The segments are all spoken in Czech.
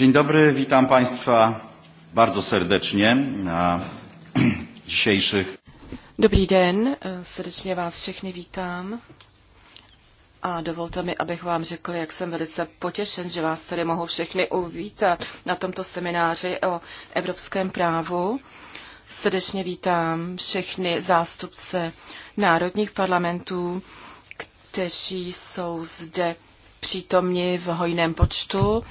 Dzień dobry, witam Państwa bardzo serdecznie na dzisiejszych. Dobrý den, srdečně vás všechny vítám. A dovolte mi, abych vám řekl, jak jsem velice potěšen, že vás tady mohu všechny uvítat na tomto semináři o evropském právu. Srdečně vítám všechny zástupce národních parlamentů, kteří jsou zde přítomni v hojném počtu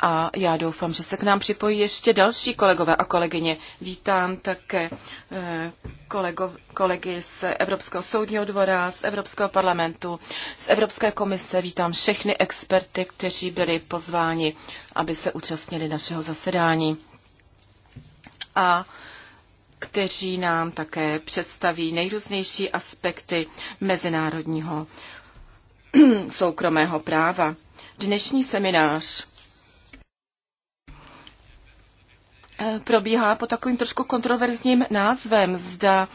a já doufám, že se k nám připojí ještě další kolegové a kolegyně. Vítám také eh, kolego, kolegy z Evropského soudního dvora, z Evropského parlamentu, z Evropské komise. Vítám všechny experty, kteří byli pozváni, aby se účastnili našeho zasedání. A kteří nám také představí nejrůznější aspekty mezinárodního soukromého práva. Dnešní seminář Eh, probíhá pod takovým trošku kontroverzním názvem, zda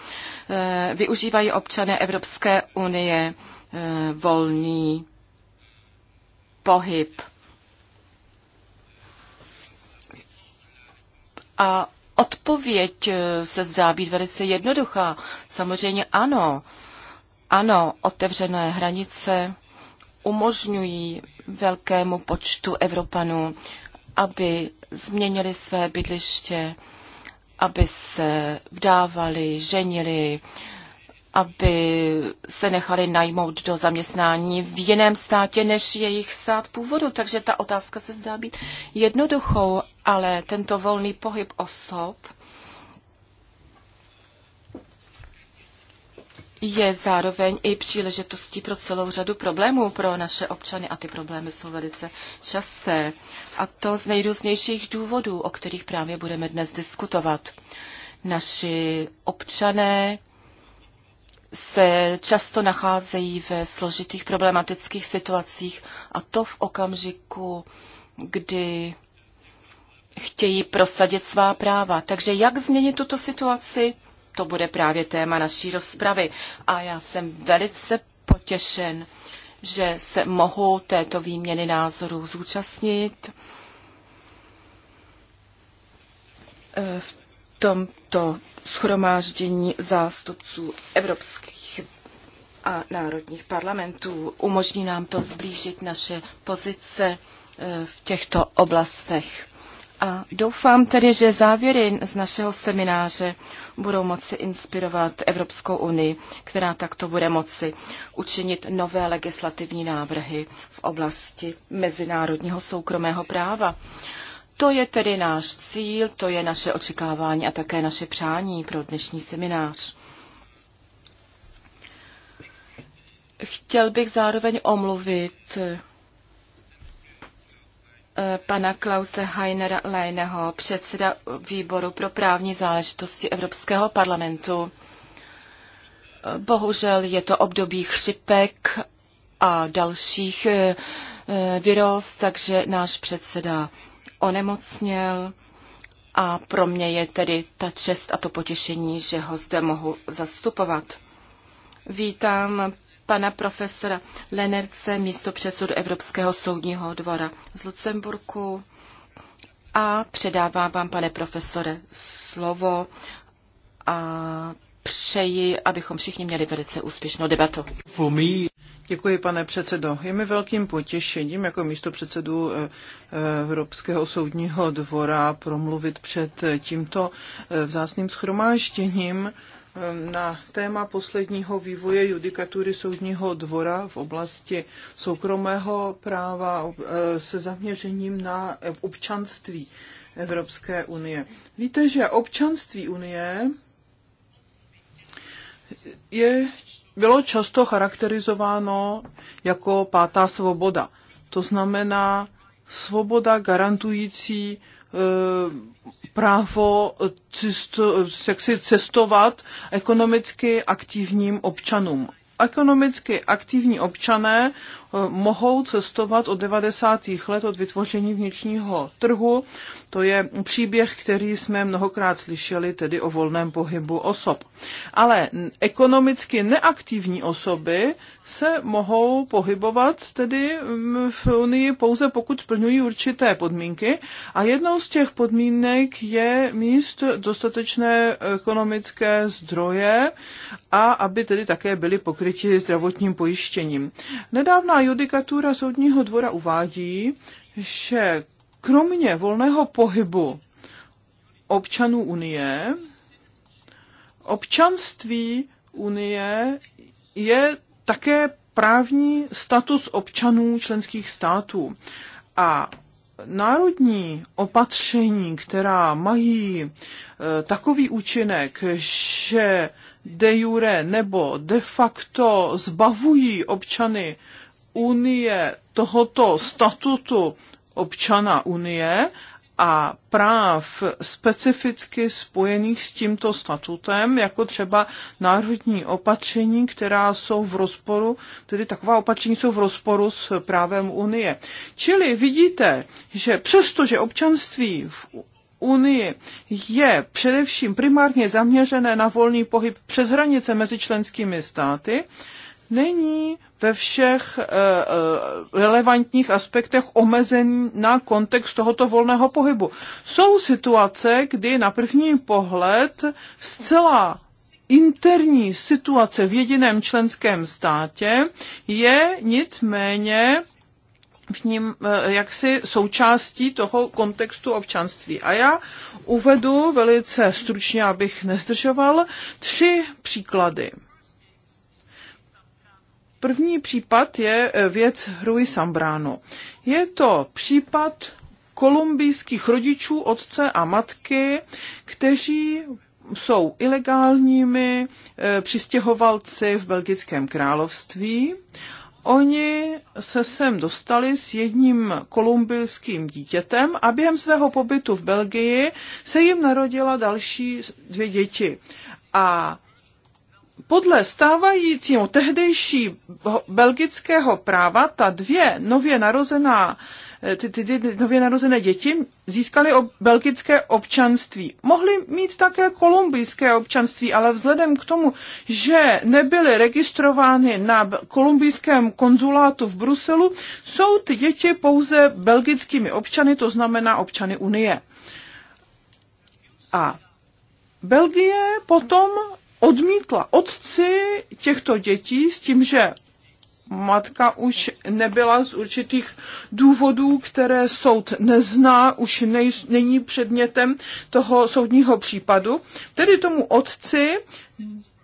eh, využívají občané Evropské unie eh, volný pohyb. A odpověď se zdá být velice jednoduchá. Samozřejmě ano. Ano, otevřené hranice umožňují velkému počtu Evropanů, aby změnili své bydliště, aby se vdávali, ženili, aby se nechali najmout do zaměstnání v jiném státě než jejich stát původu. Takže ta otázka se zdá být jednoduchou, ale tento volný pohyb osob je zároveň i příležitostí pro celou řadu problémů pro naše občany a ty problémy jsou velice časté a to z nejrůznějších důvodů, o kterých právě budeme dnes diskutovat. Naši občané se často nacházejí ve složitých problematických situacích a to v okamžiku, kdy chtějí prosadit svá práva. Takže jak změnit tuto situaci, to bude právě téma naší rozpravy. A já jsem velice potěšen, že se mohu této výměny názorů zúčastnit Eh, v tomto schromáždění zástupců evropských a národních parlamentů. Umožní nám to zblížit naše pozice eh, v těchto oblastech. A doufám tedy, že závěry z našeho semináře budou moci inspirovat Evropskou unii, která takto bude moci učinit nové legislativní návrhy v oblasti mezinárodního soukromého práva. To je tedy náš cíl, to je naše očekávání a také naše přání pro dnešní seminář. Chtěl bych zároveň omluvit eh, pana Klause Heinera Leineho, předseda výboru pro právní záležitosti Evropského parlamentu. Bohužel je to období chřipek a dalších eh, eh, viroz, takže náš předseda onemocněl a pro mě je tedy ta čest a to potěšení, že ho zde mohu zastupovat. Vítám pana profesora Lenerce, místo předsedu Evropského soudního dvora z Lucemburku a předávám vám, pane profesore, slovo a přeji, abychom všichni měli velice úspěšnou debatu. Děkuji, pane předsedo. Je mi velkým potěšením jako místo předsedu eh, eh, Evropského soudního dvora promluvit před tímto eh, vzácným schromážděním na téma posledního vývoje judikatury soudního dvora v oblasti soukromého práva se zaměřením na občanství Evropské unie. Víte, že občanství unie je bylo často charakterizováno jako pátá svoboda. To znamená svoboda garantující eh, právo cesto, jaksi cestovat ekonomicky aktivním občanům ekonomicky aktivní občané eh, mohou cestovat od 90. let od vytvoření vnitřního trhu. To je příběh, který jsme mnohokrát slyšeli, tedy o volném pohybu osob. Ale ekonomicky neaktivní osoby se mohou pohybovat tedy mm, v Unii pouze pokud splňují určité podmínky a jednou z těch podmínek je míst dostatečné ekonomické zdroje a aby tedy také byly pokryti zdravotním pojištěním. Nedávná judikatura Soudního dvora uvádí, že kromě volného pohybu občanů Unie, občanství Unie je také právní status občanů členských států. A národní opatření, která mají eh, takový účinek, že de jure nebo de facto zbavují občany Unie tohoto statutu občana Unie a práv specificky spojených s tímto statutem, jako třeba národní opatření, která jsou v rozporu, tedy taková opatření jsou v rozporu s právem Unie. Čili vidíte, že že občanství v unii je především primárně zaměřené na volný pohyb přes hranice mezi členskými státy, není ve všech eh, eh, relevantních aspektech omezený na kontext tohoto volného pohybu. Jsou situace, kdy na první pohled zcela interní situace v jediném členském státě je nicméně v ním eh, jaksi součástí toho kontextu občanství. A já uvedu velice stručně, abych nezdržoval, tři příklady. První případ je eh, věc Rui Sambrano. Je to případ kolumbijských rodičů, otce a matky, kteří jsou ilegálními e, přistěhovalci v Belgickém království oni se sem dostali s jedním kolumbijským dítětem a během svého pobytu v Belgii se jim narodila další dvě děti. A podle stávajícího tehdejší belgického práva ta dvě nově narozená Eh, ty, ty, ty nově narozené děti získaly ob- belgické občanství. Mohly mít také kolumbijské občanství, ale vzhledem k tomu, že nebyly registrovány na kolumbijském konzulátu v Bruselu, jsou ty děti pouze belgickými občany, to znamená občany Unie. A Belgie potom odmítla otci těchto dětí s tím, že matka už nebyla z určitých důvodů, které soud nezná, už nej, není předmětem toho soudního případu. Tedy tomu otci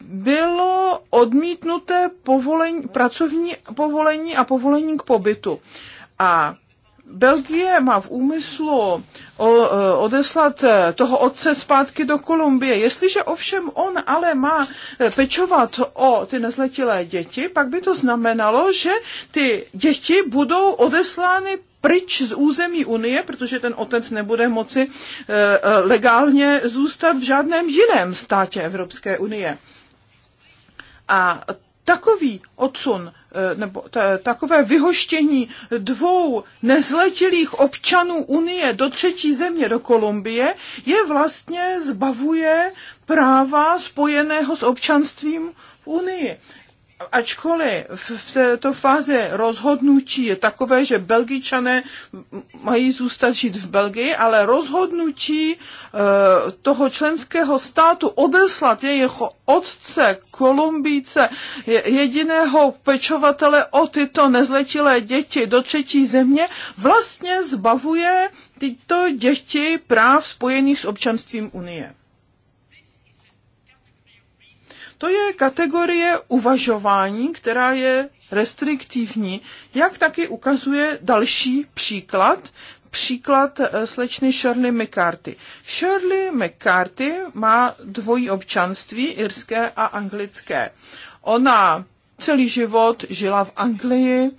bylo odmítnuté povolení, pracovní povolení a povolení k pobytu. A Belgie má v úmyslu eh, odeslat eh, toho otce zpátky do Kolumbie. Jestliže ovšem on ale má eh, pečovat o ty nezletilé děti, pak by to znamenalo, že ty děti budou odeslány pryč z území Unie, protože ten otec nebude moci legálně zůstat v žádném jiném státě Evropské unie. A takový odsun Eh, nebo takové vyhoštění dvou nezletilých občanů Unie do třetí země, do Kolumbie, je vlastně zbavuje práva spojeného s občanstvím v Unii ačkoliv v této fázi rozhodnutí je takové, že Belgičané mají zůstat žít v Belgii, ale rozhodnutí eh, toho členského státu odeslat jejich otce, Kolumbíce, jediného pečovatele o tyto nezletilé děti do třetí země, vlastně zbavuje tyto děti práv spojených s občanstvím Unie. To je kategorie uvažování, která je restriktivní, jak taky ukazuje další příklad, příklad eh, slečny Shirley McCarthy. Shirley McCarthy má dvojí občanství, irské a anglické. Ona celý život žila v Anglii,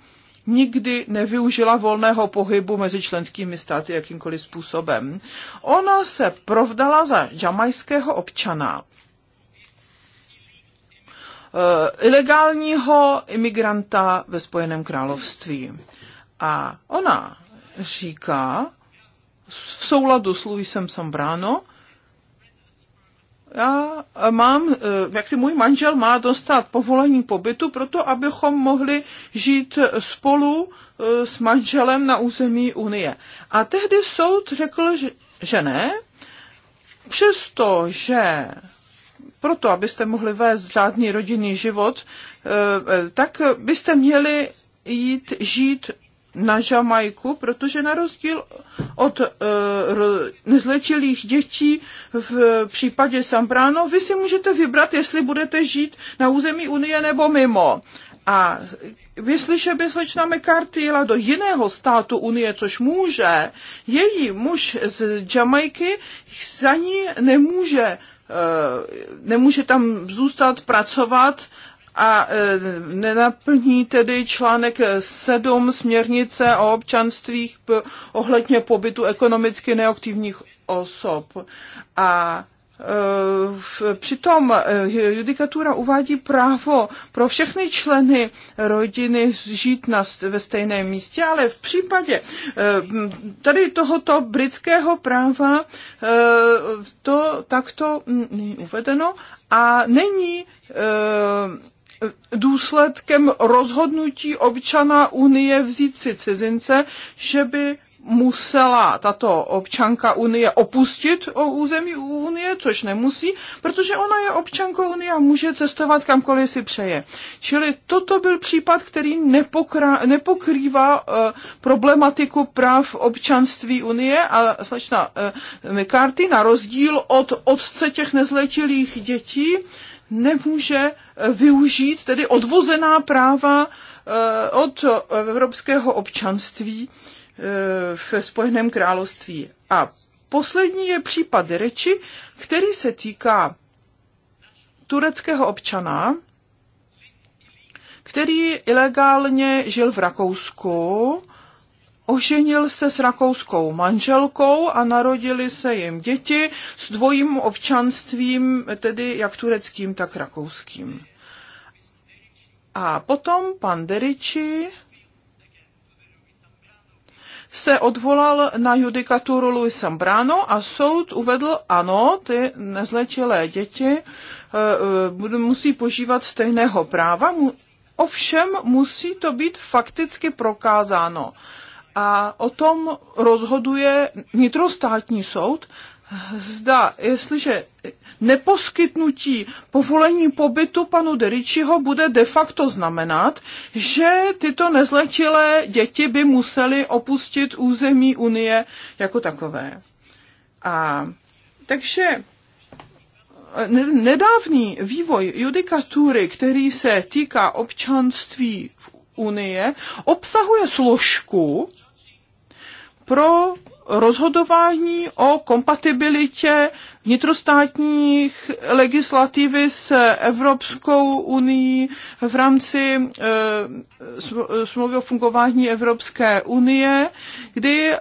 nikdy nevyužila volného pohybu mezi členskými státy jakýmkoliv způsobem. Ona se provdala za jamajského občana Eh, ilegálního imigranta ve Spojeném království. A ona říká, v souladu s Luisem Sambrano, já mám, eh, jak si můj manžel má dostat povolení pobytu proto, abychom mohli žít spolu eh, s manželem na území Unie. A tehdy soud řekl, že ne, přestože proto, abyste mohli vést řádný rodinný život, eh, eh, tak byste měli jít žít na Jamajku, protože na rozdíl od eh, nezletilých dětí v případě Sambráno, vy si můžete vybrat, jestli budete žít na území Unie nebo mimo. A jestliže by slečna McCarthy jela do jiného státu Unie, což může, její muž z Jamajky za ní nemůže Eh, nemůže tam zůstat pracovat a eh, nenaplní tedy článek 7 směrnice o občanstvích ohledně pobytu ekonomicky neaktivních osob. A Eh, přitom eh, judikatura uvádí právo pro všechny členy rodiny žít na, ve stejném místě, ale v případě eh, tady tohoto britského práva to takto není uvedeno a není důsledkem rozhodnutí občana Unie vzít si cizince, že by musela tato občanka Unie opustit o území Unie, což nemusí, protože ona je občankou Unie a může cestovat kamkoliv si přeje. Čili toto byl případ, který nepokra- nepokrývá uh, problematiku práv občanství Unie a slečna uh, McCarthy na rozdíl od otce těch nezletilých dětí nemůže eh, využít tedy odvozená práva uh, od evropského občanství uh, v Spojeném království. A poslední je případ Reči, který se týká tureckého občana, který ilegálně žil v Rakousku, oženil se s rakouskou manželkou a narodili se jim děti s dvojím občanstvím, tedy jak tureckým, tak rakouským. A potom pan Deriči se odvolal na judikaturu Luis Brano a soud uvedl, ano, ty nezlečilé děti eh, eh, musí požívat stejného práva, ovšem musí to být fakticky prokázáno. A o tom rozhoduje vnitrostátní soud zda, jestliže neposkytnutí povolení pobytu panu Deričiho bude de facto znamenat, že tyto nezletilé děti by museli opustit území Unie jako takové. A takže nedávný vývoj judikatury, který se týká občanství Unie, obsahuje složku pro rozhodování o kompatibilitě vnitrostátních legislativy s Evropskou unii v rámci eh, eh, smlouvy o fungování Evropské unie, kdy eh,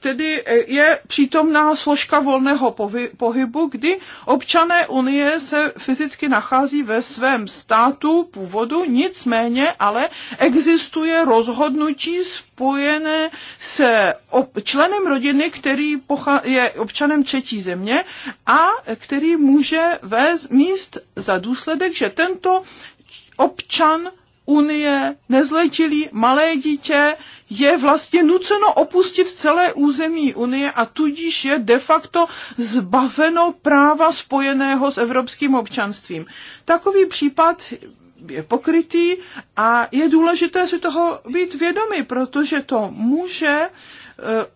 tedy je přítomná složka volného pohybu, kdy občané unie se fyzicky nachází ve svém státu původu, nicméně ale existuje rozhodnutí spojené s členem rodiny, který je občanem třetí země a který může vést míst za důsledek, že tento občan Unie, nezletilý, malé dítě je vlastně nuceno opustit celé území Unie a tudíž je de facto zbaveno práva spojeného s evropským občanstvím. Takový případ je pokrytý a je důležité si toho být vědomi, protože to může uh,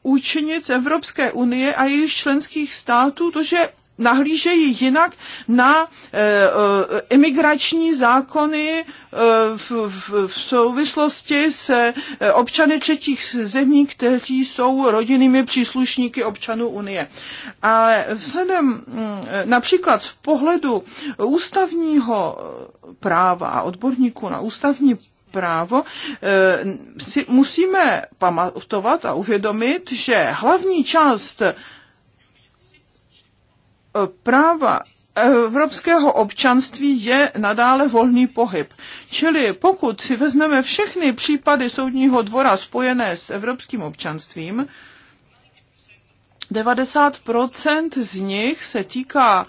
účinnic eh, Evropské unie a jejich členských států to, že nahlížejí jinak na eh, eh, imigrační zákony v, v, v souvislosti se občany třetích zemí, kteří jsou rodinnými příslušníky občanů Unie. Ale vzhledem hm, například z pohledu ústavního práva a odborníků na ústavní právo, eh, si musíme pamatovat a uvědomit, že hlavní část eh, práva evropského občanství je nadále volný pohyb. Čili pokud si vezmeme všechny případy soudního dvora spojené s evropským občanstvím, 90% z nich se týká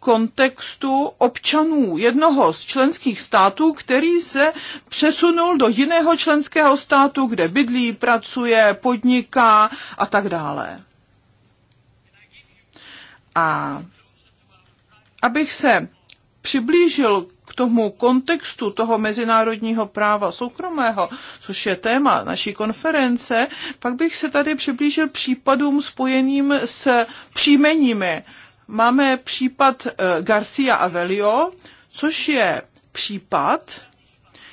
kontextu občanů jednoho z členských států, který se přesunul do jiného členského státu, kde bydlí, pracuje, podniká a tak dále. A abych se přiblížil k tomu kontextu toho mezinárodního práva soukromého, což je téma naší konference, pak bych se tady přiblížil případům spojeným s příjmeními máme případ eh, Garcia Avelio, což je případ,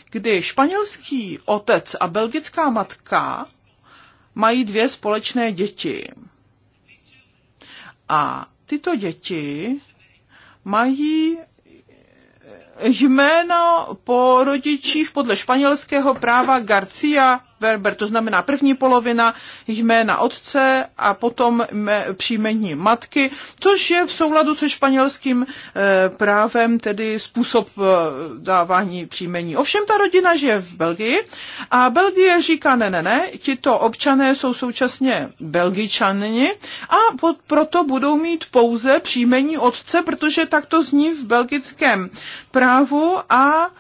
kdy španělský otec a belgická matka mají dvě společné děti. A tyto děti mají eh, jméno po rodičích podle španělského práva Garcia Berber, to znamená první polovina jména otce a potom příjmení matky, což je v souladu se španělským eh, právem, tedy způsob eh, dávání příjmení. Ovšem ta rodina žije v Belgii a Belgie říká ne, ne, ne, tito občané jsou současně belgičani a pod, proto budou mít pouze příjmení otce, protože tak to zní v belgickém právu a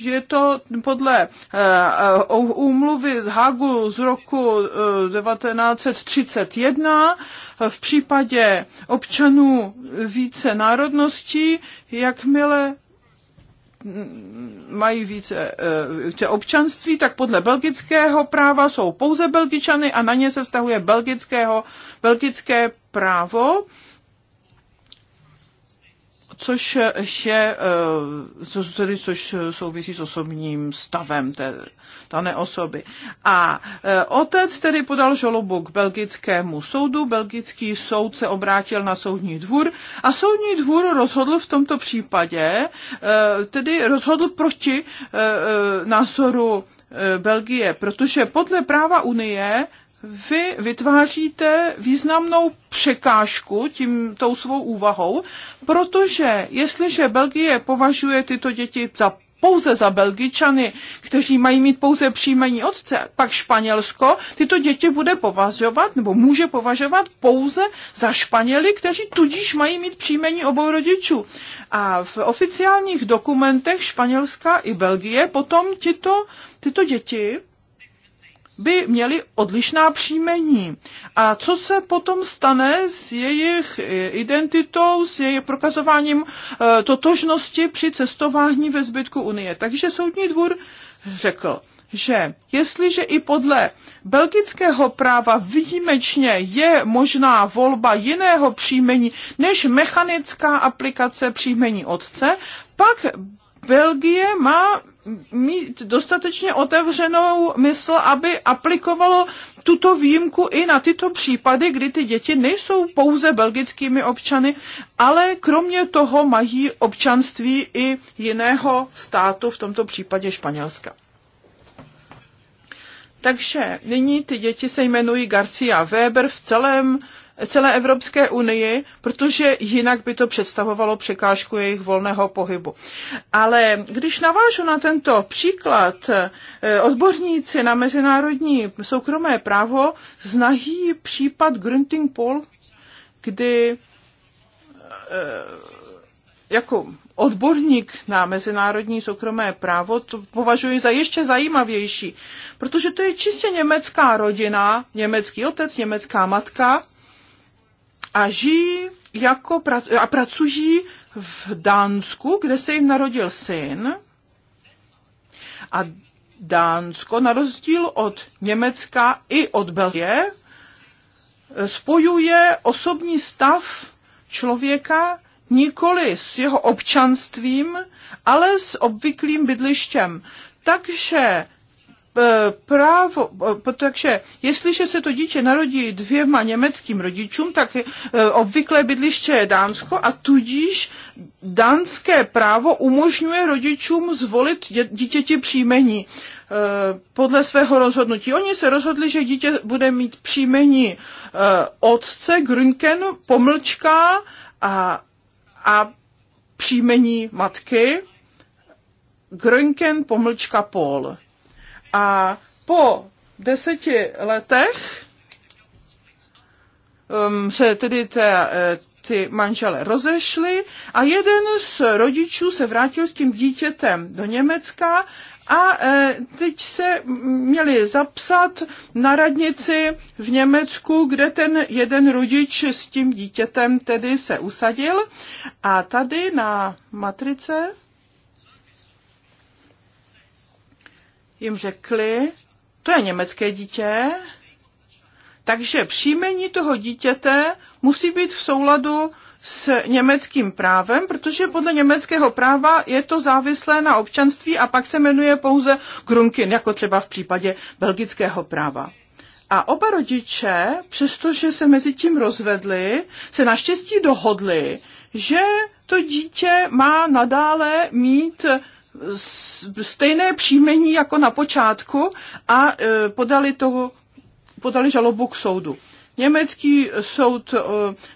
je to podle eh, eh, úmluvy z Hagu z roku 1931 eh, v případě občanů více národností, jakmile mají více uh, občanství, tak podle belgického práva jsou pouze belgičany a na ně se vztahuje belgického, belgické právo. Uh, což je, eh, co, tedy, což souvisí s osobním stavem té dané osoby. A eh, otec tedy podal žalobu k belgickému soudu, belgický soud se obrátil na soudní dvůr a soudní dvůr rozhodl v tomto případě, eh, tedy rozhodl proti názoru Belgie, protože podle práva Unie vy vytváříte významnou překážku tím tou svou úvahou, protože jestliže Belgie považuje tyto děti za pouze za Belgičany, kteří mají mít pouze příjmení otce, pak Španělsko tyto děti bude považovat nebo může považovat pouze za Španěly, kteří tudíž mají mít příjmení obou rodičů. A v oficiálních dokumentech Španělska i Belgie potom tyto, tyto děti by měli odlišná příjmení. A co se potom stane s jejich identitou, s jejich prokazováním eh, totožnosti při cestování ve zbytku Unie. Takže soudní dvůr řekl, že jestliže i podle belgického práva výjimečně je možná volba jiného příjmení než mechanická aplikace příjmení otce, pak Belgie má mít dostatečně otevřenou mysl, aby aplikovalo tuto výjimku i na tyto případy, kdy ty děti nejsou pouze belgickými občany, ale kromě toho mají občanství i jiného státu, v tomto případě Španělska. Takže nyní ty děti se jmenují Garcia Weber v celém celé Evropské unii, protože jinak by to představovalo překážku jejich volného pohybu. Ale když navážu na tento příklad, eh, odborníci na mezinárodní soukromé právo znají případ Grunting pol kdy eh, jako odborník na mezinárodní soukromé právo, to považuji za ještě zajímavější, protože to je čistě německá rodina, německý otec, německá matka, a žijí jako, a pracují v Dánsku, kde se jim narodil syn. A Dánsko, na rozdíl od Německa i od Belgie, spojuje osobní stav člověka nikoli s jeho občanstvím, ale s obvyklým bydlištěm. Takže E, právo, e, takže jestliže se to dítě narodí dvěma německým rodičům, tak e, obvyklé bydliště je Dánsko a tudíž dánské právo umožňuje rodičům zvolit dítěti příjmení podle svého rozhodnutí. Oni se rozhodli, že dítě bude mít příjmení otce Grünken, pomlčka a, a příjmení matky Grünken, pomlčka Paul. A po deseti letech um, se tedy ta, eh, ty manžele rozešly a jeden z rodičů se vrátil s tím dítětem do Německa a eh, teď se měli zapsat na radnici v Německu, kde ten jeden rodič s tím dítětem tedy se usadil. A tady na matrice jim řekli, to je německé dítě, takže příjmení toho dítěte musí být v souladu s německým právem, protože podle německého práva je to závislé na občanství a pak se jmenuje pouze Grunkin, jako třeba v případě belgického práva. A oba rodiče, přestože se mezi tím rozvedli, se naštěstí dohodli, že to dítě má nadále mít stejné příjmení jako na počátku a e, podali, to, podali žalobu k soudu. Německý soud e,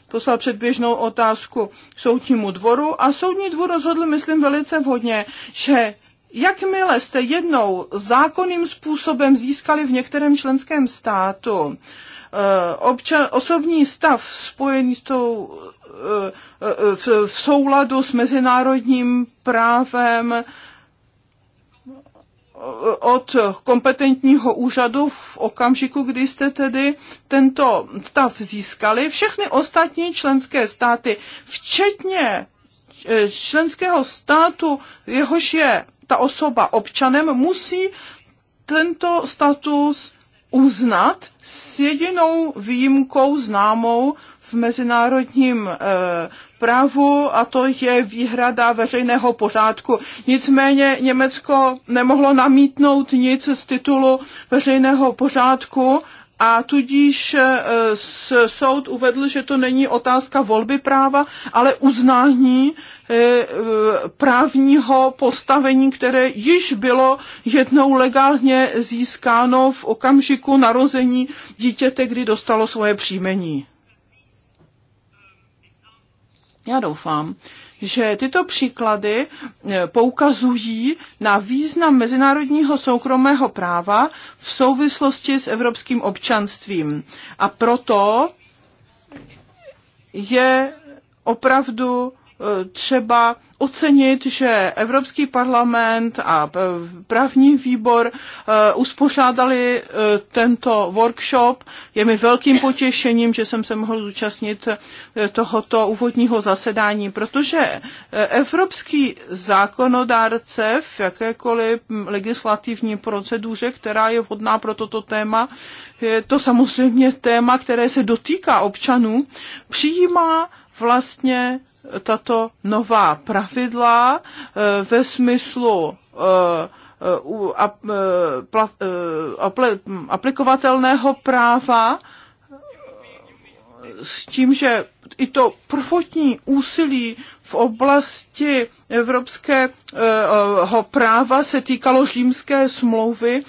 poslal předběžnou otázku k soudnímu dvoru a soudní dvůr rozhodl, myslím, velice vhodně, že jakmile jste jednou zákonným způsobem získali v některém členském státu e, Obča- osobní stav spojený s tou v souladu s mezinárodním právem od kompetentního úřadu v okamžiku, kdy jste tedy tento stav získali. Všechny ostatní členské státy, včetně členského státu, jehož je ta osoba občanem, musí tento status uznat s jedinou výjimkou známou v mezinárodním eh, právu a to je výhrada veřejného pořádku. Nicméně Německo nemohlo namítnout nic z titulu veřejného pořádku a tudíž eh, soud uvedl, že to není otázka volby práva, ale uznání eh, právního postavení, které již bylo jednou legálně získáno v okamžiku narození dítěte, kdy dostalo svoje příjmení. Já doufám, že tyto příklady eh, poukazují na význam mezinárodního soukromého práva v souvislosti s evropským občanstvím. A proto je opravdu eh, třeba ocenit, že Evropský parlament a e, právní výbor e, uspořádali e, tento workshop. Je mi velkým potěšením, že jsem se mohl zúčastnit tohoto úvodního zasedání, protože evropský zákonodárce v jakékoliv legislativní proceduře, která je vhodná pro toto téma, je to samozřejmě téma, které se dotýká občanů, přijímá vlastně tato nová pravidla eh, ve smyslu eh, eh, aplikovatelného práva s tím, že i to prvotní úsilí v oblasti evropského práva se týkalo římské smlouvy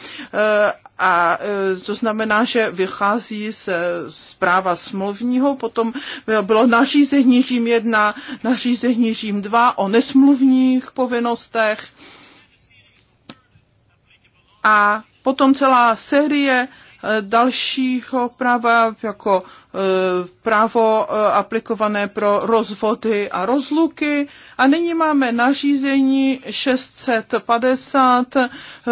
a e, to znamená, že vychází z zpráva smluvního, potom bylo nařízení Řím 1, nařízení Řím 2 o nesmluvních povinnostech a potom celá série dalšího práva, jako e, právo e, aplikované pro rozvody a rozluky. A nyní máme nařízení 650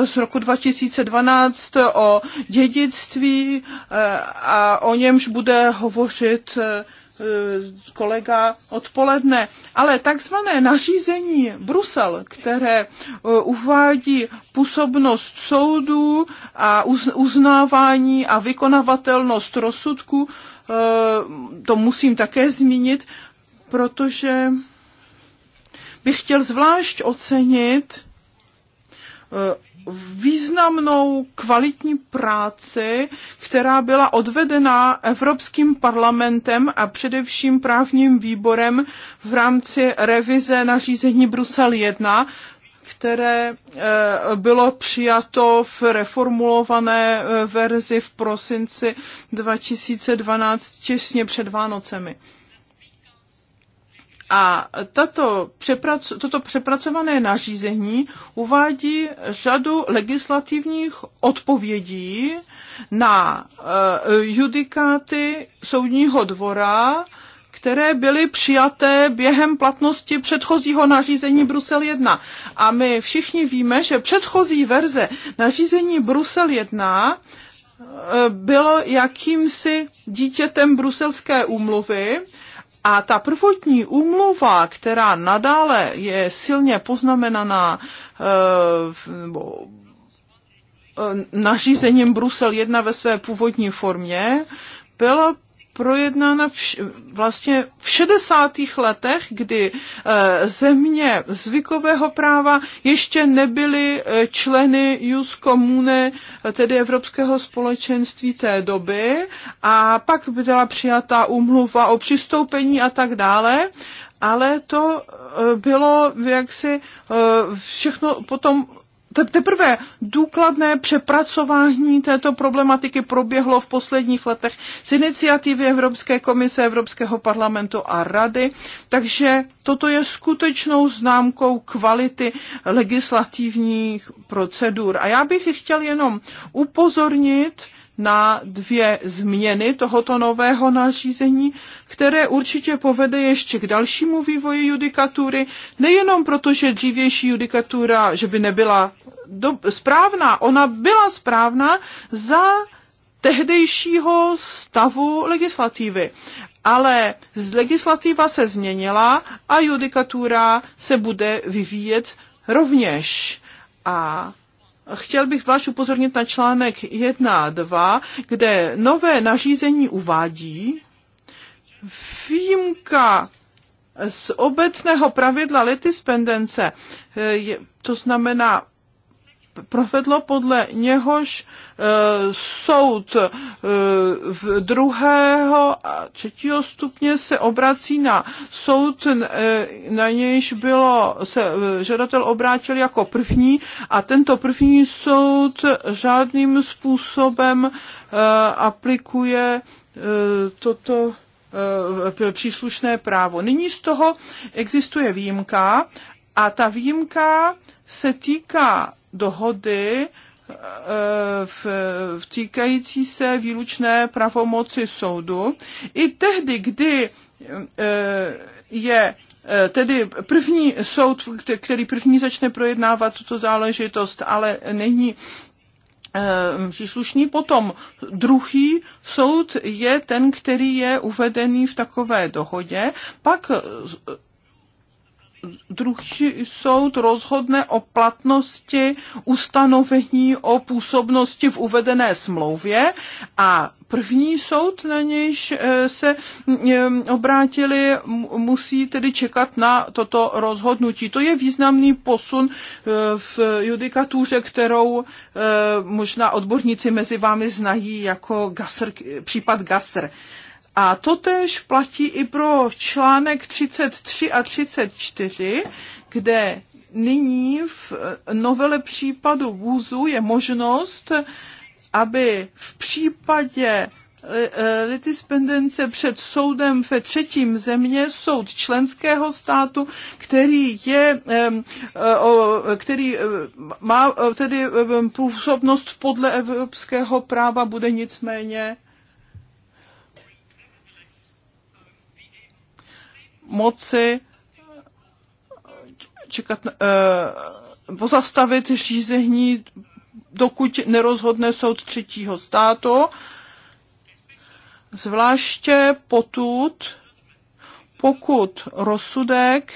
z roku 2012 o dědictví e, a o němž bude hovořit Eh, kolega odpoledne, ale takzvané nařízení Brusel, které eh, uvádí působnost soudů a uznávání a vykonavatelnost rozsudku, eh, to musím také zmínit, protože bych chtěl zvlášť ocenit významnou kvalitní práci, která byla odvedena Evropským parlamentem a především právním výborem v rámci revize nařízení Brusel 1, které eh, bylo přijato v reformulované eh, verzi v prosinci 2012 těsně před Vánocemi. A tato přeprac- toto přepracované nařízení uvádí řadu legislativních odpovědí na uh, judikáty soudního dvora, které byly přijaté během platnosti předchozího nařízení Brusel 1. A my všichni víme, že předchozí verze nařízení Brusel 1 eh, bylo jakýmsi dítětem bruselské úmluvy, a ta prvotní úmluva, která nadále je silně poznamenaná eh, nebo eh, nařízením Brusel 1 ve své původní formě, byla projednána vš- vlastně v 60. letech, kdy eh, země zvykového práva ještě nebyly eh, členy Jus komune eh, tedy Evropského společenství té doby, a pak byla přijatá umluva o přistoupení a tak dále ale to bylo jaksi všechno potom teprve důkladné přepracování této problematiky proběhlo v posledních letech z iniciativy Evropské komise, Evropského parlamentu a Rady, takže toto je skutečnou známkou kvality legislativních procedur. A já bych chtěl jenom upozornit na dvě změny tohoto nového nařízení, které určitě povede ještě k dalšímu vývoji judikatury, nejenom proto, že dřívější judikatura, že by nebyla do, správná, ona byla správná za tehdejšího stavu legislativy. Ale legislativa se změnila a judikatura se bude vyvíjet rovněž. A Chtěl bych zvlášť upozornit na článek 1 a 2, kde nové nařízení uvádí výjimka z obecného pravidla letispendence, to znamená provedlo, podle něhož e, soud e, v druhého a třetího stupně se obrací na soud, e, na nějž bylo, se e, žadatel obrátil jako první a tento první soud žádným způsobem e, aplikuje e, toto e, příslušné právo. Nyní z toho existuje výjimka a ta výjimka se týká dohody e, v, v týkající se výlučné pravomoci soudu. I tehdy, kdy e, je e, tedy první soud, který první začne projednávat tuto záležitost, ale není příslušný. Potom druhý soud je ten, který je uvedený v takové dohodě. Pak druhý soud rozhodne o platnosti ustanovení o působnosti v uvedené smlouvě a první soud, na nějž eh, se hm, obrátili, musí tedy čekat na toto rozhodnutí. To je významný posun eh, v judikatuře, kterou eh, možná odborníci mezi vámi znají jako Gasser, případ Gasser. A to tež platí i pro článek 33 a 34, kde nyní v novele případu vůzu je možnost, aby v případě eh, eh, litispendence před soudem ve třetím země soud členského státu, který je, eh, který má tedy působnost podle evropského práva, bude nicméně moci čekat, eh, pozastavit řízení, dokud nerozhodne soud třetího státu, zvláště potud, pokud rozsudek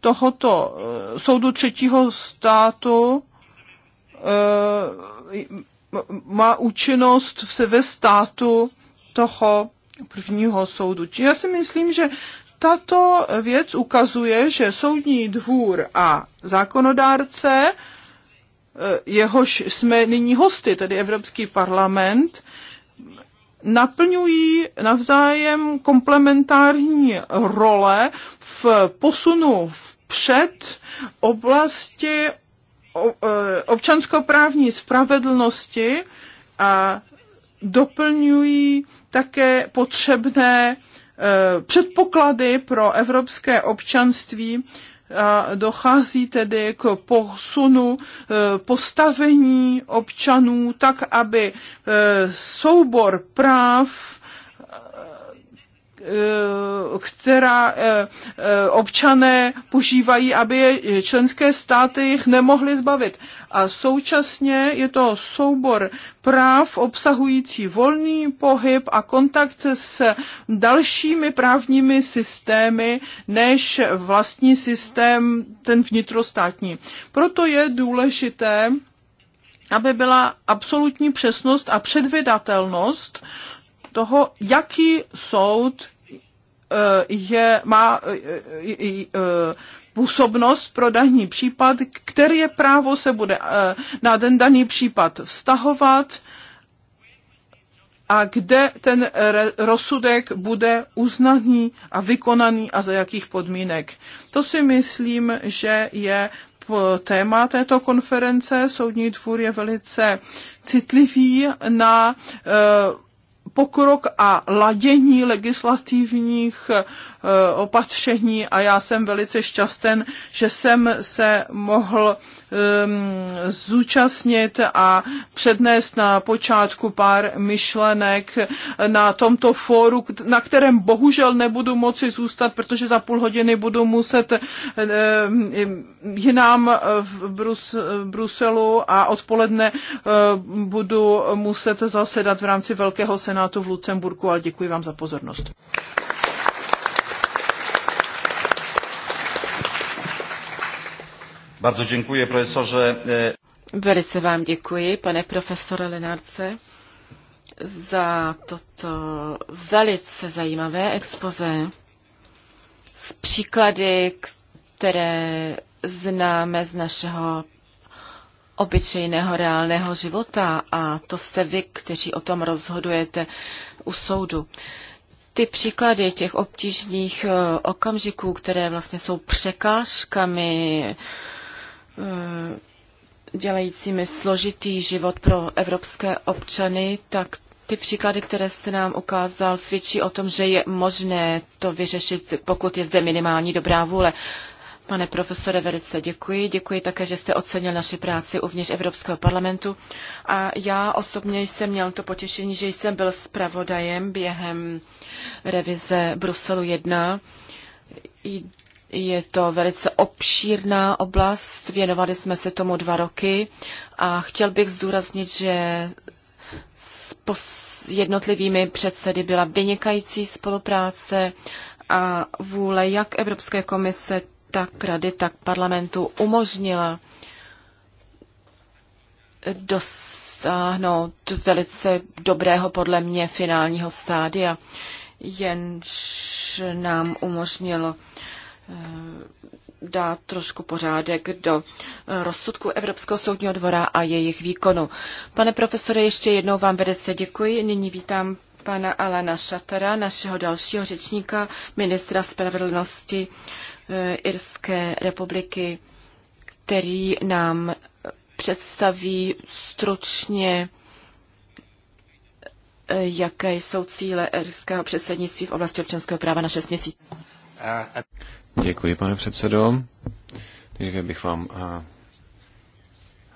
tohoto eh, soudu třetího státu eh, má účinnost v, ve státu toho prvního soudu. Či já si myslím, že tato věc ukazuje, že soudní dvůr a zákonodárce, eh, jehož jsme nyní hosty, tedy Evropský parlament, naplňují navzájem komplementární role v posunu vpřed oblasti eh, občanskoprávní spravedlnosti a doplňují také potřebné Eh, předpoklady pro evropské občanství a dochází tedy k posunu eh, postavení občanů tak, aby eh, soubor práv Eh, která eh, eh, občané požívají, aby je členské státy jich nemohly zbavit. A současně je to soubor práv obsahující volný pohyb a kontakt s dalšími právními systémy než vlastní systém, ten vnitrostátní. Proto je důležité, aby byla absolutní přesnost a předvydatelnost toho, jaký soud eh, je, má eh, eh, působnost pro daný případ, které právo se bude na ten daný případ vztahovat a kde ten rozsudek bude uznaný a vykonaný a za jakých podmínek. To si myslím, že je téma této konference. Soudní dvůr je velice citlivý na pokrok a ladění legislativních eh, opatření a já jsem velice šťasten, že jsem se mohl Um, zúčastnit a přednést na počátku pár myšlenek na tomto fóru, na kterém bohužel nebudu moci zůstat, protože za půl hodiny budu muset um, jinám v Brus, Bruselu a odpoledne um, budu muset zasedat v rámci Velkého senátu v Lucemburku, ale děkuji vám za pozornost. Bardzo dziękuję, profesorze. Velice vám děkuji, pane profesore Lenarce, za toto velice zajímavé expoze s příklady, které známe z našeho obyčejného reálného života a to jste vy, kteří o tom rozhodujete u soudu. Ty příklady těch obtížných eh, okamžiků, které vlastně jsou překážkami uh, Eh, dělajícími složitý život pro evropské občany, tak ty příklady, které jste nám ukázal, svědčí o tom, že je možné to vyřešit, pokud je zde minimální dobrá vůle. Pane profesore, velice děkuji. Děkuji také, že jste ocenil naši práci uvnitř Evropského parlamentu. A já osobně jsem měl to potěšení, že jsem byl zpravodajem během revize Bruselu 1. Je to velice obšírná oblast, věnovali jsme se tomu dva roky a chtěl bych zdůraznit, že s jednotlivými předsedy byla vynikající spolupráce a vůle jak Evropské komise, tak rady, tak parlamentu umožnila dosáhnout velice dobrého, podle mě, finálního stádia, jenž nám umožnilo Eh, dá trošku pořádek do eh, rozsudku Evropského soudního dvora a jejich výkonu. Pane profesore, ještě jednou vám vedece děkuji. Nyní vítám pana Alana Šatara, našeho dalšího řečníka, ministra spravedlnosti eh, Irské republiky, který nám představí stručně jaké jsou cíle irského předsednictví v oblasti občanského práva na 6 měsíců. Děkuji, pane předsedo. Takže bych vám a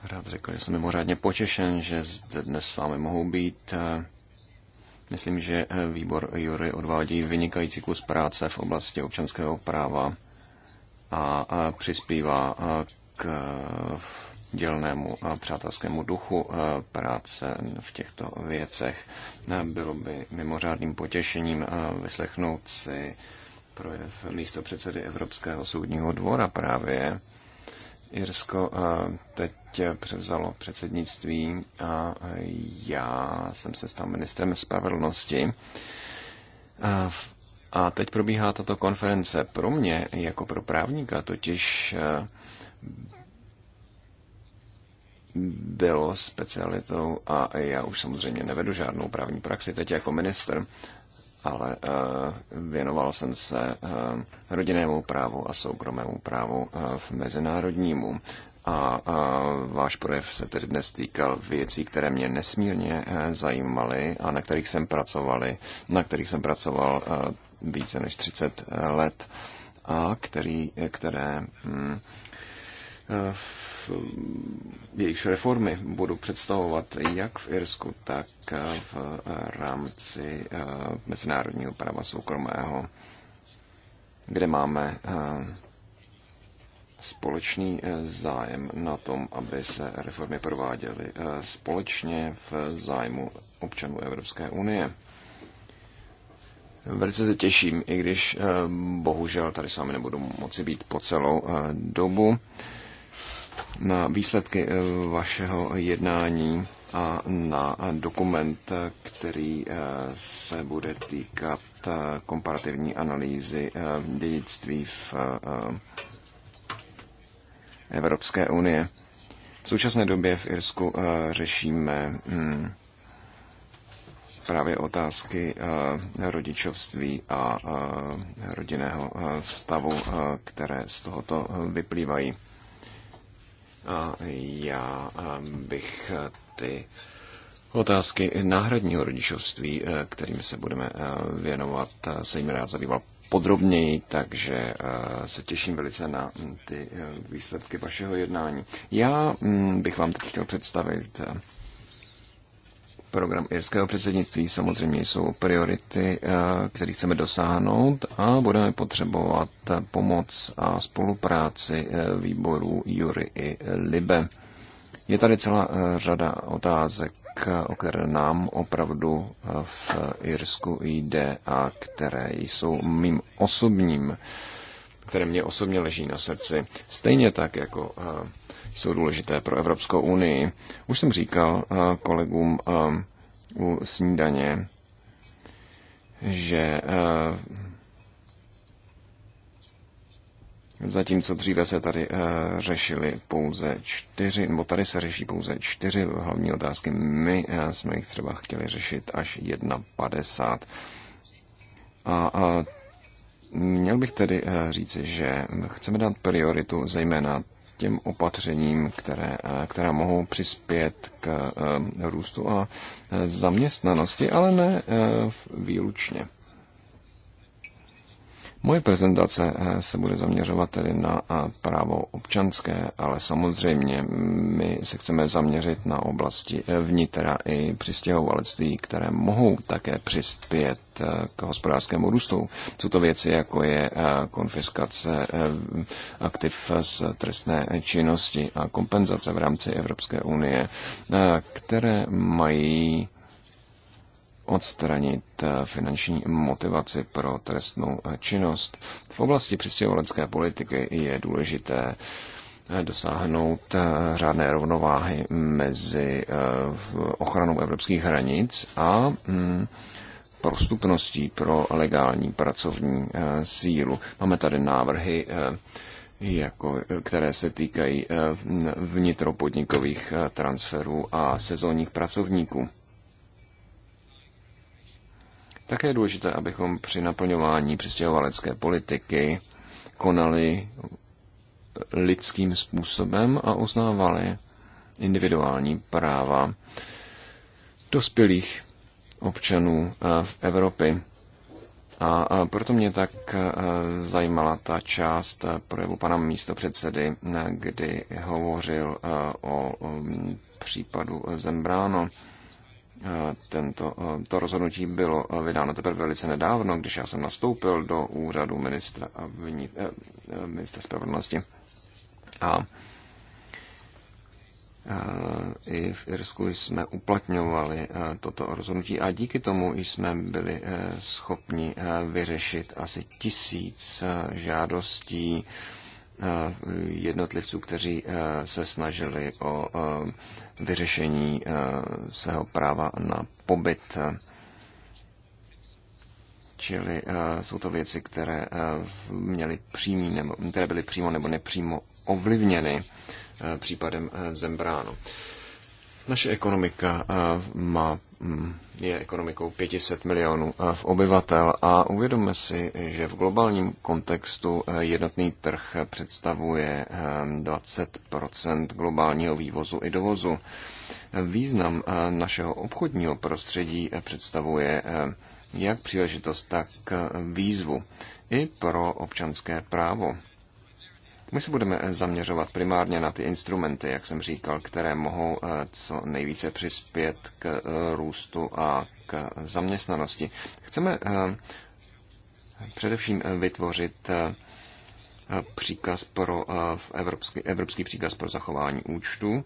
eh, rád řekl, že jsem mimořádně potěšen, že zde dnes s vámi mohou být. Eh, myslím, že eh, výbor Jury odvádí vynikající kus práce v oblasti občanského práva a přispívá k dělnému a přátelskému duchu práce v těchto věcech. Bylo by mimořádným potěšením a vyslechnout si projev místo předsedy Evropského soudního dvora právě. Irsko eh, teď převzalo předsednictví a já jsem se stal ministrem spravedlnosti. A teď probíhá tato konference. Pro mě, jako pro právníka, totiž eh, bylo specialitou a já už samozřejmě nevedu žádnou právní praxi teď jako minister, ale eh, věnoval jsem se eh, rodinnému právu a soukromému právu eh, v mezinárodnímu. A, váš projev se tedy dnes týkal věcí, které mě nesmírně zajímaly a na kterých jsem pracovali, na kterých jsem pracoval více než 30 let a který, které hm, jejichž reformy budu představovat jak v Irsku, tak v rámci eh, mezinárodního práva soukromého, kde máme eh, společný eh, zájem na tom, aby se reformy prováděly společně v zájmu občanů Evropské unie. Velice se těším, i když bohužel tady s vámi nebudu moci být po celou dobu na výsledky eh, vašeho jednání a na dokument, který eh, se bude týkat eh, komparativní analýzy dědictví v Evropské unie. V současné době v Irsku řešíme hm, právě otázky rodičovství a rodinného stavu, které z tohoto vyplývají. A já bych ty otázky náhradního rodičovství, e, kterým se budeme e, věnovat, e, se jim rád zabýval podrobněji, takže se těším velice na ty výsledky vašeho jednání. Já mm, bych vám teď chtěl představit program irského předsednictví samozřejmě jsou priority, eh, které chceme dosáhnout a budeme potřebovat pomoc a spolupráci eh, výborů Jury i Libe. Je tady celá eh, řada otázek, o které nám opravdu v Irsku jde a které jsou mým osobním, které mě osobně leží na srdci. Stejně tak jako jsou důležité pro Evropskou unii. Už jsem říkal eh, kolegům eh, u snídaně, že eh, Zatímco dříve se tady řešili pouze čtyři, nebo tady se řeší pouze čtyři hlavní otázky. My jsme jich třeba chtěli řešit až 1,50. A, a měl bych tedy říci, že chceme dát prioritu zejména těm opatřením, které, eh, která mohou přispět k eh, růstu a eh, zaměstnanosti, ale ne výlučně. Moje prezentace eh, se bude zaměřovat tedy na eh, právo občanské, ale samozřejmě my se chceme zaměřit na oblasti eh, vnitra i přistěhovalectví, které mohou také přispět k hospodářskému růstu. Jsou to věci, jako je konfiskace aktiv z trestné činnosti a kompenzace v rámci Evropské unie, které mají odstranit eh, finanční motivaci pro trestnou eh, činnost. V oblasti přistěhovalecké politiky je důležité eh, dosáhnout řádné rovnováhy mezi ochranou evropských hranic a mm, prostupností pro legální pracovní sílu. Máme tady návrhy, jako, které se týkají vnitropodnikových transferů a sezónních pracovníků. Také je důležité, abychom při naplňování přistěhovalecké politiky konali lidským způsobem a uznávali individuální práva dospělých občanů eh, v Evropě. A proto mě tak eh, zajímala ta část eh, projevu pana místopředsedy, kdy hovořil o mm, případu Zembráno. Tento, to rozhodnutí bylo vydáno teprve velice nedávno, když já jsem nastoupil do úřadu ministra, vní, eh, e, ministra spravedlnosti. A i v Irsku jsme uplatňovali e, toto rozhodnutí a díky tomu jsme byli e, schopni vyřešit asi tisíc žádostí jednotlivců, kteří se snažili o vyřešení eh, svého práva na pobyt. Čili eh, jsou to věci, které, eh, měly přímý nebo, které byly přímo nebo nepřímo ovlivněny případem Zembránu. Naše ekonomika má mm, je ekonomikou 500 milionů eh, v obyvatel a uvědomme si, že v globálním kontextu eh, jednotný trh představuje 20 eh, globálního vývozu i dovozu. Význam našeho obchodního prostředí představuje jak příležitost, tak výzvu i pro občanské právo. My se budeme eh, zaměřovat primárně na ty instrumenty, jak jsem říkal, které mohou eh, co nejvíce přispět k eh, růstu a k zaměstnanosti. Chceme především vytvořit příkaz pro, evropský, evropský příkaz pro zachování účtu,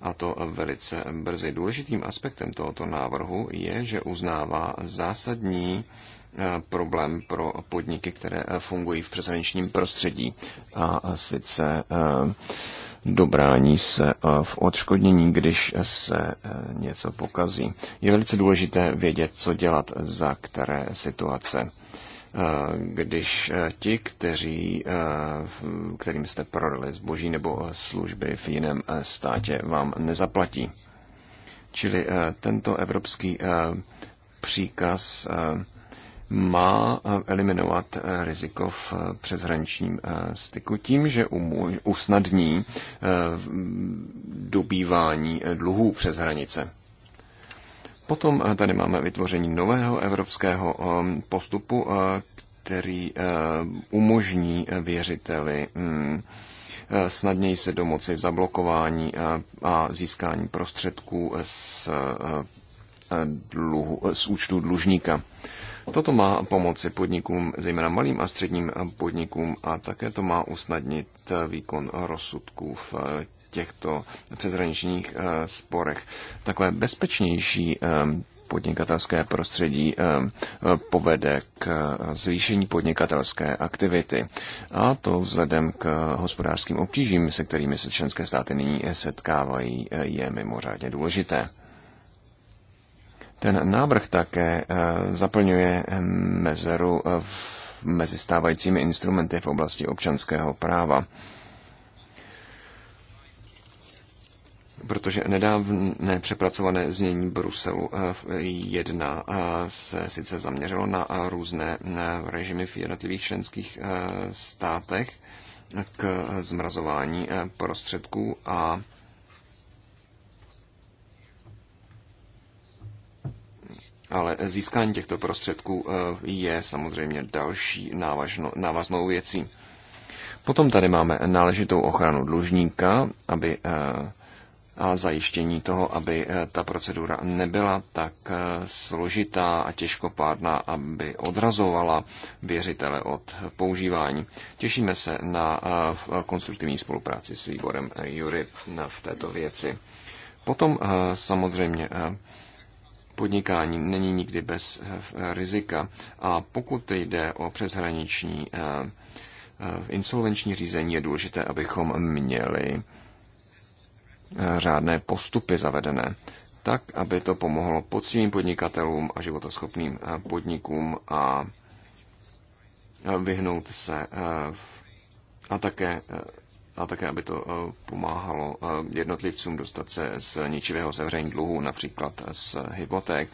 a to velice brzy. Důležitým aspektem tohoto návrhu je, že uznává zásadní Eh, problém pro podniky, které eh, fungují v přeshraničním prostředí. A sice eh, dobrání se v odškodnění, když se něco pokazí. Je velice důležité vědět, co dělat za které situace. Když ti, kteří, kterým jste prodali zboží nebo služby v jiném státě, vám nezaplatí. Čili tento evropský příkaz má eh, eliminovat eh, riziko v eh, přeshraničním styku tím, že usnadní mm, dobývání dluhů přes hranice. Potom tady máme vytvoření nového evropského ehm, postupu, který umožní věřiteli mm, snadněji se domoci v zablokování a získání prostředků z, dluhu, z účtu dlužníka. Toto má pomoci podnikům, zejména malým a středním podnikům, a také to má usnadnit výkon rozsudků v těchto přeshraničních eh, sporech. Takové bezpečnější eh, podnikatelské prostředí eh, povede k zvýšení podnikatelské aktivity. A to vzhledem k hospodářským obtížím, se kterými se členské státy nyní setkávají, je mimořádně důležité. Ten návrh také eh, zaplňuje mezeru v mezi stávajícími instrumenty v oblasti občanského práva. protože nedávné přepracované znění Bruselu 1 eh, eh, se sice zaměřilo na různé režimy v jednotlivých členských státech k zmrazování prostředků a Ale získání těchto prostředků eh, je samozřejmě další návažno, návaznou věcí. Potom tady máme náležitou ochranu dlužníka, aby eh, a zajištění toho, aby eh, ta procedura nebyla tak složitá a těžkopádná, aby odrazovala věřitele od používání. Těšíme se na konstruktivní spolupráci s výborem Jury v této věci. Potom samozřejmě Podnikání není nikdy bez eh, eh, rizika. A pokud jde o přeshraniční eh, insolvenční řízení, je důležité, abychom měli řádné postupy zavedené tak, aby to pomohlo poctivým podnikatelům a životoschopným podnikům a vyhnout se a také a také, aby to eh, pomáhalo eh, jednotlivcům dostat se z ničivého sevření dluhů, například z hypoték.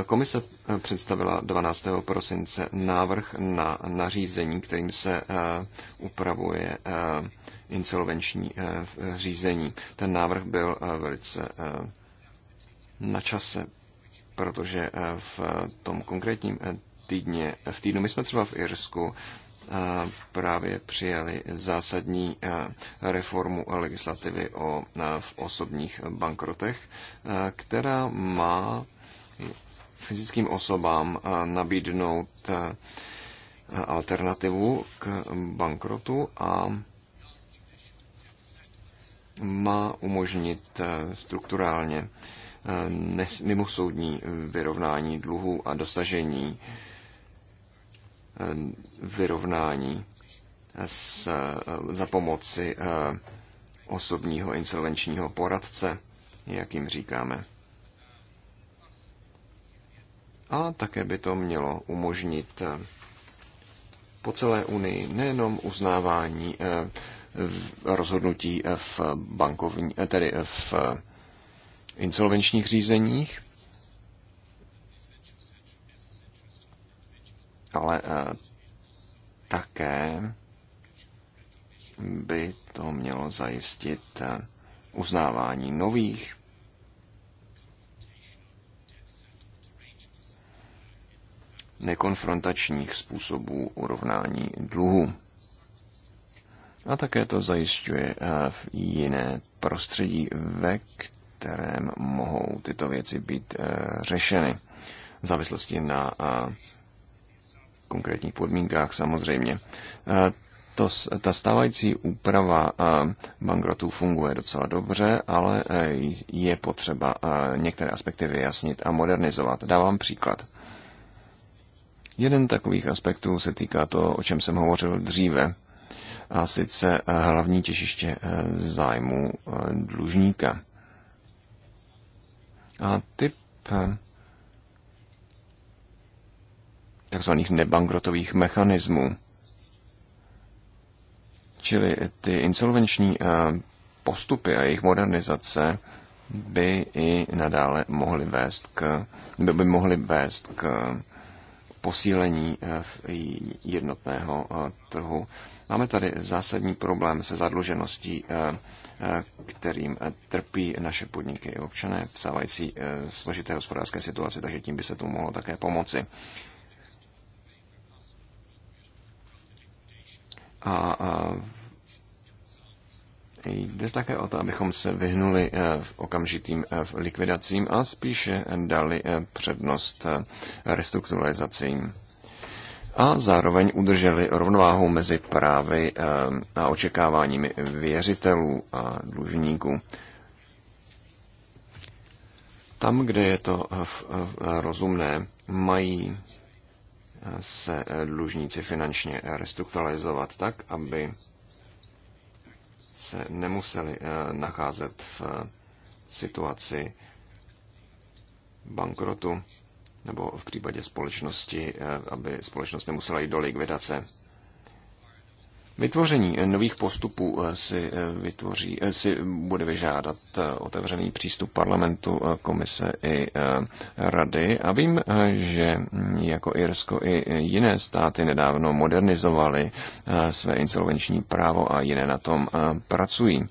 Eh, komise představila 12. prosince návrh na nařízení, kterým se upravuje insolvenční řízení. Ten návrh byl velice na čase, protože v tom konkrétním týdně, v týdnu my jsme třeba v Irsku právě přijali zásadní reformu legislativy o v osobních bankrotech, která má fyzickým osobám nabídnout alternativu k bankrotu a má umožnit strukturálně mimosoudní vyrovnání dluhů a dosažení vyrovnání s, za pomoci eh, osobního insolvenčního poradce, jak jim říkáme. A také by to mělo umožnit eh, po celé Unii nejenom uznávání eh, rozhodnutí v bankovní, tedy v insolvenčních řízeních, ale eh, také by to mělo zajistit eh, uznávání nových nekonfrontačních způsobů urovnání dluhu. A také to zajišťuje eh, v jiné prostředí, ve kterém mohou tyto věci být řešeny v závislosti na konkrétních podmínkách samozřejmě. E, to, ta stávající úprava e, bankrotů funguje docela dobře, ale e, je potřeba některé aspekty vyjasnit a modernizovat. Dávám příklad. Jeden takových aspektů se týká to, o čem jsem hovořil dříve, a sice hlavní těžiště zájmu dlužníka. A typ tzv. nebankrotových mechanismů. Čili ty insolvenční eh, postupy a jejich modernizace by i nadále mohly vést k, by, by mohly vést k posílení eh, jednotného eh, trhu. Máme tady zásadní problém se zadlužeností, kterým trpí naše podniky i občané psávající složité hospodářské situace, takže tím by se to mohlo také pomoci. A, a jde také o to, abychom se vyhnuli eh, v okamžitým eh, likvidacím a spíše dali eh, přednost restrukturalizacím a zároveň udrželi rovnováhu mezi právy a očekáváními věřitelů a dlužníků. Tam, kde je to rozumné, mají se dlužníci finančně restrukturalizovat tak, aby se nemuseli eh, nacházet v eh, situaci bankrotu nebo v případě společnosti, eh, aby společnost nemusela jít do likvidace. Vytvoření nových postupů eh, si, eh, vytvoří, eh, si bude vyžádat otevřený přístup parlamentu, komise i rady. A vím, že jako Irsko i jiné státy nedávno modernizovaly své insolvenční právo a jiné na tom pracují.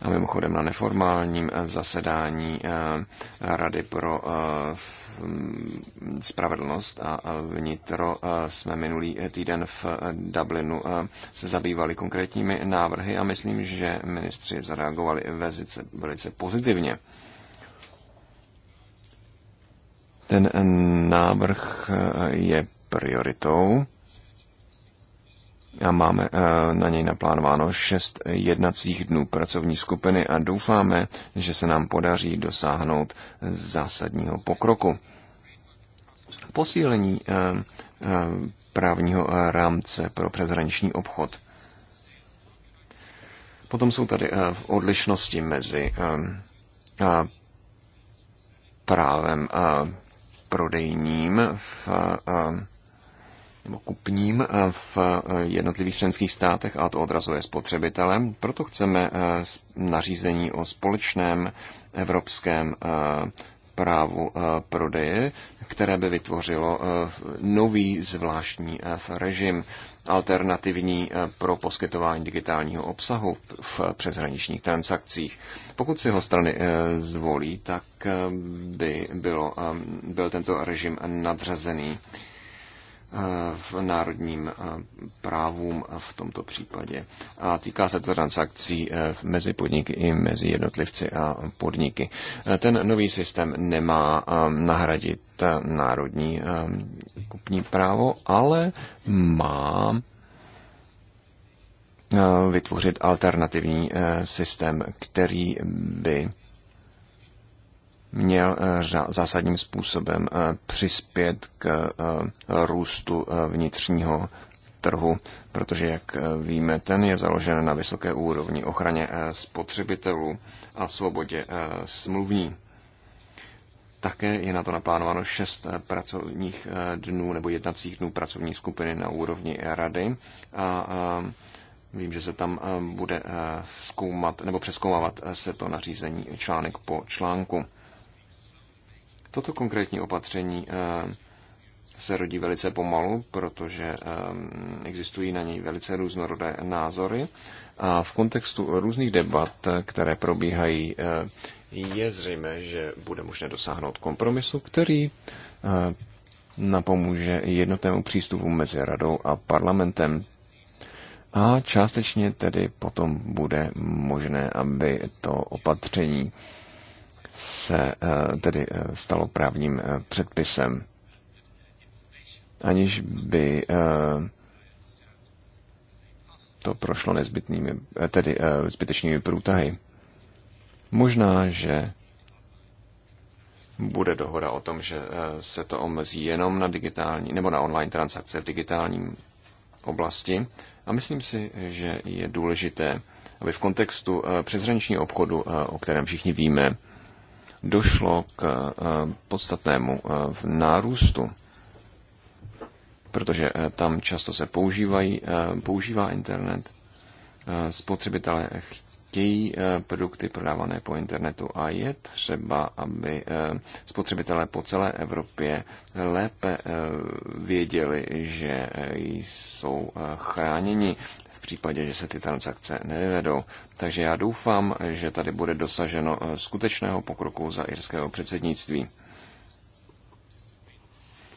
A mimochodem na neformálním eh, zasedání eh, Rady pro eh, mm, spravedlnost a vnitro jsme minulý týden v Dublinu se zabývali konkrétními návrhy a myslím, že ministři zareagovali velice, velice pozitivně. Ten návrh je prioritou a máme eh, na něj naplánováno šest jednacích dnů pracovní skupiny a doufáme, že se nám podaří dosáhnout zásadního pokroku. Posílení eh, eh, právního rámce pro přeshraniční obchod. Potom jsou tady v odlišnosti mezi právem prodejním v nebo kupním eh, v eh, jednotlivých členských státech a to odrazuje spotřebitele. Proto chceme eh, nařízení o společném evropském právu prodeje, které by vytvořilo nový zvláštní režim alternativní pro poskytování digitálního obsahu v přeshraničních transakcích. Pokud si ho strany zvolí, tak by bylo, byl tento režim nadřazený Eh, v národním eh, právům v tomto případě. A týká se to transakcí eh, mezi podniky i mezi jednotlivci a podniky. Ten nový systém nemá nahradit národní kupní právo, ale má vytvořit alternativní systém, který by měl eh, zásadním způsobem eh, přispět k eh, růstu vnitřního trhu, protože, jak víme, ten je založen na vysoké úrovni ochraně spotřebitelů a svobodě smluvní. Také je na to naplánováno šest pracovních dnů nebo jednacích dnů pracovní skupiny na úrovni rady a vím, že se tam bude zkoumat nebo přeskoumávat se to nařízení článek po článku. Toto konkrétní opatření eh, se rodí velice pomalu, protože eh, existují na něj velice různorodé názory. A v kontextu různých debat, eh, které probíhají, je zřejmé, že bude možné dosáhnout kompromisu, který napomůže jednotnému přístupu mezi radou a parlamentem. A částečně tedy potom bude možné, aby to opatření se eh, tedy eh, stalo právním eh, předpisem, aniž by to prošlo nezbytnými, tedy zbytečnými průtahy. Možná, že bude dohoda o tom, že se to omezí jenom na digitální nebo na online transakce v digitálním oblasti. A myslím si, že je důležité, aby v kontextu přeshraničního obchodu, o kterém všichni víme, došlo k eh, podstatnému eh, nárůstu, protože eh, tam často se používají, používá internet. Spotřebitelé chtějí produkty prodávané po internetu a je třeba, aby spotřebitelé po celé Evropě lépe věděli, že jsou chráněni případě, že se ty transakce nevyvedou. Takže já doufám, že tady bude dosaženo eh, skutečného pokroku za irského předsednictví.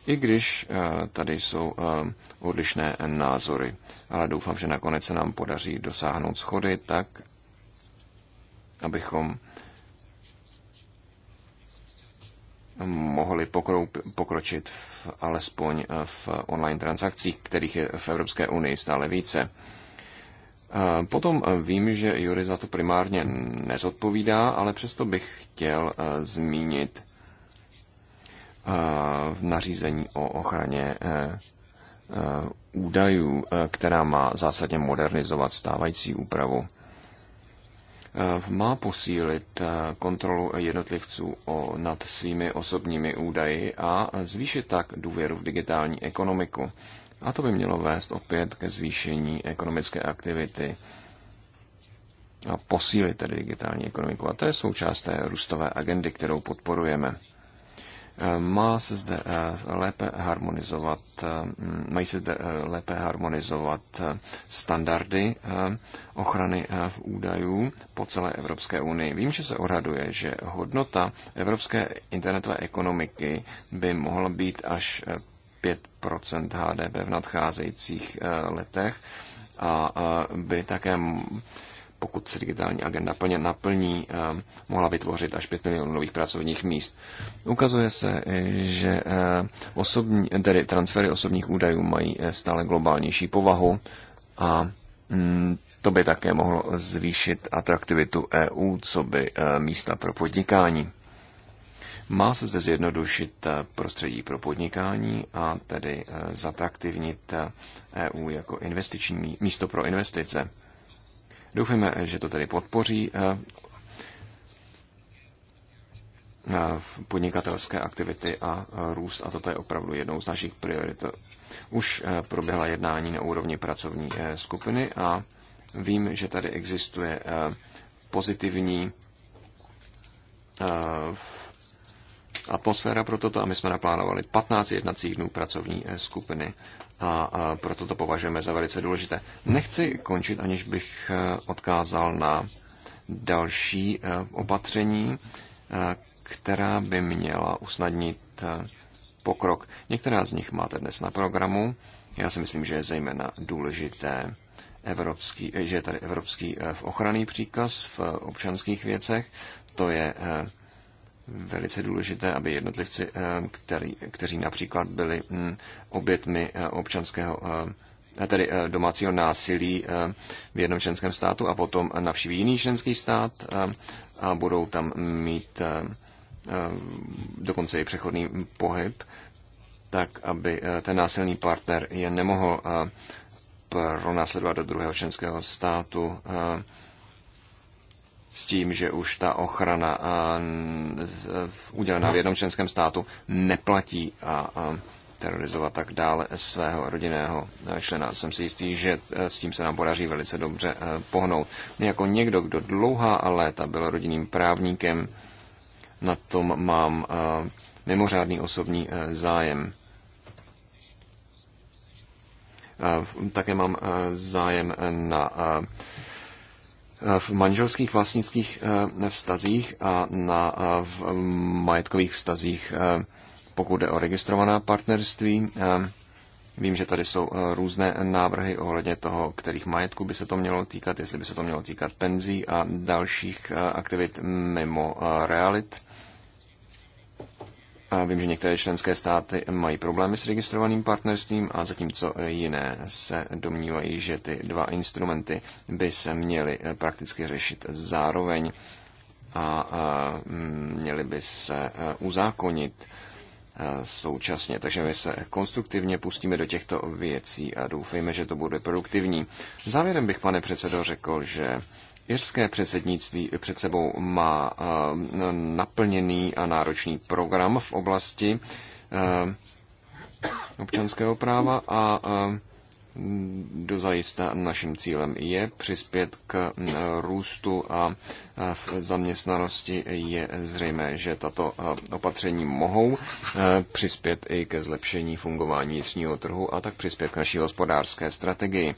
I když eh, tady jsou eh, odlišné názory, ale doufám, že nakonec se nám podaří dosáhnout schody tak, abychom mohli pokročit v, alespoň v online transakcích, kterých je v Evropské unii stále více. Potom e, vím, že Jury za to primárně nezodpovídá, ale přesto bych chtěl e, zmínit e, v nařízení o ochraně údajů, která má zásadně modernizovat stávající úpravu. Má posílit kontrolu jednotlivců nad svými osobními údaji a zvýšit tak důvěru v digitální ekonomiku. A to by mělo vést opět ke zvýšení ekonomické aktivity a posílit tedy digitální ekonomiku. A to je součást té růstové agendy, kterou podporujeme. Má se zde eh, lépe harmonizovat, eh, mají se zde eh, lépe harmonizovat standardy ochrany v údajů po celé Evropské unii. Vím, že se odhaduje, že hodnota evropské internetové ekonomiky by mohla být až 5 HDP v nadcházejících eh, letech a by eh, také, pokud se digitální agenda plně naplní, eh, mohla vytvořit až 5 milionů nových pracovních míst. Ukazuje se, že osobní, tedy transfery osobních údajů mají stále globálnější povahu a mm, to by také mohlo zvýšit atraktivitu EU, co by místa pro podnikání. Má se zde zjednodušit eh, prostředí pro podnikání a tedy eh, zatraktivnit EU eh, e jako investiční místo pro investice. Doufujeme, že to tedy podpoří v podnikatelské aktivity a růst, a toto je opravdu jednou z našich priorit. Už proběhla jednání na úrovni pracovní skupiny a vím, že tady existuje pozitivní v atmosféra pro toto a my jsme naplánovali 15 jednacích dnů pracovní eh, skupiny a, proto to považujeme za velice důležité. Nechci končit, aniž bych eh, odkázal na další eh, opatření, která by měla usnadnit pokrok. Některá z nich máte dnes na programu. Já si myslím, že je zejména důležité, evropský, že je tady evropský ochranný příkaz v občanských věcech. To je velice důležité, aby jednotlivci, eh, který, kteří například byli hm, obětmi eh, občanského eh, tedy domácího násilí v jednom členském státu a potom navštíví jiný členský stát a budou tam mít dokonce i přechodný pohyb, tak aby ten násilný partner je nemohl pronásledovat do druhého členského státu s tím, že už ta ochrana udělená v jednom členském státu neplatí a terorizovat tak dále svého rodinného člena. Jsem si jistý, že e, s tím se nám podaří velice dobře e, pohnout. Jako někdo, kdo dlouhá léta byl rodinným právníkem, na tom mám e, mimořádný osobní zájem. Také mám zájem na Eh, v manželských vlastnických eh, vztazích a na eh, v majetkových vztazích, pokud jde o registrovaná partnerství. Vím, že tady jsou různé návrhy ohledně toho, kterých majetků by se to mělo týkat, jestli by se to mělo týkat penzí a dalších aktivit mimo realit a vím, že některé členské státy mají problémy s registrovaným partnerstvím a zatímco jiné se domnívají, že ty dva instrumenty by se měly eh, prakticky řešit zároveň a mm, měly by se eh, uzákonit eh, současně. Takže my se konstruktivně pustíme do těchto věcí a doufejme, že to bude produktivní. Závěrem bych, pane předsedo, řekl, že Irské předsednictví před sebou má eh, naplněný a náročný program v oblasti eh, občanského práva a eh, dozajista naším cílem je přispět k růstu a v zaměstnanosti, je zřejmé, že tato opatření mohou přispět i ke zlepšení fungování vnitřního trhu a tak přispět k naší hospodářské strategii.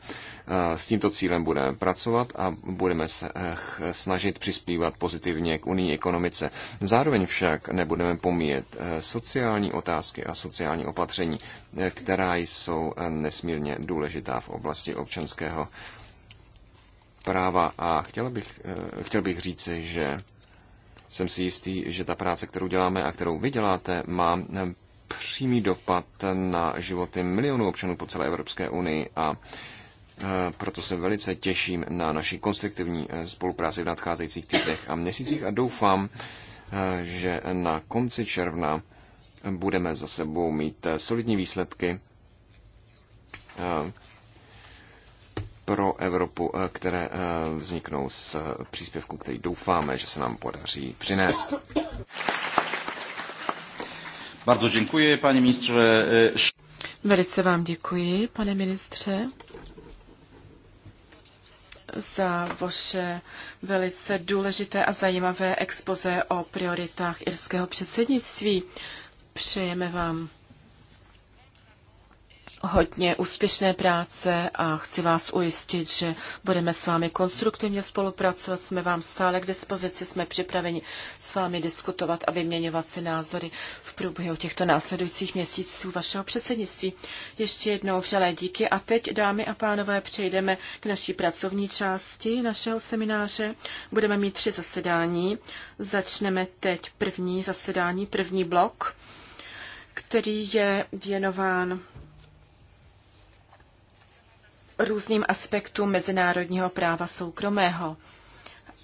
S tímto cílem budeme pracovat a budeme se eh, snažit přispívat pozitivně k unijní ekonomice. Zároveň však nebudeme pomíjet eh, sociální otázky a sociální opatření, eh, která jsou nesmírně důležitá v oblasti občanského práva a chtěl bych, eh, chtěl bych říci, že jsem si jistý, že ta práce, kterou děláme a kterou vy děláte, má eh, přímý dopad na životy milionů občanů po celé Evropské unii a eh, proto se velice těším na naši konstruktivní spolupráci v nadcházejících týdnech a měsících a doufám, že na konci června budeme za sebou mít solidní výsledky pro Evropu, eh, které eh, vzniknou z eh, příspěvku, který doufáme, že se nám podaří přinést. Bardzo děkuji, pane ministře. E, velice vám děkuji, pane ministře, za vaše velice důležité a zajímavé expoze o prioritách irského předsednictví. Přejeme vám hodně úspěšné práce a chci vás ujistit, že budeme s vámi konstruktivně spolupracovat, jsme vám stále k dispozici, jsme připraveni s vámi diskutovat a vyměňovat si názory v průběhu těchto následujících měsíců vašeho předsednictví. Ještě jednou vřelé díky a teď, dámy a pánové, přejdeme k naší pracovní části našeho semináře. Budeme mít tři zasedání. Začneme teď první zasedání, první blok který je věnován různým aspektům mezinárodního práva soukromého.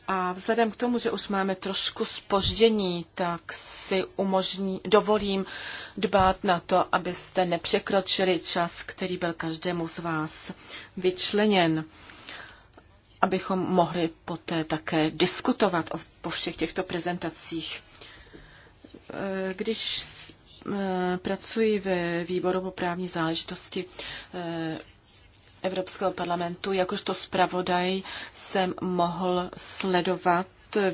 A vzhledem k tomu, že už máme trošku spoždění, tak si umožní, dovolím dbát na to, abyste nepřekročili čas, který byl každému z vás vyčleněn, abychom mohli poté také diskutovat o, po všech těchto prezentacích. Eh, když eh, pracuji ve výboru po právní záležitosti, eh, Evropského parlamentu. Jakožto zpravodaj jsem mohl sledovat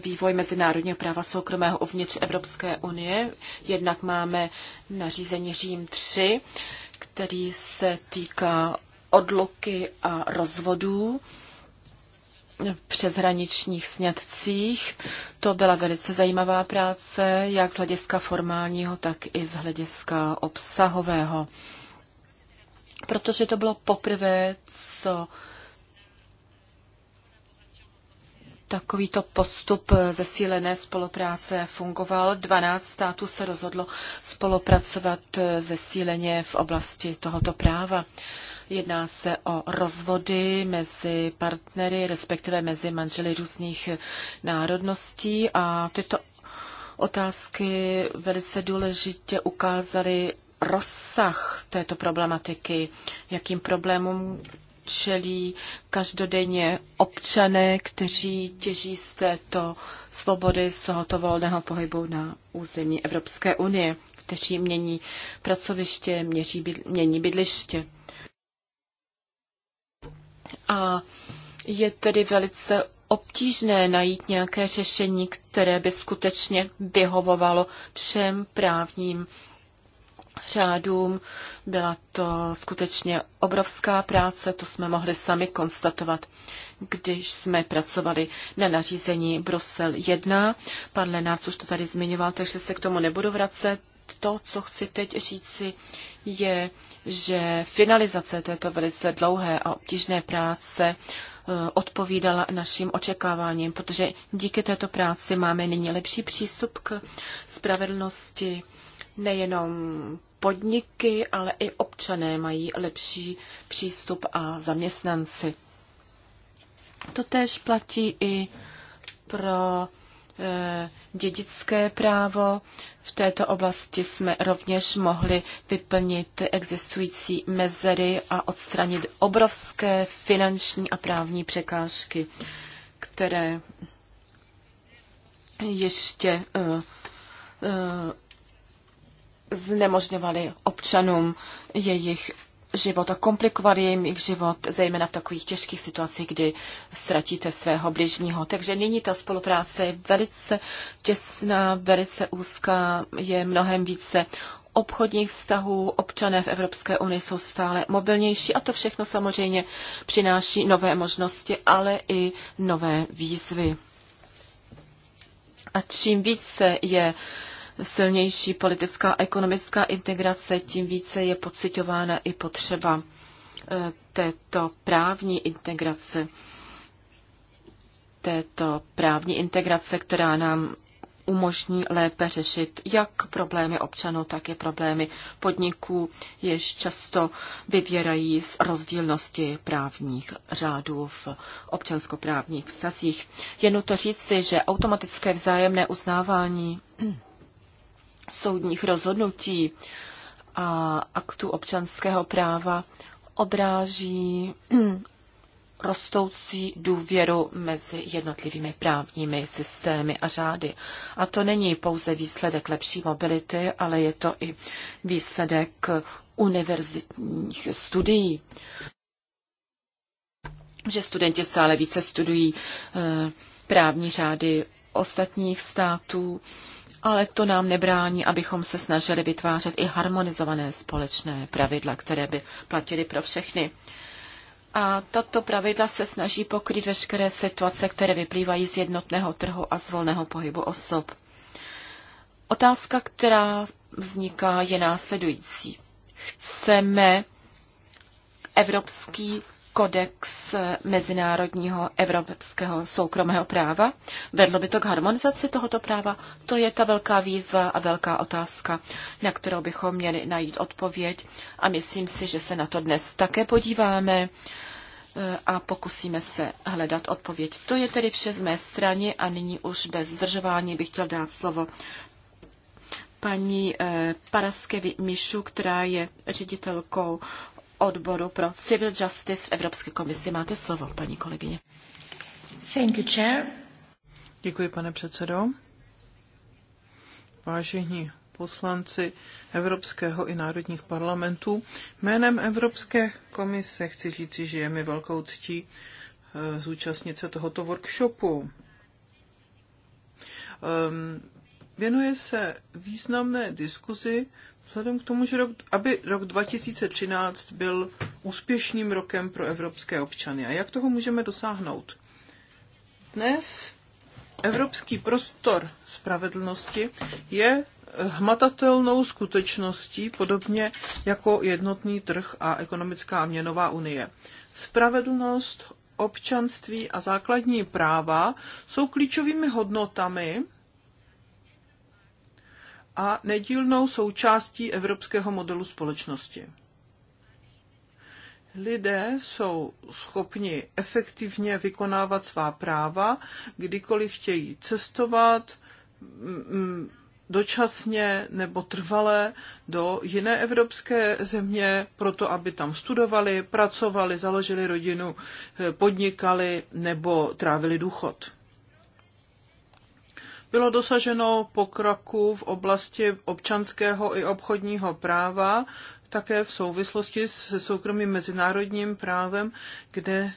vývoj mezinárodního práva soukromého uvnitř Evropské unie. Jednak máme nařízení Řím 3, který se týká odluky a rozvodů přeshraničních snědcích. To byla velice zajímavá práce, jak z hlediska formálního, tak i z hlediska obsahového protože to bylo poprvé, co takovýto postup zesílené spolupráce fungoval. 12 států se rozhodlo spolupracovat zesíleně v oblasti tohoto práva. Jedná se o rozvody mezi partnery, respektive mezi manželi různých národností a tyto otázky velice důležitě ukázaly rozsah této problematiky, jakým problémům čelí každodenně občané, kteří těží z této svobody, z tohoto volného pohybu na území Evropské unie, kteří mění pracoviště, měří, mění bydliště. A je tedy velice obtížné najít nějaké řešení, které by skutečně vyhovovalo všem právním řádům. Byla to skutečně obrovská práce, to jsme mohli sami konstatovat, když jsme pracovali na nařízení Brusel 1. Pan Lenárc už to tady zmiňoval, takže se k tomu nebudu vracet. To, co chci teď říci, je, že finalizace této velice dlouhé a obtížné práce eh, odpovídala našim očekáváním, protože díky této práci máme nyní lepší přístup k spravedlnosti nejenom podniky, ale i občané mají lepší přístup a zaměstnanci. To tež platí i pro e, dědické právo. V této oblasti jsme rovněž mohli vyplnit existující mezery a odstranit obrovské finanční a právní překážky, které ještě e, e, znemožňovali občanům jejich život a komplikovali jim jejich život, zejména v takových těžkých situacích, kdy ztratíte svého bližního. Takže nyní ta spolupráce je velice těsná, velice úzká, je mnohem více obchodních vztahů, občané v Evropské unii jsou stále mobilnější a to všechno samozřejmě přináší nové možnosti, ale i nové výzvy. A čím více je uh, silnější politická a ekonomická integrace, tím více je pocitována i potřeba eh, této právní integrace. Této právní integrace, která nám umožní lépe řešit jak problémy občanů, tak i problémy podniků, jež často vyvěrají z rozdílnosti právních řádů v občanskoprávních vztazích. Je nutno říci, že automatické vzájemné uznávání soudních rozhodnutí a aktu občanského práva odráží rostoucí důvěru mezi jednotlivými právními systémy a řády. A to není pouze výsledek lepší mobility, ale je to i výsledek univerzitních studií. Že studenti stále více studují eh, právní řády ostatních států, ale to nám nebrání, abychom se snažili vytvářet i harmonizované společné pravidla, které by platily pro všechny. A tato pravidla se snaží pokryt veškeré situace, které vyplývají z jednotného trhu a z volného pohybu osob. Otázka, která vzniká, je následující. Chceme evropský kodex mezinárodního evropského soukromého práva? Vedlo by to k harmonizaci tohoto práva? To je ta velká výzva a velká otázka, na kterou bychom měli najít odpověď a myslím si, že se na to dnes také podíváme eh, a pokusíme se hledat odpověď. To je tedy vše z mé strany a nyní už bez zdržování bych chtěl dát slovo paní eh, Paraskevi Mišu, která je ředitelkou odboru pro Civil Justice v Evropské komisi. Máte slovo, paní kolegyně. Thank you, chair. Děkuji, pane předsedo. Vážení poslanci Evropského i národních parlamentů, jménem Evropské komise chci říci, že je mi velkou ctí eh, zúčastnit se tohoto workshopu. Ehm, věnuje se významné diskuzi vzhledem k tomu, že rok, aby rok 2013 byl úspěšným rokem pro evropské občany. A jak toho můžeme dosáhnout? Dnes evropský prostor spravedlnosti je hmatatelnou skutečností, podobně jako jednotný trh a ekonomická měnová unie. Spravedlnost, občanství a základní práva jsou klíčovými hodnotami, a nedílnou součástí evropského modelu společnosti. Lidé jsou schopni efektivně vykonávat svá práva, kdykoliv chtějí cestovat, dočasně nebo trvale do jiné evropské země, proto aby tam studovali, pracovali, založili rodinu, eh, podnikali nebo trávili důchod. Bylo dosaženo pokroku v oblasti občanského i obchodního práva, také v souvislosti se soukromým mezinárodním právem, kde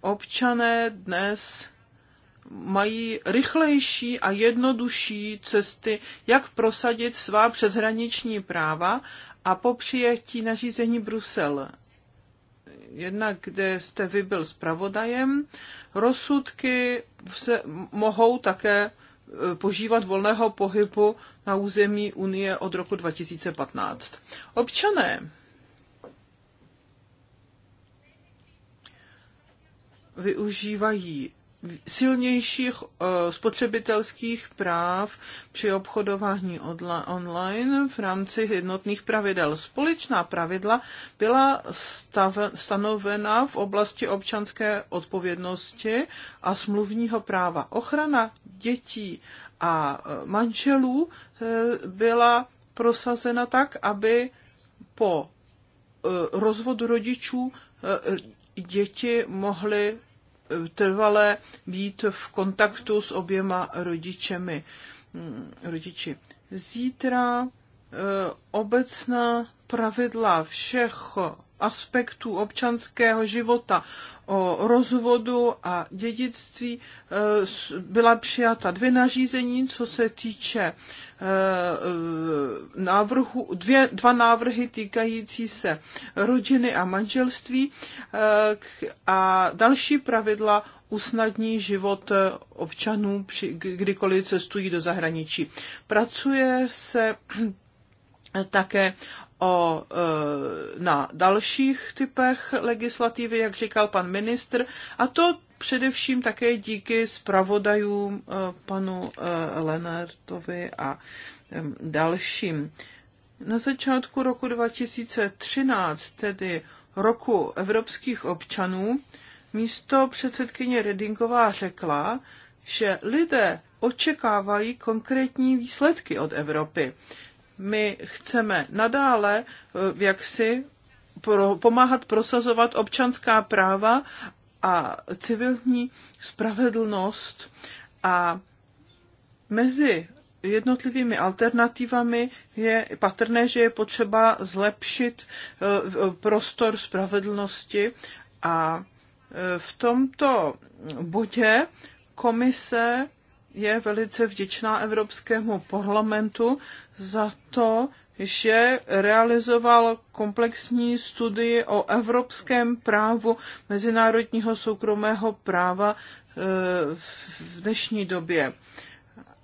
občané dnes mají rychlejší a jednodušší cesty, jak prosadit svá přeshraniční práva a po přijetí nařízení Brusel jednak kde jste vy byl zpravodajem, rozsudky se mohou také požívat volného pohybu na území Unie od roku 2015. Občané využívají silnějších eh, spotřebitelských práv při obchodování online v rámci jednotných pravidel. Společná pravidla byla stanovena v oblasti občanské odpovědnosti a smluvního práva. Ochrana dětí a eh, manželů eh, byla prosazena tak, aby po rozvodu rodičů děti mohly trvale být v kontaktu s oběma rodičemi, mm, rodiči. Zítra eh, obecná pravidla všech aspektů občanského života o rozvodu a dědictví e, byla přijata dvě nařízení, co se týče e, návrhu, dvě, dva návrhy týkající se rodiny a manželství e, a další pravidla usnadní život občanů, kdykoliv cestují do zahraničí. Pracuje se také o, e, na dalších typech legislativy, jak říkal pan ministr, a to především také díky zpravodajům e, panu e, Lenartovi a dalším. Na začátku roku 2013, tedy roku evropských občanů, místo předsedkyně Redingová řekla, že lidé očekávají konkrétní výsledky od Evropy my chceme nadále eh, jaksi pomáhat prosazovat občanská práva a civilní spravedlnost a mezi jednotlivými alternativami je patrné, že je potřeba zlepšit eh, prostor spravedlnosti a eh, v tomto bodě komise je velice vděčná Evropskému parlamentu za to, že realizoval komplexní studii o evropském právu mezinárodního soukromého práva eh, v dnešní době.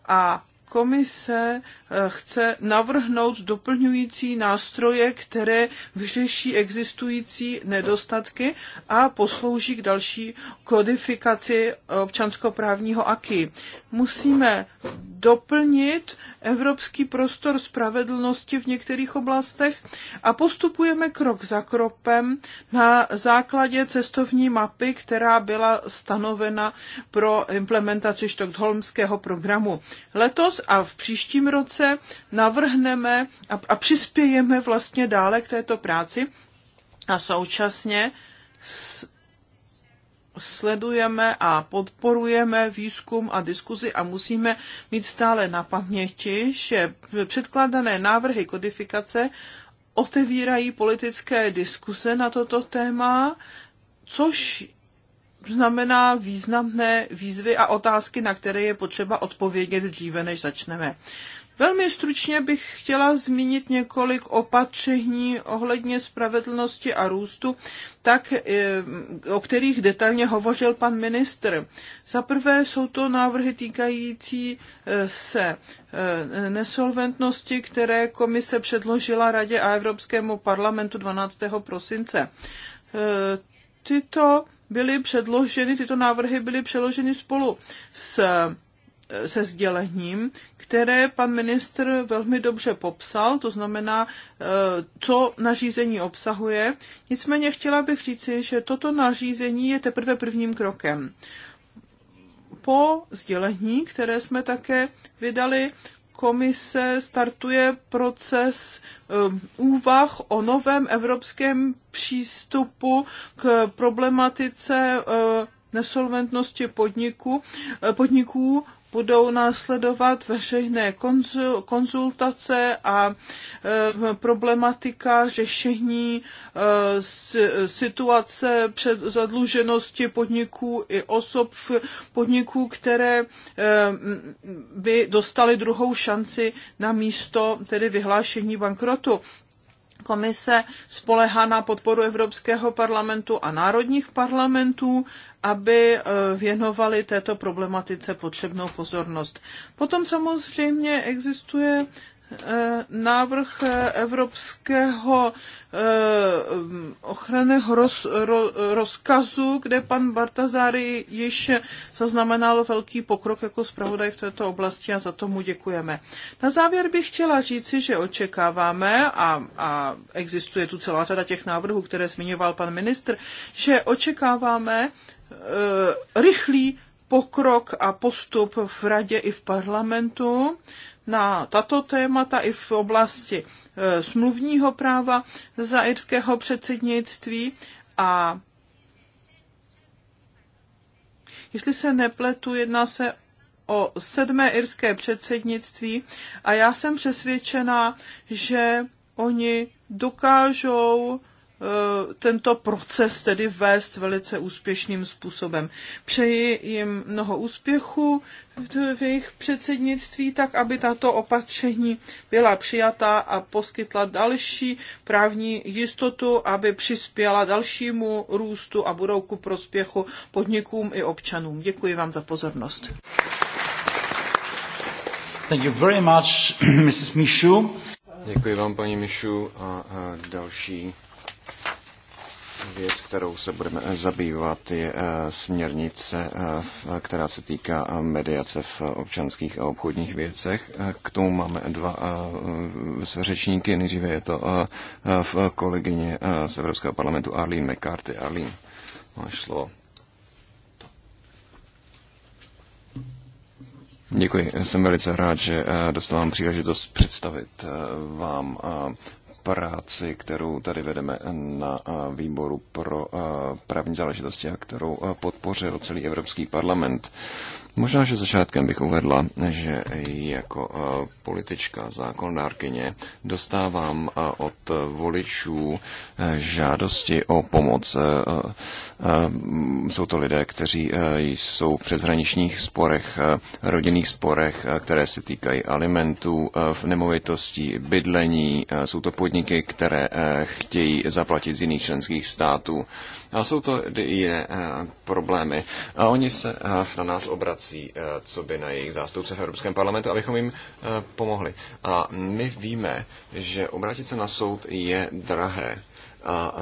A komise chce navrhnout doplňující nástroje, které vyřeší existující nedostatky a poslouží k další kodifikaci občanskoprávního aky. Musíme doplnit evropský prostor spravedlnosti v některých oblastech a postupujeme krok za kropem na základě cestovní mapy, která byla stanovena pro implementaci štokholmského programu. Letos a v příštím roce komise navrhneme a, a přispějeme vlastně dále k této práci a současně s, sledujeme a podporujeme výzkum a diskuzi a musíme mít stále na paměti, že předkládané návrhy kodifikace otevírají politické diskuse na toto téma, což znamená významné výzvy a otázky, na které je potřeba odpovědět dříve, než začneme. Velmi stručně bych chtěla zmínit několik opatření ohledně spravedlnosti a růstu, tak, eh, o kterých detailně hovořil pan ministr. Za prvé jsou to návrhy týkající eh, se eh, nesolventnosti, které komise předložila Radě a Evropskému parlamentu 12. prosince. Tyto byly předloženy, tyto návrhy byly přeloženy spolu s se sdělením, které pan ministr velmi dobře popsal, to znamená, e, co nařízení obsahuje. Nicméně chtěla bych říci, že toto nařízení je teprve prvním krokem. Po sdělení, které jsme také vydali, komise startuje proces e, úvah o novém evropském přístupu k problematice e, nesolventnosti podniku, podniků budou následovat veřejné konzultace a e, problematika řešení e, situace před zadluženosti podniků i osob v podniků, které e, by dostaly druhou šanci na místo tedy vyhlášení bankrotu. Komise spolehá na podporu Evropského parlamentu a národních parlamentů aby eh, věnovali této problematice potřebnou pozornost. Potom samozřejmě existuje Eh, návrh eh, evropského eh, ochranného roz, ro, rozkazu, kde pan Bartazáry již zaznamenal velký pokrok jako zpravodaj v této oblasti a za tomu děkujeme. Na závěr bych chtěla říci, že očekáváme, a, a existuje tu celá řada těch návrhů, které zmiňoval pan ministr, že očekáváme e, rychlý pokrok a postup v radě i v parlamentu na tato témata i v oblasti e, smluvního práva za irského předsednictví a jestli se nepletu, jedná se o sedmé irské předsednictví a já jsem přesvědčena, že oni dokážou Eh, tento proces tedy vést velice úspěšným způsobem. Přeji jim mnoho úspěchu v jejich předsednictví, tak aby tato opatření byla přijata a poskytla další právní jistotu, aby přispěla dalšímu růstu a budou ku prospěchu podnikům i občanům. Děkuji vám za pozornost. Thank you very much, Mrs. Michu. Děkuji vám, paní Mišu, a, a další Věc, kterou se budeme zabývat, je eh, směrnice, eh, která se týká eh, mediace v občanských a obchodních věcech. K tomu máme dva řečníky. Nejdříve je to v kolegyně z Evropského parlamentu Arlene McCarthy. Arlene, máš slovo. Děkuji. Jsem velice rád, že dostávám příležitost představit vám práci, kterou tady vedeme na eh, výboru pro eh, právní záležitosti a kterou eh, podpořil celý Evropský parlament. Možná, že začátkem bych uvedla, že jako politička zákonodárkyně dostávám od voličů žádosti o pomoc Ehm, jsou to lidé, kteří eh, jsou v přeshraničních sporech, eh, rodinných sporech, eh, které se týkají alimentů, v nemovitosti, bydlení. Jsou to podniky, které chtějí zaplatit z jiných členských států. A jsou to jiné problémy. A oni se na nás obrací, co by na jejich zástupce v Evropském parlamentu, abychom jim pomohli. A my víme, že obrátit se na soud je drahé. A, a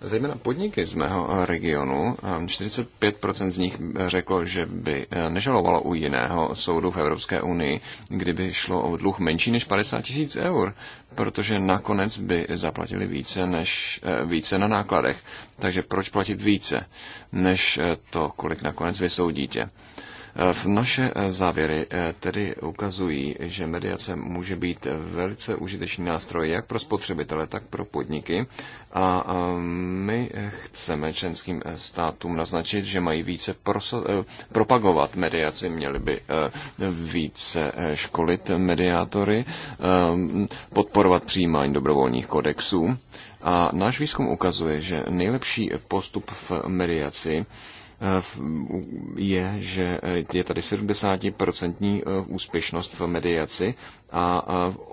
Zejména podniky z mého regionu, eh, 45% z nich řeklo, že by eh, nežalovalo u jiného soudu v Evropské unii, kdyby šlo o dluh menší než 50 tisíc eur, protože nakonec by zaplatili více, než, eh, více na nákladech. Takže proč platit více, než to, kolik nakonec vysoudíte? V naše eh, závěry eh, tedy ukazují, že mediace může být velice užitečný nástroj jak pro spotřebitele, tak pro podniky a eh, my chceme členským státům naznačit, že mají více propagovat mediaci, měli by více školit mediátory, podporovat přijímání dobrovolných kodexů. A náš výzkum ukazuje, že nejlepší postup v mediaci je, že je tady 70% eh, úspěšnost v mediaci a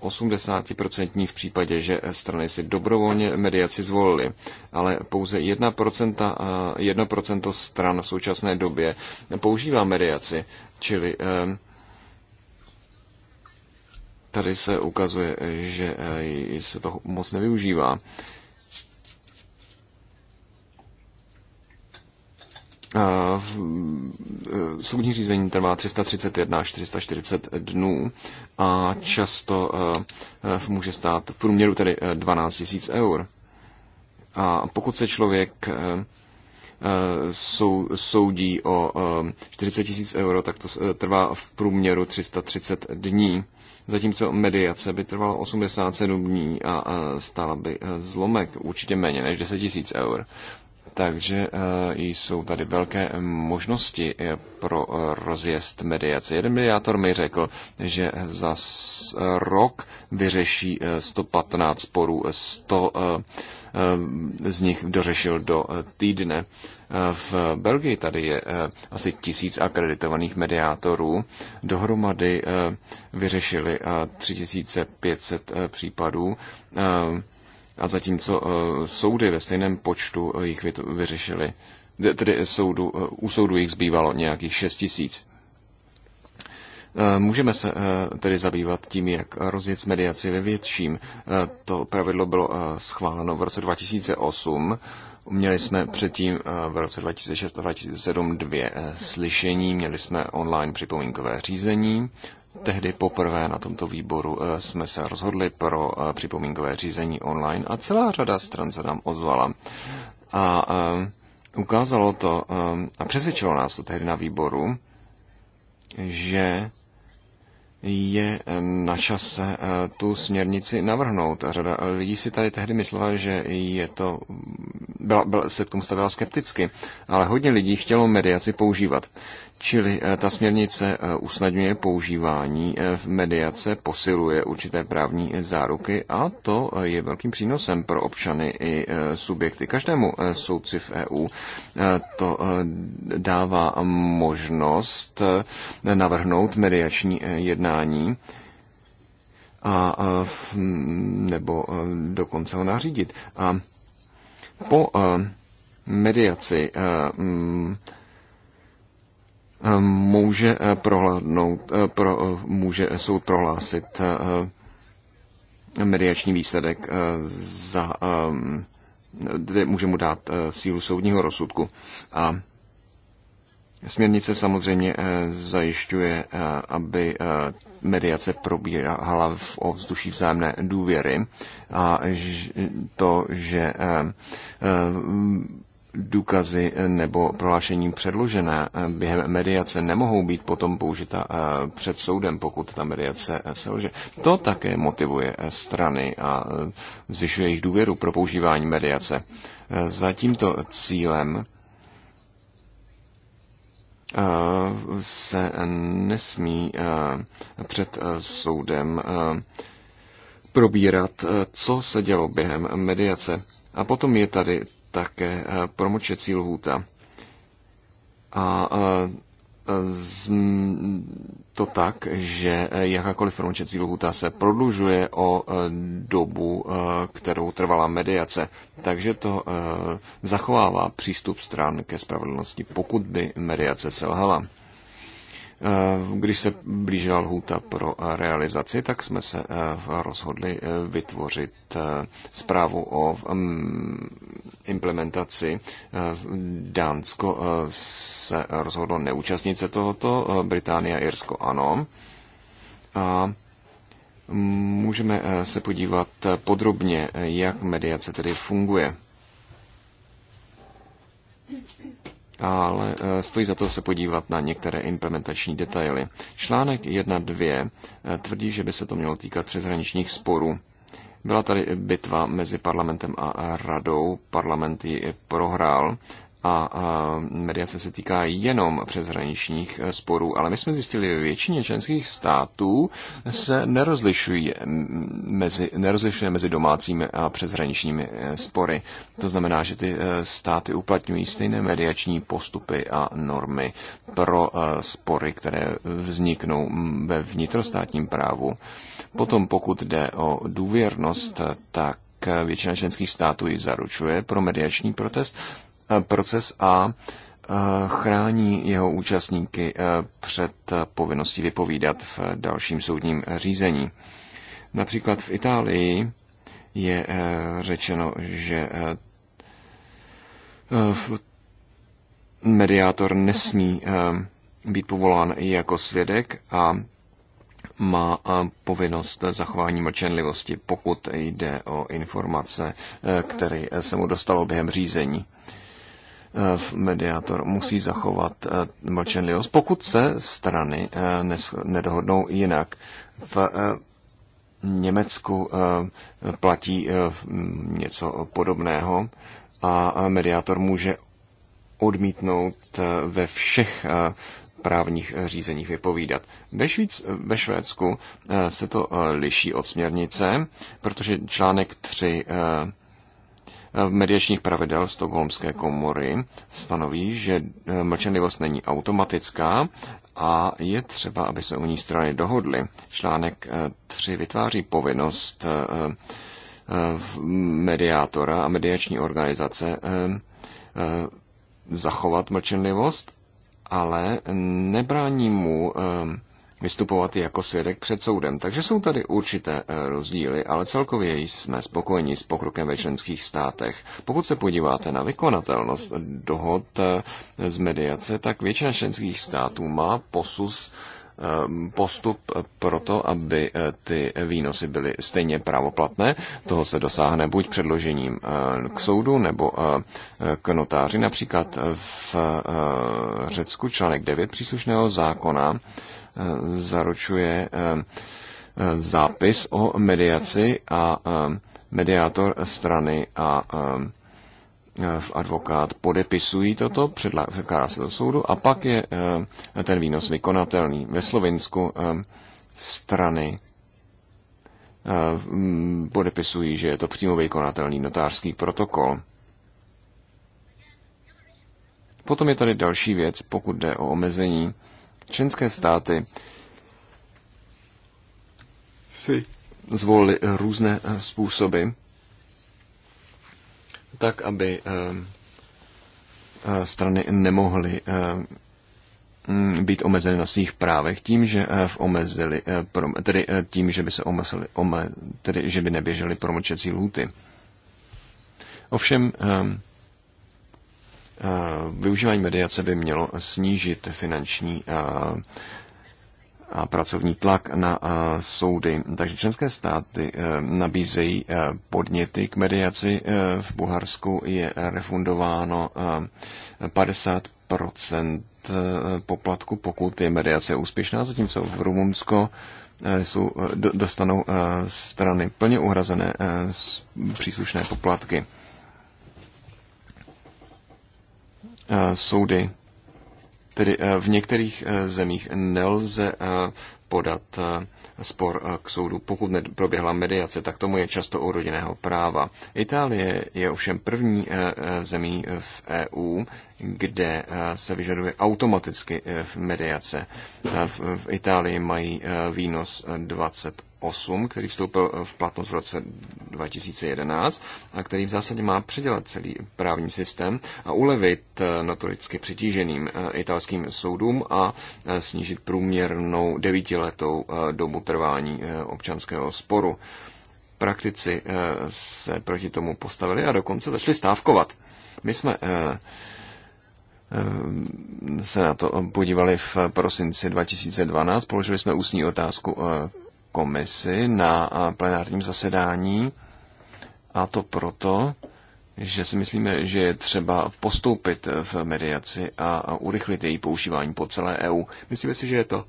80% eh, v případě, že strany si dobrovolně mediaci zvolily. Ale pouze 1%, 1% eh, stran v současné době používá mediaci, čili tady se ukazuje, že se to moc nevyužívá. E, soudní řízení trvá 331 až 440 dnů a často e, e, může stát v průměru tedy 12 000 eur. A pokud se člověk sou, soudí o 40 000 euro, tak to trvá v průměru 330 dní, zatímco mediace by trvala 87 dní a stála by zlomek určitě méně než 10 000 eur. Takže eh, jsou tady velké možnosti eh, pro eh, rozjezd mediace. Jeden mediátor mi řekl, že za rok vyřeší 115 sporů, 100 z nich dořešil do týdne. V Belgii tady je asi tisíc akreditovaných mediátorů. Dohromady vyřešili 3500 případů. A zatímco eh, soudy ve stejném počtu eh, jich vyřešili, tedy soudu, eh, u soudu jich zbývalo nějakých 6 tisíc. Můžeme se tedy zabývat tím, jak rozjet mediaci ve větším. To pravidlo bylo schváleno v roce 2008. Měli jsme předtím v roce 2006 a 2007 dvě slyšení, měli jsme online připomínkové řízení tehdy poprvé na tomto výboru eh, jsme se rozhodli pro eh, připomínkové řízení online a celá řada stran se nám ozvala. A eh, ukázalo to a přesvědčilo nás to tehdy na výboru, že je na čase tu směrnici navrhnout. A řada lidí si tady tehdy myslela, že je to, byla, byla, se k tomu stavila skepticky, ale hodně lidí chtělo mediaci používat. Čili eh, ta směrnice eh, usnadňuje používání eh, v mediace, posiluje určité právní záruky a to je velkým přínosem pro občany i subjekty. Každému soudci v EU to dává možnost navrhnout mediační jednání a, nebo dokonce ho nařídit. A po mediaci mm, může eh, prohlédnout, eh, pro, eh, může soud prohlásit mediační výsledek za, může mu dát sílu soudního rozsudku. A směrnice samozřejmě zajišťuje, aby mediace probíhala v ovzduší vzájemné důvěry a to, že důkazy nebo prohlášení předložené během mediace nemohou být potom použita eh, před soudem, pokud ta mediace eh, selže. To také motivuje eh, strany a zvyšuje jejich důvěru pro používání mediace. Za tímto cílem se nesmí před soudem probírat, co se dělo během mediace. A potom je tady také eh, promlčecí lhůta. A eh, to tak, že eh, jakákoliv promlčecí lhůta se prodlužuje o dobu, kterou trvala mediace. Takže to zachovává přístup stran ke spravedlnosti, pokud by mediace selhala. Když se blížila lhůta pro realizaci, tak jsme se rozhodli vytvořit zprávu o implementaci. Eh, Dánsko eh, se rozhodlo neúčastnit se tohoto, eh, Británie a Irsko ano. A můžeme se podívat podrobně, jak mediace tedy funguje. ale stojí za to se podívat na některé implementační detaily. Článek 1.2 tvrdí, že by se to mělo týkat přeshraničních sporů byla tady bitva mezi parlamentem a radou, parlament ji prohrál a, a mediace se týká jenom přeshraničních eh, sporů, ale my jsme zjistili, že většině členských států se nerozlišují mezi, nerozlišuje mezi domácími a přeshraničními eh, spory. To znamená, že ty eh, státy uplatňují stejné mediační postupy a normy pro spory, které vzniknou ve vnitrostátním právu. Potom pokud jde o důvěrnost, tak většina členských států ji zaručuje pro mediační protest, Eh, proces A eh, chrání jeho účastníky eh, před povinností vypovídat v dalším soudním řízení. Například v Itálii je řečeno, že mediátor nesmí být povolán i jako svědek a má povinnost zachování mlčenlivosti, pokud jde o informace, které se mu dostalo během řízení. Eh, mediátor musí zachovat eh, mlčenlivost, pokud se strany eh, nedohodnou jinak. V Německu platí něco podobného a mediátor může odmítnout ve všech právních řízeních vypovídat. Ve, Švíc, ve Švédsku se to liší od směrnice, protože článek 3 mediačních pravidel Stokholmské komory stanoví, že eh, mlčenlivost není automatická a je třeba, aby se u ní strany dohodly. Článek 3 eh, vytváří povinnost eh, mediátora a mediační organizace zachovat mlčenlivost, ale nebrání mu vystupovat jako svědek před soudem. Takže jsou tady určité eh, rozdíly, ale celkově jsme spokojeni s pokrokem ve členských státech. Pokud se podíváte na vykonatelnost dohod eh, z mediace, tak většina členských států má posus eh, postup pro to, aby ty výnosy byly stejně právoplatné. Toho se dosáhne buď předložením k soudu nebo k notáři. Například v Řecku článek 9 příslušného zákona zaručuje eh, eh, zápis o mediaci a eh, mediátor strany a v advokát podepisují toto, předkládá se do soudu a pak je ten výnos vykonatelný. Ve Slovensku strany podepisují, že je to přímo vykonatelný notářský protokol. Potom je tady další věc, pokud jde o omezení Členské státy zvolili eh, různé eh, způsoby, tak aby eh, strany nemohly mm, být omezeny na svých právech tím, že v omezili, tedy tím, že by se omezili, tedy že by neběžely promlčecí lhuty. Ovšem Eh, využívání mediace by mělo snížit finanční eh, a pracovní tlak na eh, soudy. Takže členské státy nabízejí podněty k mediaci. V Bulharsku je refundováno 50 poplatku, pokud je mediace úspěšná, zatímco v Rumunsko jsou, dostanou strany plně uhrazené příslušné poplatky. Eh, soudy. Tedy eh, v některých eh, zemích nelze podat spor k soudu, pokud neproběhla mediace, tak tomu je často u rodinného práva. Itálie je ovšem první zemí v EU, kde eh, se vyžaduje automaticky eh, v mediace. Eh, v Itálii mají výnos 28, který vstoupil v platnost v roce 2011 a který v zásadě má předělat celý právní systém a ulevit notoricky přitíženým italským soudům a snížit průměrnou devítiletou dobu trvání občanského sporu. Praktici se proti tomu postavili a dokonce začali stávkovat. My jsme Ehm, se na to podívali v prosinci 2012. Položili jsme ústní otázku eh, komisi na eh, plenárním zasedání a to proto, že si myslíme, že je třeba postoupit v mediaci a urychlit její používání po celé EU. Myslíme si, že je to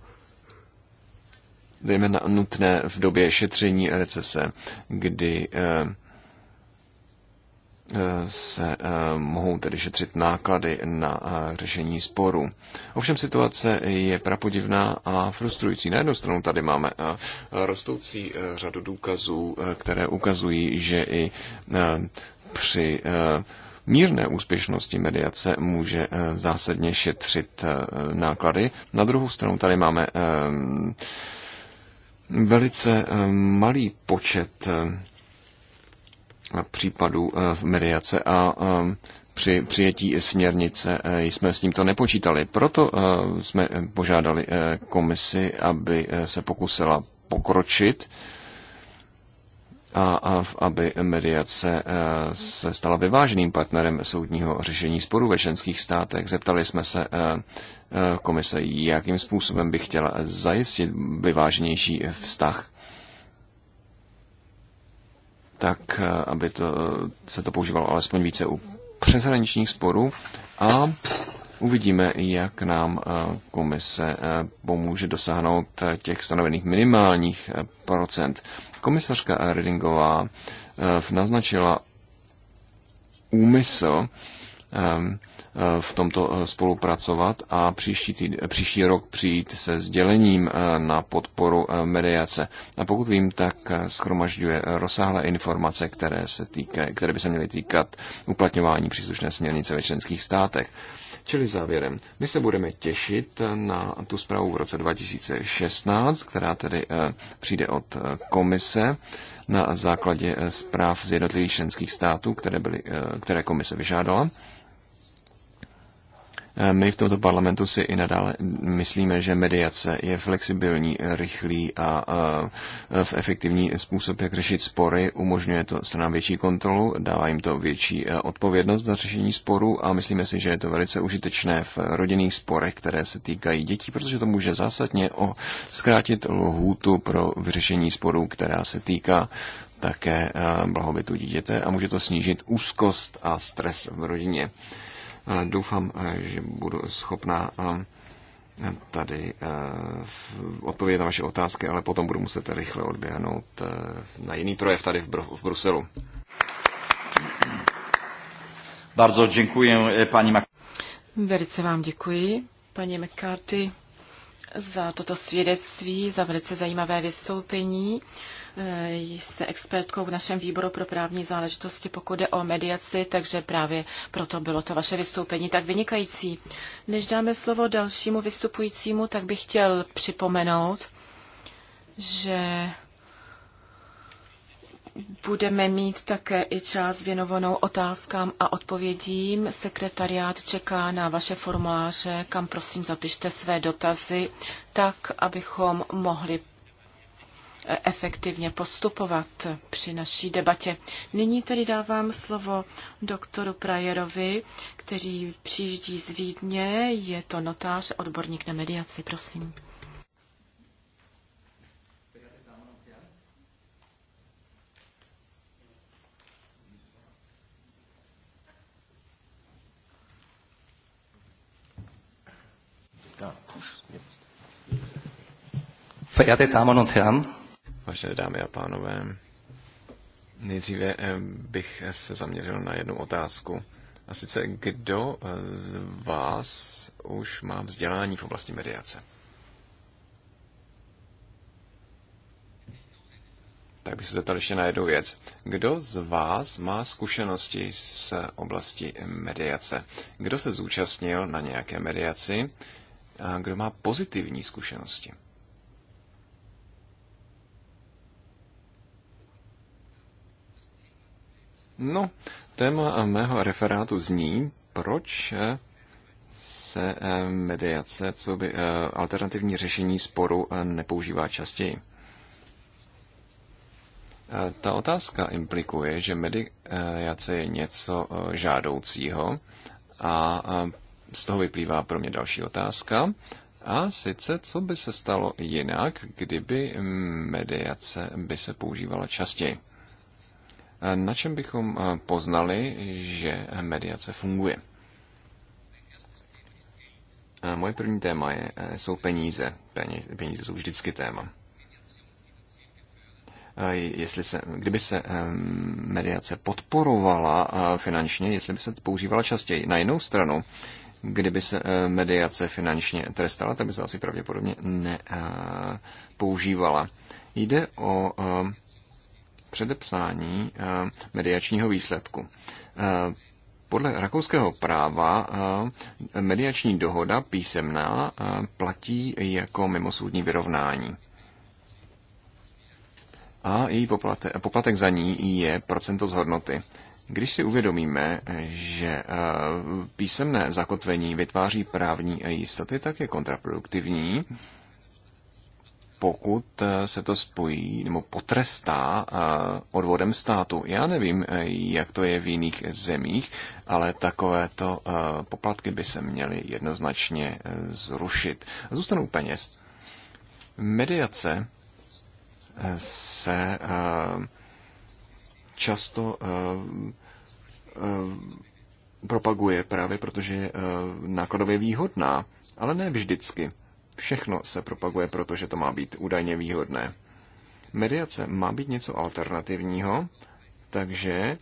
zejména nutné v době šetření recese, kdy eh, se eh, mohou tedy šetřit náklady na eh, řešení sporu. Ovšem situace je prapodivná a frustrující. Na jednu stranu tady máme eh, rostoucí řadu důkazů, které ukazují, že i při mírné úspěšnosti mediace může zásadně šetřit náklady. Na druhou stranu tady máme velice malý počet případů eh, v mediace a eh, při přijetí směrnice eh, jsme s tímto nepočítali. Proto jsme požádali komisi, aby se pokusila pokročit a aby mediace se stala vyváženým partnerem soudního řešení sporů ve členských státech. Zeptali jsme se komise, jakým způsobem by chtěla zajistit vyváženější vztah tak eh, aby to, se to používalo alespoň více u přeshraničních sporů a uvidíme, jak nám eh, komise eh, pomůže dosáhnout těch stanovených minimálních procent. Komisařka Redingová naznačila úmysl ehm, Eh, v tomto eh, spolupracovat a příští, týd, příští rok přijít se sdělením eh, na podporu mediace. A pokud vím, tak schromažďuje rozsáhlé informace, které, se týka, které by se měly týkat uplatňování příslušné směrnice ve členských státech. Čili závěrem, my se budeme těšit na tu zprávu v roce 2016, která tedy přijde od komise na základě zpráv z jednotlivých členských států, které, byly, které komise vyžádala. My v tomto parlamentu si i nadále myslíme, že mediace je flexibilní, rychlý a v efektivní způsob, jak řešit spory. Umožňuje to stranám větší kontrolu, dává jim to větší e, odpovědnost za řešení sporů a myslíme si, že je to velice užitečné v rodinných sporech, které se týkají dětí, protože to může zásadně o zkrátit lhůtu pro vyřešení sporů, která se týká také e, blahobytu dítěte a může to snížit úzkost a stres v rodině. Doufám, eh, že budu schopná eh, tady eh, odpovědět na vaše otázky, ale potom budu muset rychle odběhnout na jiný projev tady v, Bruselu. Bardzo děkuji, e, paní Mac- Velice vám děkuji, paní McCarthy, za toto svědectví, za velice zajímavé vystoupení. Eh, jste expertkou v našem výboru pro právní záležitosti, pokud jde o mediaci, takže právě proto bylo to vaše vystoupení tak vynikající. Než dáme slovo dalšímu vystupujícímu, tak bych chtěl připomenout, že budeme mít také i část věnovanou otázkám a odpovědím. Sekretariát čeká na vaše formuláře, kam prosím zapište své dotazy, tak, abychom mohli efektivně postupovat při naší debatě. Nyní tedy dávám slovo doktoru Prajerovi, který přijíždí z Vídně. Je to notář, odborník na mediaci. Prosím. Verehrte Damen und Herren, Vážené dámy a pánové, nejdříve eh, bych se zaměřil na jednu otázku. A sice, kdo eh, z vás už má vzdělání v oblasti mediace? Tak bych se zeptal ještě na jednu věc. Kdo z vás má zkušenosti s oblasti mediace? Kdo se zúčastnil na nějaké mediaci? A kdo má pozitivní zkušenosti? No, téma mého referátu zní, proč se eh, mediace, co by eh, alternativní řešení sporu eh, nepoužívá častěji. Ta otázka implikuje, že mediace je něco žádoucího a z toho vyplývá pro mě další otázka. A sice, co by se stalo jinak, kdyby mm, mediace by se používala častěji? na čem bychom eh, poznali, že mediace funguje? Eh, moje první téma je, eh, jsou peníze. Peníze jsou vždycky téma. Jestli se, kdyby se mediace podporovala finančně, jestli by se používala častěji. Na jinou stranu, kdyby se mediace finančně trestala, tak by se asi pravděpodobně nepoužívala. Jde o předepsání eh, mediačního výsledku. Eh, podle rakouského práva eh, mediační dohoda písemná platí jako mimosoudní vyrovnání. A její poplatek, poplatek za ní je procento z hodnoty. Když si uvědomíme, že písemné zakotvení vytváří právní jistoty, tak je kontraproduktivní pokud eh, se to spojí nebo potrestá eh, odvodem státu. Já nevím, eh, jak to je v jiných zemích, ale takovéto poplatky by se měly jednoznačně zrušit. Zůstanou peněz. Mediace se často propaguje právě protože je nákladově výhodná, ale ne vždycky. Všechno se propaguje, protože to má být údajně výhodné. Mediace má být něco alternativního, takže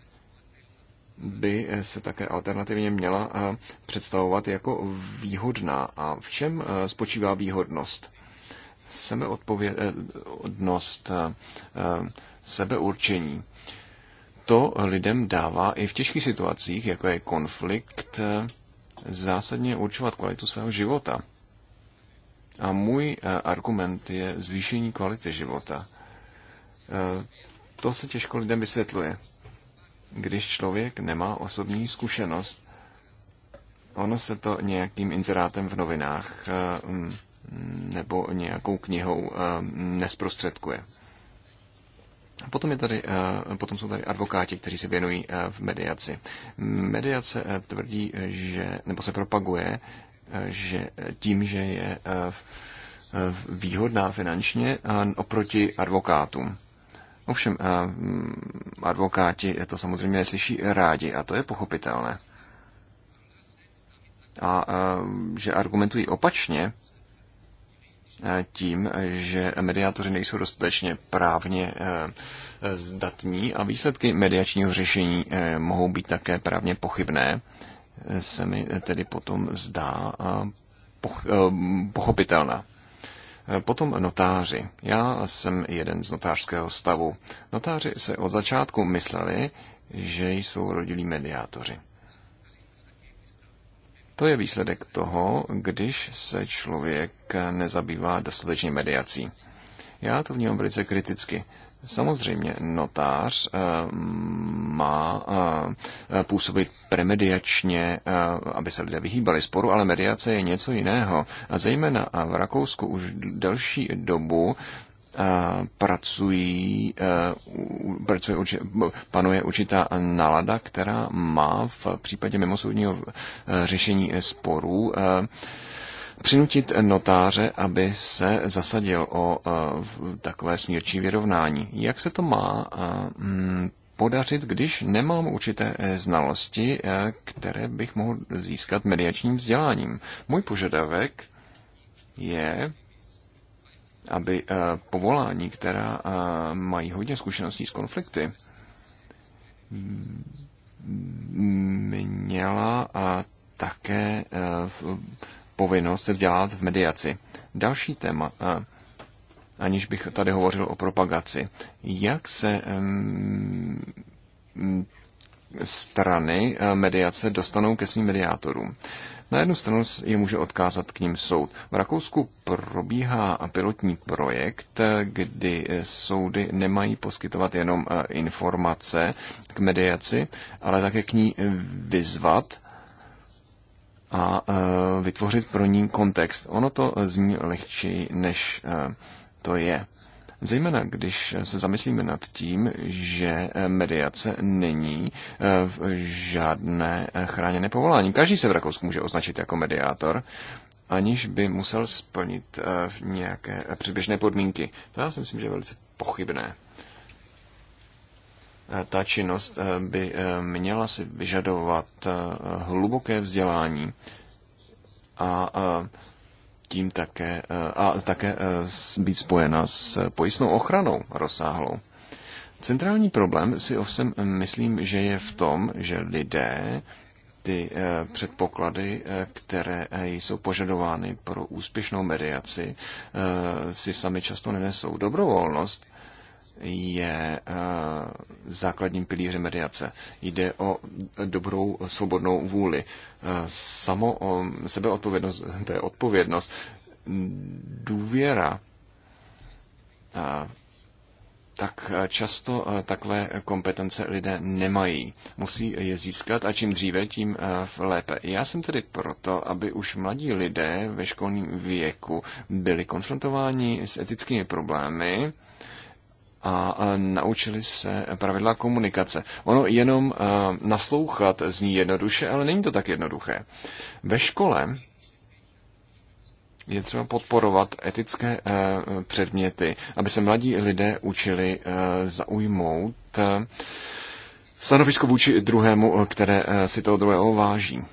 by se také alternativně měla eh, představovat jako výhodná. A v čem eh, spočívá výhodnost? Sebeodpovědnost, eh, sebeurčení. To lidem dává i v těžkých situacích, jako je konflikt, zásadně určovat kvalitu svého života. A můj eh, argument je zvýšení kvality života. Eh, to se těžko lidem vysvětluje. Když člověk nemá osobní zkušenost, ono se to nějakým inzerátem v novinách eh, mm, nebo nějakou knihou mm, nesprostředkuje. Potom, je tady, potom jsou tady advokáti, kteří se věnují v mediaci. Mediace tvrdí, že, nebo se propaguje, že tím, že je eh, eh, výhodná finančně oproti advokátům. Ovšem, eh, mm, advokáti to samozřejmě slyší rádi a to je pochopitelné. A že argumentují opačně tím, že mediátoři nejsou dostatečně právně zdatní a výsledky mediačního řešení mohou být také právně pochybné se mi tedy potom zdá eh, eh, pochopitelná. Eh, potom notáři. Já jsem jeden z notářského stavu. Notáři se od začátku mysleli, že jsou rodilí mediátoři. To je výsledek toho, když se člověk nezabývá dostatečně mediací. Já to vnímám velice kriticky. Samozřejmě notář eh, má eh, působit premediačně, eh, aby se lidé vyhýbali sporu, ale mediace je něco jiného. A zejména v Rakousku už delší dobu pracují, pracuje, panuje určitá nálada, která má v případě mimosoudního řešení sporů přinutit notáře, aby se zasadil o e, takové smírčí vyrovnání. Jak se to má e, mm, podařit, když nemám určité e, znalosti, které bych mohl získat mediačním vzděláním? Můj požadavek je, aby povolání, která mají hodně zkušeností s konflikty, měla a také povinnost vzdělávat v mediaci. Další téma, aniž bych tady hovořil o propagaci. Jak se strany e, mediace dostanou ke svým mediátorům? Na jednu stranu je může odkázat k ním soud. V Rakousku probíhá pilotní projekt, e, kdy e, soudy nemají poskytovat jenom informace k mediaci, ale také k ní vyzvat a e, vytvořit pro ní kontext. Ono to e, zní lehčí, než e, to je. Zejména když se zamyslíme nad tím, že mediace není v žádné chráněné povolání. Každý se v Rakousku může označit jako mediátor, aniž by musel splnit nějaké předběžné podmínky. To já si myslím, že je velice pochybné. Eh, ta činnost eh, by eh, měla si vyžadovat hluboké vzdělání a tím také, a také být spojena s pojistnou ochranou rozsáhlou. Centrální problém si ovšem myslím, že je v tom, že lidé ty předpoklady, které jsou požadovány pro úspěšnou mediaci, si sami často nenesou. Dobrovolnost je eh, základním pilířem mediace. Jde o dobrou svobodnou vůli. Eh, samo o sebeodpovědnost, to je odpovědnost, důvěra, eh, tak často takové kompetence lidé nemají. Musí je získat a čím dříve, tím lépe. Já jsem tedy proto, aby už mladí lidé ve školním věku byli konfrontováni s etickými problémy, a naučili se pravidla komunikace. Ono jenom naslouchat zní jednoduše, ale není to tak jednoduché. Ve škole je třeba podporovat etické e, předměty, aby se mladí lidé učili e, zaujmout e, stanovisko vůči druhému, které si toho druhého váží.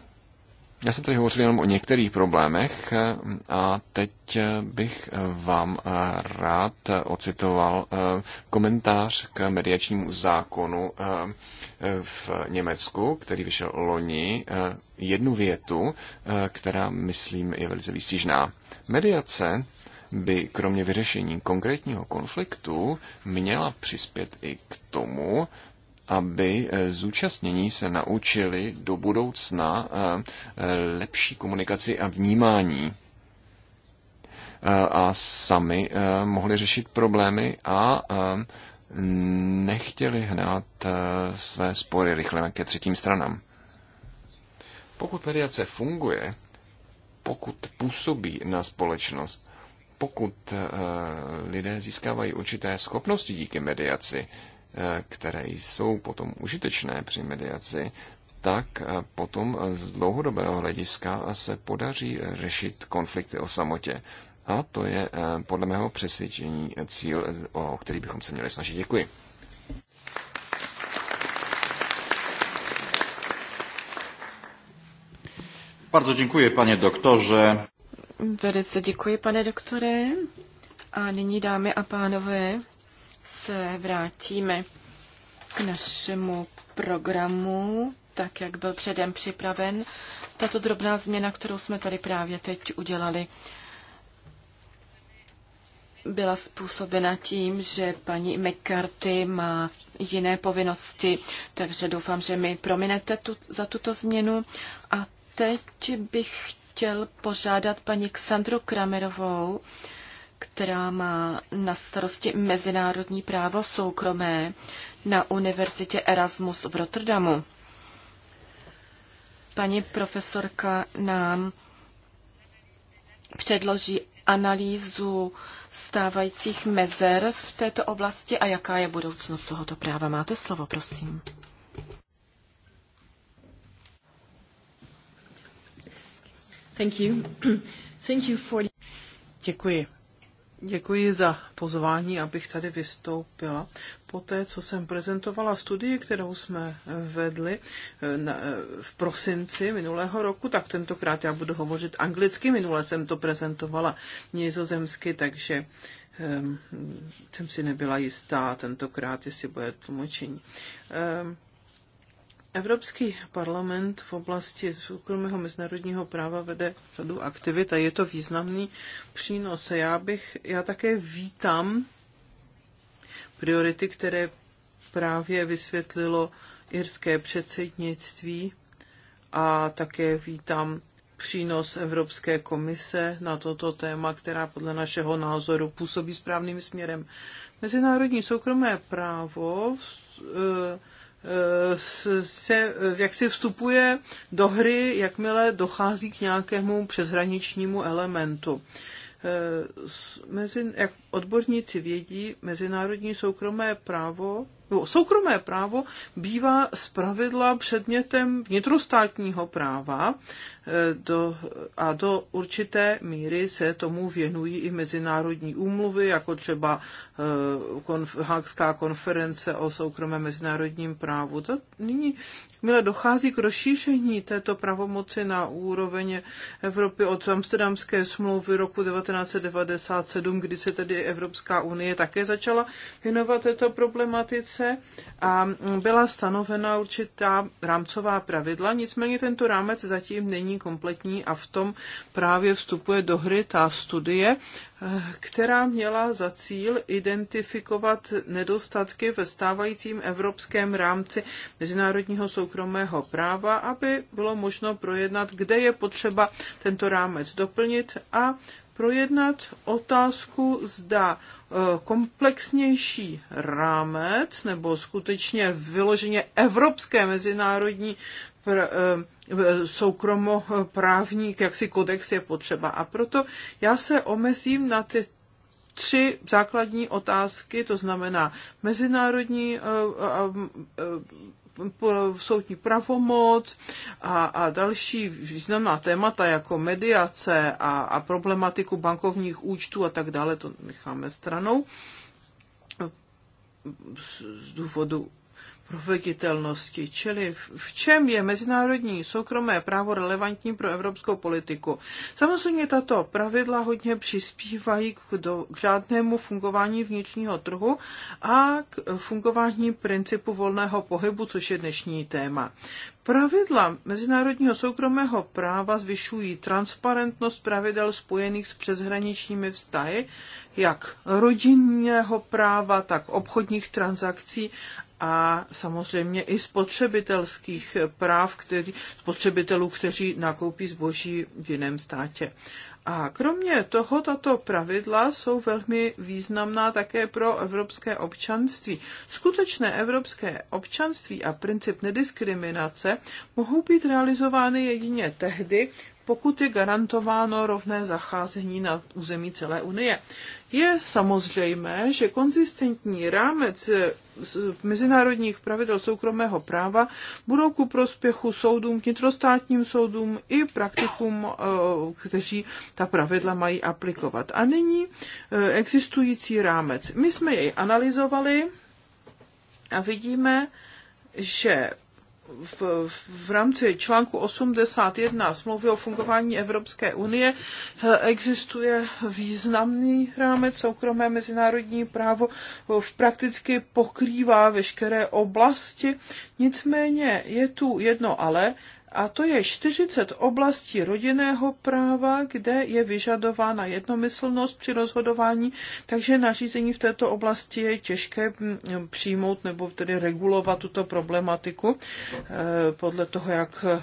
Já jsem tady hovořil jenom o některých problémech eh, a teď eh, bych eh, vám rád ocitoval komentář k mediačnímu zákonu v Německu, který vyšel loni, jednu větu, která, myslím, je velice výstižná. Mediace by kromě vyřešení konkrétního konfliktu měla přispět i k tomu, aby eh, zúčastnění se naučili do budoucna eh, eh, lepší komunikaci a vnímání a sami mohli řešit problémy a nechtěli hnát své spory rychle ke třetím stranám. Pokud mediace funguje, pokud působí na společnost, pokud lidé získávají určité schopnosti díky mediaci, které jsou potom užitečné při mediaci, tak potom z dlouhodobého hlediska se podaří řešit konflikty o samotě. A to je eh, podle mého přesvědčení cíl, o který bychom se měli snažit. Děkuji. Bardzo dziękuję, panie doktorze. Velice děkuji, pane doktore. A nyní, dámy a pánové, se vrátíme k našemu programu, tak jak byl předem připraven. Tato drobná změna, kterou jsme tady právě teď udělali, byla způsobena tím, že paní McCarthy má jiné povinnosti, takže doufám, že mi prominete tu, za tuto změnu. A teď bych chtěl požádat paní Ksandru Kramerovou, která má na starosti mezinárodní právo soukromé na univerzitě Erasmus v Rotterdamu. Paní profesorka nám předloží analýzu stávajících mezer v této oblasti a jaká je budoucnost tohoto práva. Máte slovo, prosím. Thank you. Thank you for... Děkuji Děkuji za pozvání, abych tady vystoupila. Po té, co jsem prezentovala studii, kterou jsme vedli eh, eh, v prosinci minulého roku, tak tentokrát já budu hovořit anglicky. Minule jsem to prezentovala nizozemsky, takže um, jsem si nebyla jistá tentokrát, jestli bude tlumočení. Um, Evropský parlament v oblasti soukromého mezinárodního práva vede řadu aktivit a je to významný přínos. Já, bych, já také vítám priority, které právě vysvětlilo irské předsednictví a také vítám přínos Evropské komise na toto téma, která podle našeho názoru působí správným směrem. Mezinárodní soukromé právo e, Eh, se jak si vstupuje do hry, jakmile dochází k nějakému přeshraničnímu elementu. Eh, mezi, jak odborníci vědí, mezinárodní soukromé právo nebo soukromé právo bývá pravidla předmětem vnitrostátního práva e, do, a do určité míry se tomu věnují i mezinárodní úmluvy, jako třeba e, konf, Hákská konference o soukromém mezinárodním právu. To nyní Jakmile dochází k rozšíření této pravomoci na úroveň Evropy od Amsterdamské smlouvy roku 1997, kdy se tedy Evropská unie také začala věnovat této problematice a byla stanovena určitá rámcová pravidla, nicméně tento rámec zatím není kompletní a v tom právě vstupuje do hry ta studie, která měla za cíl identifikovat nedostatky ve stávajícím evropském rámci mezinárodního soukromého práva, aby bylo možno projednat, kde je potřeba tento rámec doplnit a projednat otázku, zda eh, komplexnější rámec nebo skutečně vyloženě evropské mezinárodní pr- eh, soukromoprávník, jaksi kodex je potřeba. A proto já se omezím na ty tři základní otázky, to znamená mezinárodní eh, eh, eh, soudní pravomoc a, a další významná témata jako mediace a, a problematiku bankovních účtů a tak dále, to necháme stranou z důvodu proveditelnosti. Čili v čem je mezinárodní soukromé právo relevantní pro evropskou politiku? Samozřejmě tato pravidla hodně přispívají k, do, k řádnému fungování vnitřního trhu a k fungování principu volného pohybu, což je dnešní téma. Pravidla mezinárodního soukromého práva zvyšují transparentnost pravidel spojených s přeshraničními vztahy, jak rodinného práva, tak obchodních transakcí a samozřejmě i spotřebitelských práv který, spotřebitelů, kteří nakoupí zboží v jiném státě. A kromě toho tato pravidla jsou velmi významná také pro evropské občanství. Skutečné evropské občanství a princip nediskriminace mohou být realizovány jedině tehdy, pokud je garantováno rovné zacházení na území celé Unie. Je samozřejmé, že konzistentní rámec eh, mezinárodních pravidel soukromého práva budou ku prospěchu soudům, vnitrostátním soudům i praktikům, eh, kteří ta pravidla mají aplikovat. A nyní eh, existující rámec. My jsme jej analyzovali a vidíme, že v, v rámci článku 81 smlouvy o fungování Evropské unie eh, existuje významný rámec soukromé mezinárodní právo, v prakticky pokrývá veškeré oblasti. Nicméně je tu jedno ale, a to je 40 oblastí rodinného práva, kde je vyžadována jednomyslnost při rozhodování, takže nařízení v této oblasti je těžké mm, mm, přijmout nebo tedy regulovat tuto problematiku eh, podle toho, jak eh,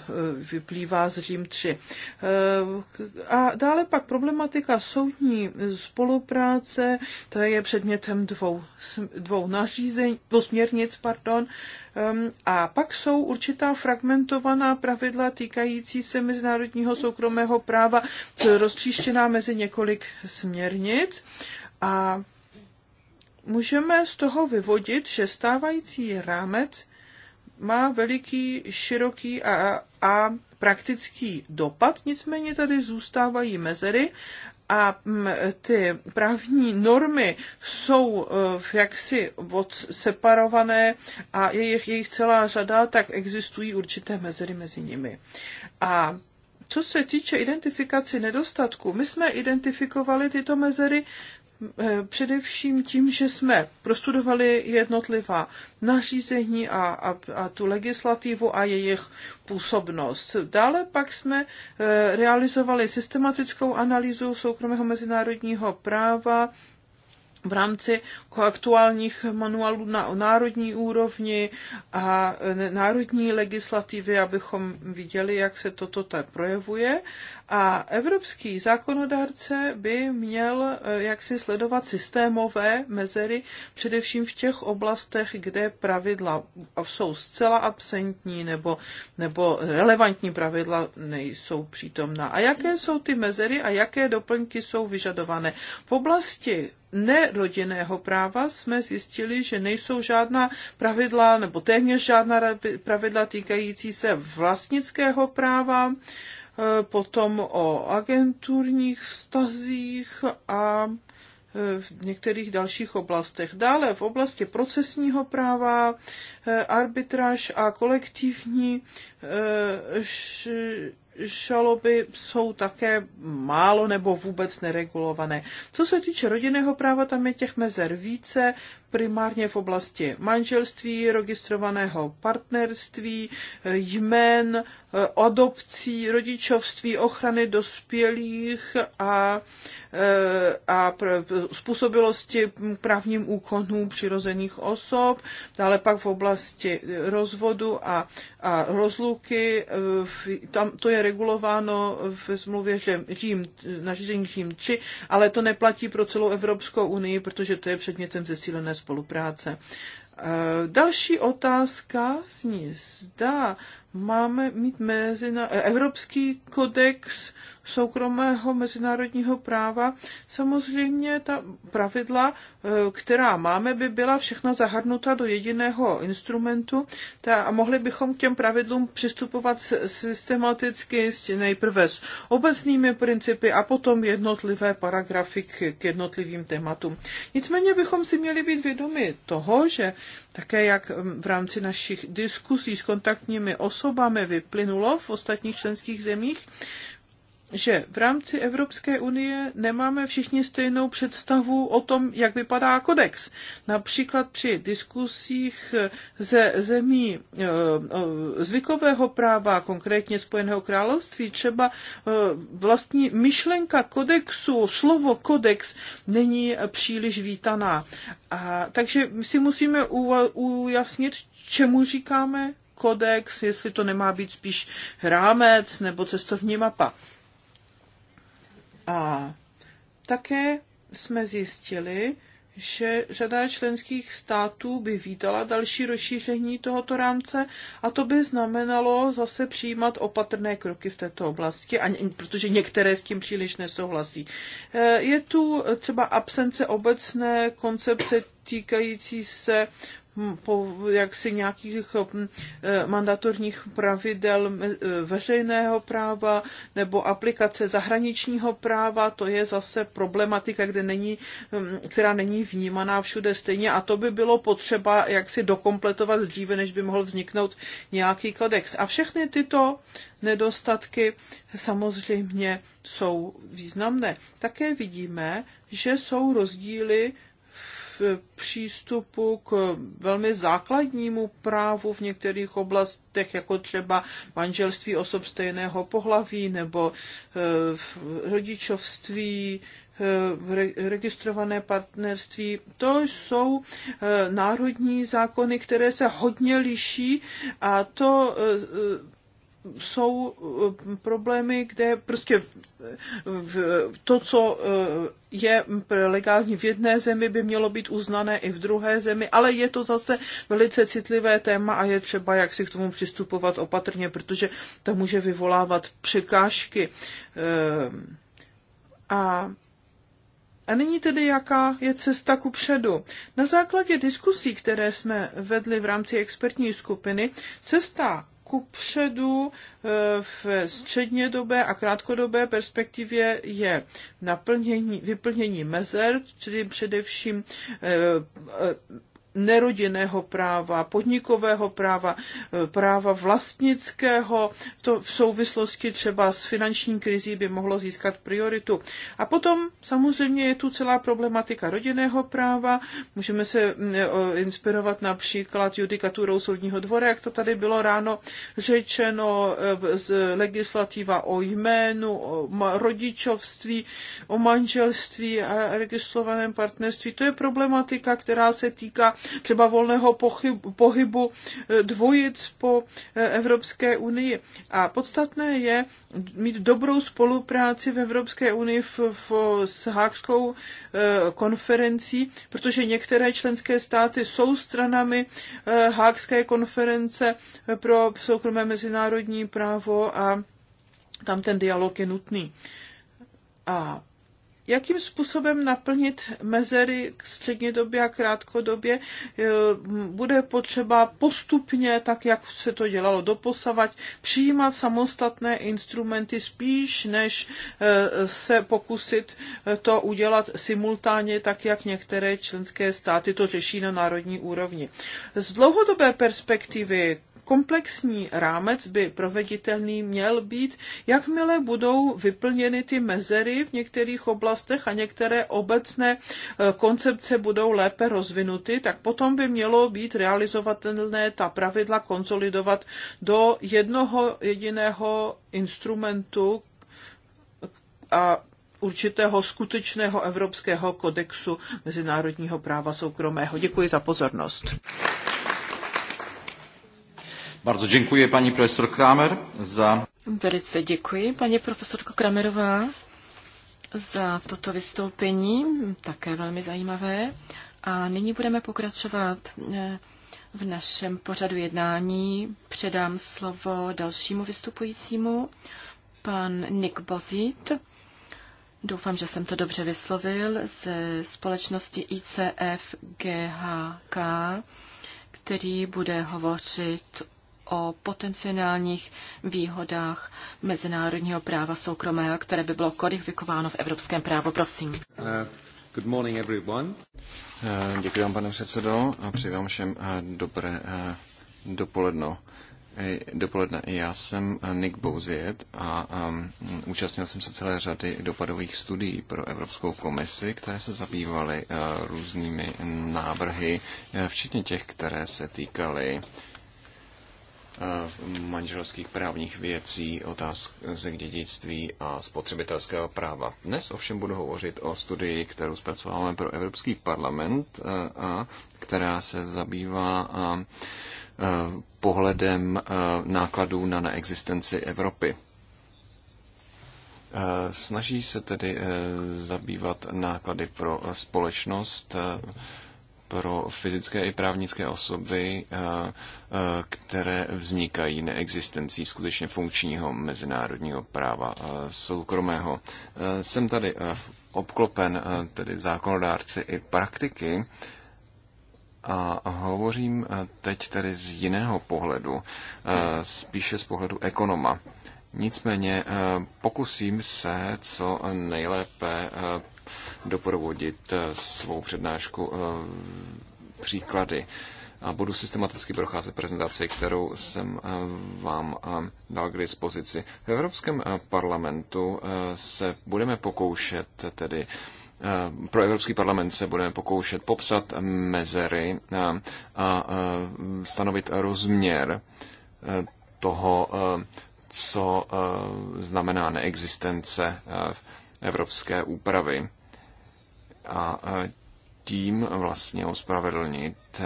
vyplývá z Řím 3. Eh, a dále pak problematika soudní spolupráce, To je předmětem dvou, dvou nařízení, dvou směrnic, pardon, Ehm, a pak jsou určitá fragmentovaná pravidla týkající se mezinárodního soukromého práva eh, rozčíštěná mezi několik směrnic. A můžeme z toho vyvodit, že stávající rámec má veliký, široký a, a praktický dopad, nicméně tady zůstávají mezery a mm, ty právní normy jsou eh, jaksi separované a je jich, jejich celá řada, tak existují určité mezery mezi nimi. A co se týče identifikaci nedostatků, my jsme identifikovali tyto mezery Eh, především tím, že jsme prostudovali jednotlivá nařízení a, a, a tu legislativu a jejich působnost. Dále pak jsme eh, realizovali systematickou analýzu soukromého mezinárodního práva v rámci aktuálních manuálů na národní úrovni a národní legislativy, abychom viděli, jak se toto té projevuje. A evropský zákonodárce by měl eh, jaksi sledovat systémové mezery, především v těch oblastech, kde pravidla jsou zcela absentní nebo, nebo relevantní pravidla nejsou přítomná. A jaké jsou ty mezery a jaké doplňky jsou vyžadované? V oblasti nerodinného práva jsme zjistili, že nejsou žádná pravidla nebo téměř žádná pravidla týkající se vlastnického práva, e, potom o agenturních vztazích a e, v některých dalších oblastech. Dále v oblasti procesního práva, e, arbitráž a kolektivní žaloby jsou také málo nebo vůbec neregulované. Co se týče rodinného práva, tam je těch mezer více, primárně v oblasti manželství, registrovaného partnerství, jmen, eh, adopcí, rodičovství, ochrany dospělých a, eh, a způsobilosti právním úkonům přirozených osob, dále pak v oblasti eh, rozvodu a, a rozluky. Tam to je regulováno v smluvě že Řím, nařízení Řím 3, ale to neplatí pro celou Evropskou unii, protože to je předmětem zesílené spolupráce. E, další otázka zní, zda máme mít mezina, e, evropský kodex soukromého mezinárodního práva. Samozřejmě ta pravidla, eh, která máme, by byla všechna zahrnuta do jediného instrumentu ta, a mohli bychom k těm pravidlům přistupovat systematicky nejprve s obecnými principy a potom jednotlivé paragrafy k jednotlivým tématům. Nicméně bychom si měli být vědomi toho, že také jak mm, v rámci našich diskusí s kontaktními osobami vyplynulo v ostatních členských zemích, že v rámci Evropské unie nemáme všichni stejnou představu o tom, jak vypadá kodex. Například při diskusích ze zemí eh, eh, zvykového práva, konkrétně Spojeného království, třeba eh, vlastní myšlenka kodexu, slovo kodex není příliš vítaná. A, takže si musíme ujasnit, čemu říkáme kodex, jestli to nemá být spíš rámec nebo cestovní mapa. A také jsme zjistili, že řada členských států by vítala další rozšíření tohoto rámce a to by znamenalo zase přijímat opatrné kroky v této oblasti, a, protože některé s tím příliš nesouhlasí. E, je tu třeba absence obecné koncepce týkající se Hm, jaksi nějakých hm, eh, mandatorních pravidel eh, veřejného práva nebo aplikace zahraničního práva, to je zase problematika, kde není, hm, která není vnímaná všude stejně a to by bylo potřeba jaksi dokompletovat dříve, než by mohl vzniknout nějaký kodex. A všechny tyto nedostatky samozřejmě jsou významné. Také vidíme, že jsou rozdíly v přístupu k velmi základnímu právu v některých oblastech, jako třeba manželství osob stejného pohlaví nebo eh, rodičovství, eh, registrované partnerství. To jsou eh, národní zákony, které se hodně liší a to jsou eh, problémy, kde prostě to, co eh, je legální v jedné zemi, by mělo být uznané i v druhé zemi, ale je to zase velice citlivé téma a je třeba, jak si k tomu přistupovat opatrně, protože to může vyvolávat překážky. Eh, a a nyní tedy, jaká je cesta ku předu? Na základě diskusí, které jsme vedli v rámci expertní skupiny, cesta předu eh, v střednědobé a krátkodobé perspektivě je naplnění, vyplnění mezer, tedy především eh, eh, nerodinného práva, podnikového práva, eh, práva vlastnického, to v souvislosti třeba s finanční krizí by mohlo získat prioritu. A potom samozřejmě je tu celá problematika rodinného práva, můžeme se mm, eh, inspirovat například judikaturou soudního dvora, jak to tady bylo ráno řečeno, eh, z legislativa o jménu, o rodičovství, o manželství a registrovaném partnerství. To je problematika, která se týká třeba volného pohybu eh, dvojic po eh, Evropské unii. A podstatné je mít dobrou spolupráci v Evropské unii v, v, s Hákskou eh, konferencí, protože některé členské státy jsou stranami Hákské konference pro soukromé mezinárodní právo a tam ten dialog je nutný. A jakým způsobem naplnit mezery k střednědobě a krátkodobě eh, bude potřeba postupně, tak jak se to dělalo doposavať, přijímat samostatné instrumenty spíš, než eh, se pokusit eh, to udělat simultánně, tak jak některé členské státy to řeší na národní úrovni. Z dlouhodobé perspektivy komplexní rámec by proveditelný měl být, jakmile budou vyplněny ty mezery v některých oblastech a některé obecné eh, koncepce budou lépe rozvinuty, tak potom by mělo být realizovatelné ta pravidla konsolidovat do jednoho jediného instrumentu a určitého skutečného evropského kodexu mezinárodního práva soukromého. Děkuji za pozornost. Bardzo dziękuję pani profesor Kramer za... Velice děkuji, paní profesorko Kramerová, za toto vystoupení, také velmi zajímavé. A nyní budeme pokračovat eh, v našem pořadu jednání. Předám slovo dalšímu vystupujícímu, pan Nick Bozit. Doufám, že jsem to dobře vyslovil, ze společnosti ICF GHK, který bude hovořit o potenciálních výhodách mezinárodního práva soukromého, které by bylo kodifikováno v evropském právu. Prosím. Uh, good morning, everyone. Eh, děkuji vám, pane předsedo, a přeji vám všem eh, dobré eh, dopoledno. Dopoledne. Já jsem Nick Bouziet a um, účastnil jsem se celé řady dopadových studií pro Evropskou komisi, které se zabývaly uh, různými návrhy, uh, včetně těch, které se týkaly uh, manželských právních věcí, otázek dědictví a spotřebitelského práva. Dnes ovšem budu hovořit o studii, kterou zpracováváme pro Evropský parlament, a která se zabývá pohledem nákladů na neexistenci Evropy. Snaží se tedy e, zabývat náklady pro společnost, pro fyzické i právnické osoby, eh, eh, které vznikají neexistencí skutečně funkčního mezinárodního práva eh, soukromého. Jsem tady obklopen tedy zákonodárci i praktiky a hovořím teď tedy z jiného pohledu, spíše z pohledu ekonoma. Nicméně pokusím se co nejlépe doprovodit eh, svou přednášku eh, příklady. A budu systematicky procházet prezentaci, kterou jsem eh, vám dal k dispozici. V Evropském parlamentu se budeme pokoušet tedy pro Evropský parlament se budeme pokoušet popsat mezery a stanovit rozměr toho, co znamená neexistence evropské úpravy a e, tím vlastně ospravedlnit e,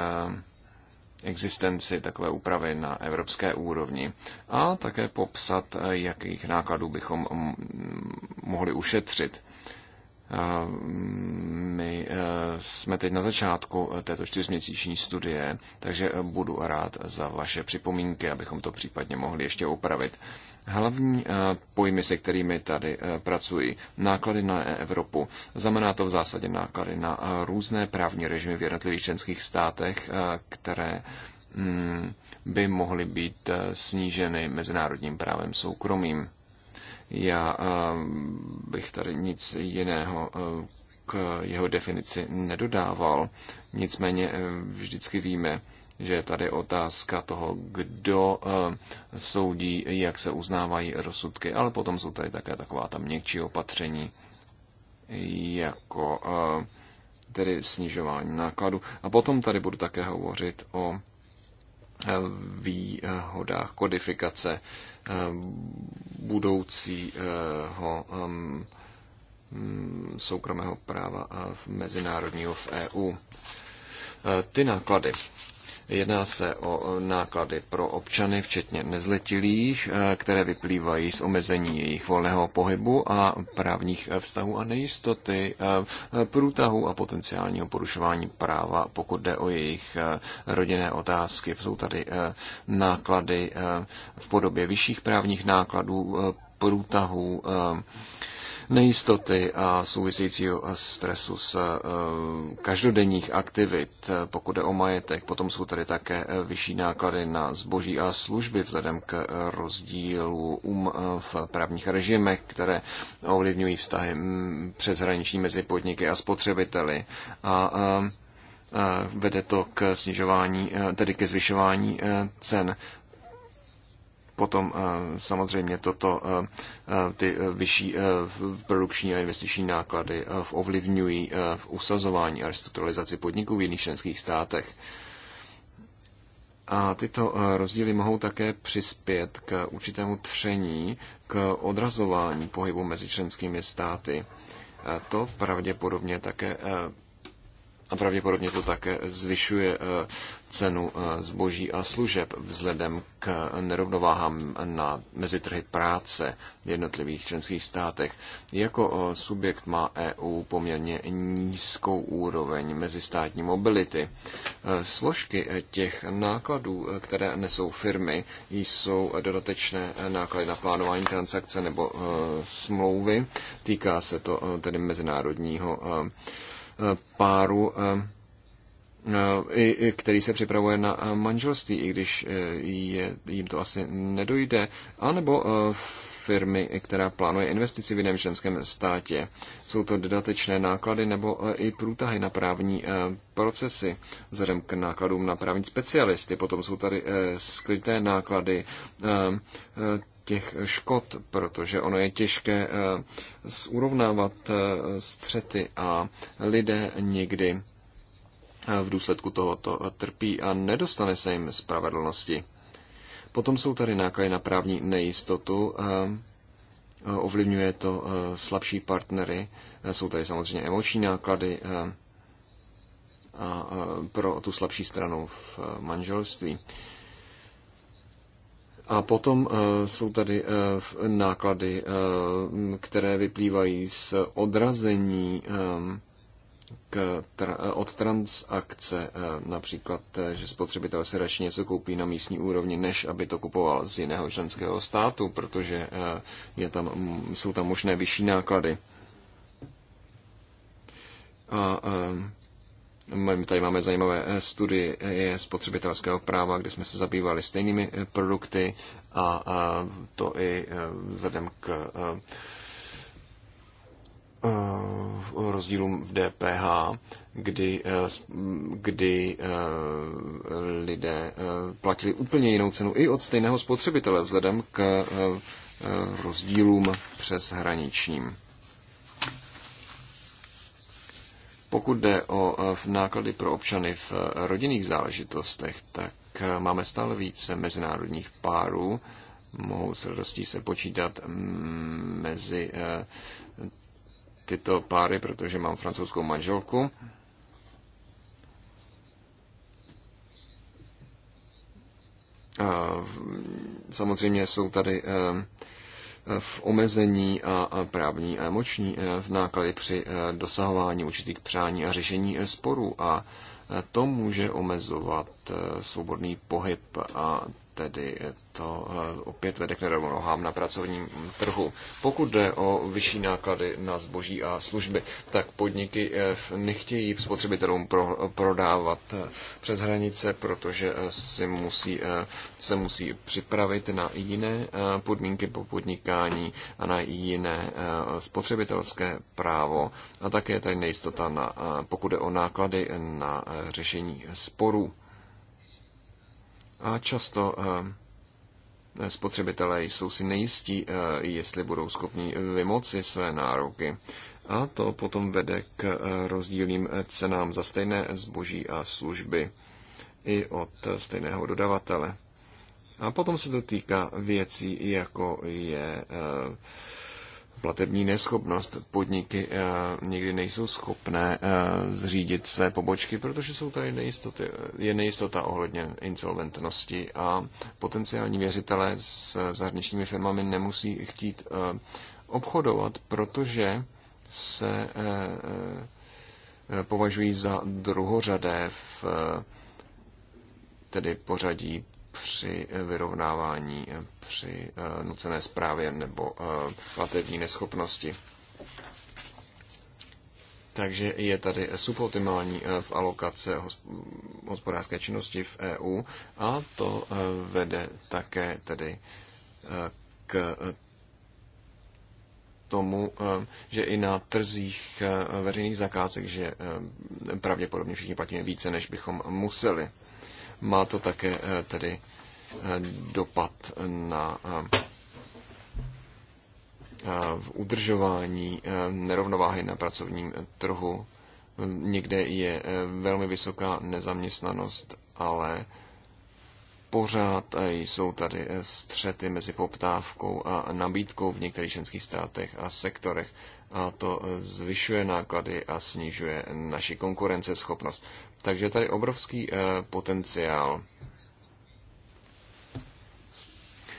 existenci takové úpravy na evropské úrovni a také popsat, e, jakých nákladů bychom mohli ušetřit. My jsme teď na začátku této čtyřměsíční studie, takže budu rád za vaše připomínky, abychom to případně mohli ještě upravit. Hlavní eh, pojmy, se kterými tady eh, pracuji, náklady na Evropu. Znamená to v zásadě náklady na eh, různé právní režimy v jednotlivých členských státech, které mm, by mohly být sníženy mezinárodním právem soukromým. Já bych tady nic jiného k jeho definici nedodával. Nicméně vždycky víme, že je tady otázka toho, kdo eh, soudí, jak se uznávají rozsudky, ale potom jsou tady také taková tam měkčí opatření, jako eh, tedy snižování nákladu. A potom tady budu také hovořit o eh, výhodách kodifikace budoucího soukromého práva mezinárodního v EU. Ty náklady, Jedná se o náklady pro občany, včetně nezletilých, eh, které vyplývají z omezení jejich volného pohybu a právních vztahů a nejistoty, eh, průtahu a potenciálního porušování práva, pokud jde o jejich eh, rodinné otázky. Jsou tady náklady v podobě vyšších právních nákladů, průtahů, nejistoty a souvisejícího stresu z eh, každodenních aktivit, eh, pokud je o majetek. Potom jsou tady také eh, vyšší náklady na zboží a služby vzhledem k rozdílu v právních režimech, které ovlivňují vztahy mm, přeshraniční mezi podniky a spotřebiteli. A vede to k snižování, tedy ke zvyšování cen potom eh, samozřejmě toto, eh, eh, ty vyšší produkční a investiční náklady ovlivňují v usazování a restrukturalizaci podniků v jiných členských státech. A tyto rozdíly mohou také přispět k určitému tření, k odrazování pohybu mezi členskými státy. To pravděpodobně také a pravděpodobně to také zvyšuje eh, cenu eh, zboží a služeb vzhledem k nerovnováhám na, mezi trhy práce v jednotlivých členských státech. Jako eh, subjekt má EU poměrně nízkou úroveň mezistátní mobility. Složky těch nákladů, které nesou firmy, jsou dodatečné náklady na plánování transakce nebo smlouvy. Týká se to tedy mezinárodního páru, eh, eh, který se připravuje na eh, manželství, i když je, jim to asi nedojde, anebo firmy, která plánuje investici v jiném členském státě. Jsou to dodatečné náklady nebo i průtahy na právní procesy vzhledem k nákladům na právní specialisty. Potom jsou tady skryté náklady těch škod, protože ono je těžké eh, zúrovnávat eh, střety a lidé někdy eh, v důsledku tohoto trpí a nedostane se jim spravedlnosti. Potom jsou tady náklady na právní nejistotu, ovlivňuje to slabší partnery, jsou tady samozřejmě emoční náklady pro tu slabší stranu v manželství. A potom eh, jsou tady eh, náklady, eh, které vyplývají z odrazení ehm, k tra- od transakce, například, že spotřebitel si radši něco koupí na místní úrovni, než aby to kupoval z jiného členského státu, protože je tam, jsou tam možné vyšší náklady. A, a ehm, Tady máme zajímavé eh, studii eh, spotřebitelského práva, kde jsme se zabývali stejnými eh, produkty a, a to i vzhledem k rozdílům v DPH, kdy, kdy lidé platili úplně jinou cenu i od stejného spotřebitele vzhledem k rozdílům hraničním. Pokud jde o e, náklady pro občany v e, rodinných záležitostech, tak e, máme stále více mezinárodních párů. Mohou s radostí se počítat mezi tyto páry, protože mám francouzskou manželku. Samozřejmě jsou tady v omezení a právní a emoční e, v náklady při e, dosahování určitých přání a řešení sporů a e, to může omezovat svobodný pohyb a tedy to eh, opět vede k nerovnohám na pracovním trhu. Pokud jde o vyšší náklady na zboží a služby, tak podniky eh, nechtějí spotřebitelům pro, prodávat eh, přes hranice, protože si musí, se musí připravit na jiné podmínky po podnikání a na jiné spotřebitelské právo. A také je tady nejistota, na, pokud jde o náklady na řešení sporů a často eh, spotřebitelé jsou si nejistí, eh, jestli budou schopni vymoci své nároky. A to potom vede k eh, rozdílným cenám za stejné zboží a služby i od stejného dodavatele. A potom se to týká věcí, jako je platební neschopnost. Podniky eh, někdy nejsou schopné eh, zřídit své pobočky, protože jsou tady nejistoty, eh, je nejistota ohledně insolventnosti a potenciální věřitelé s zahraničními firmami nemusí chtít obchodovat, protože se považují za druhořadé v tedy pořadí při eh, vyrovnávání, eh, při eh, nucené zprávě nebo platební neschopnosti. Takže je tady suboptimální v alokace hospodářské činnosti v EU a to vede také tedy k tomu, že i na trzích veřejných zakázek, že pravděpodobně všichni platíme více, než bychom museli. Má to také eh, tedy eh, dopad na eh, v udržování nerovnováhy na pracovním trhu. Někde je velmi vysoká nezaměstnanost, ale pořád jsou tady střety mezi poptávkou a nabídkou v některých členských státech a sektorech a to zvyšuje náklady a snižuje naši konkurenceschopnost. Takže tady obrovský eh, potenciál.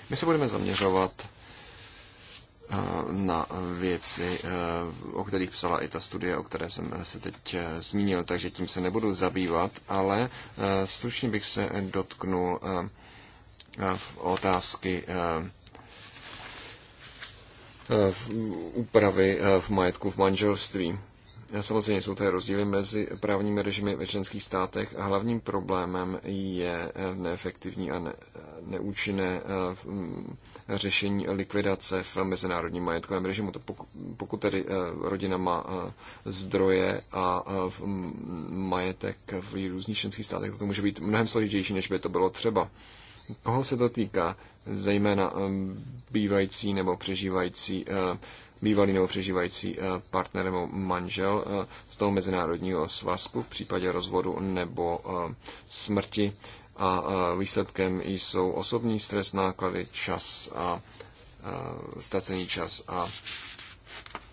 My se budeme zaměřovat eh, na věci, eh, o kterých psala i ta studie, o které jsem se teď zmínil, takže tím se nebudu zabývat, ale slušně bych se dotknul v otázky v úpravy v majetku v manželství. Samozřejmě jsou tady rozdíly mezi právními režimy ve členských státech a hlavním problémem je eh, neefektivní a ne, neúčinné eh, řešení likvidace v mezinárodním majetkovém režimu. To pokud, pokud tedy eh, rodina má zdroje a majetek v různých členských státech, to, to může být mnohem složitější, než by to bylo třeba. Koho se to týká? Zejména bývající nebo přežívající bývalý nebo přežívající eh, partner nebo manžel eh, z toho mezinárodního svazku v případě rozvodu nebo eh, smrti a výsledkem jsou osobní stres, náklady, čas a ztracený čas a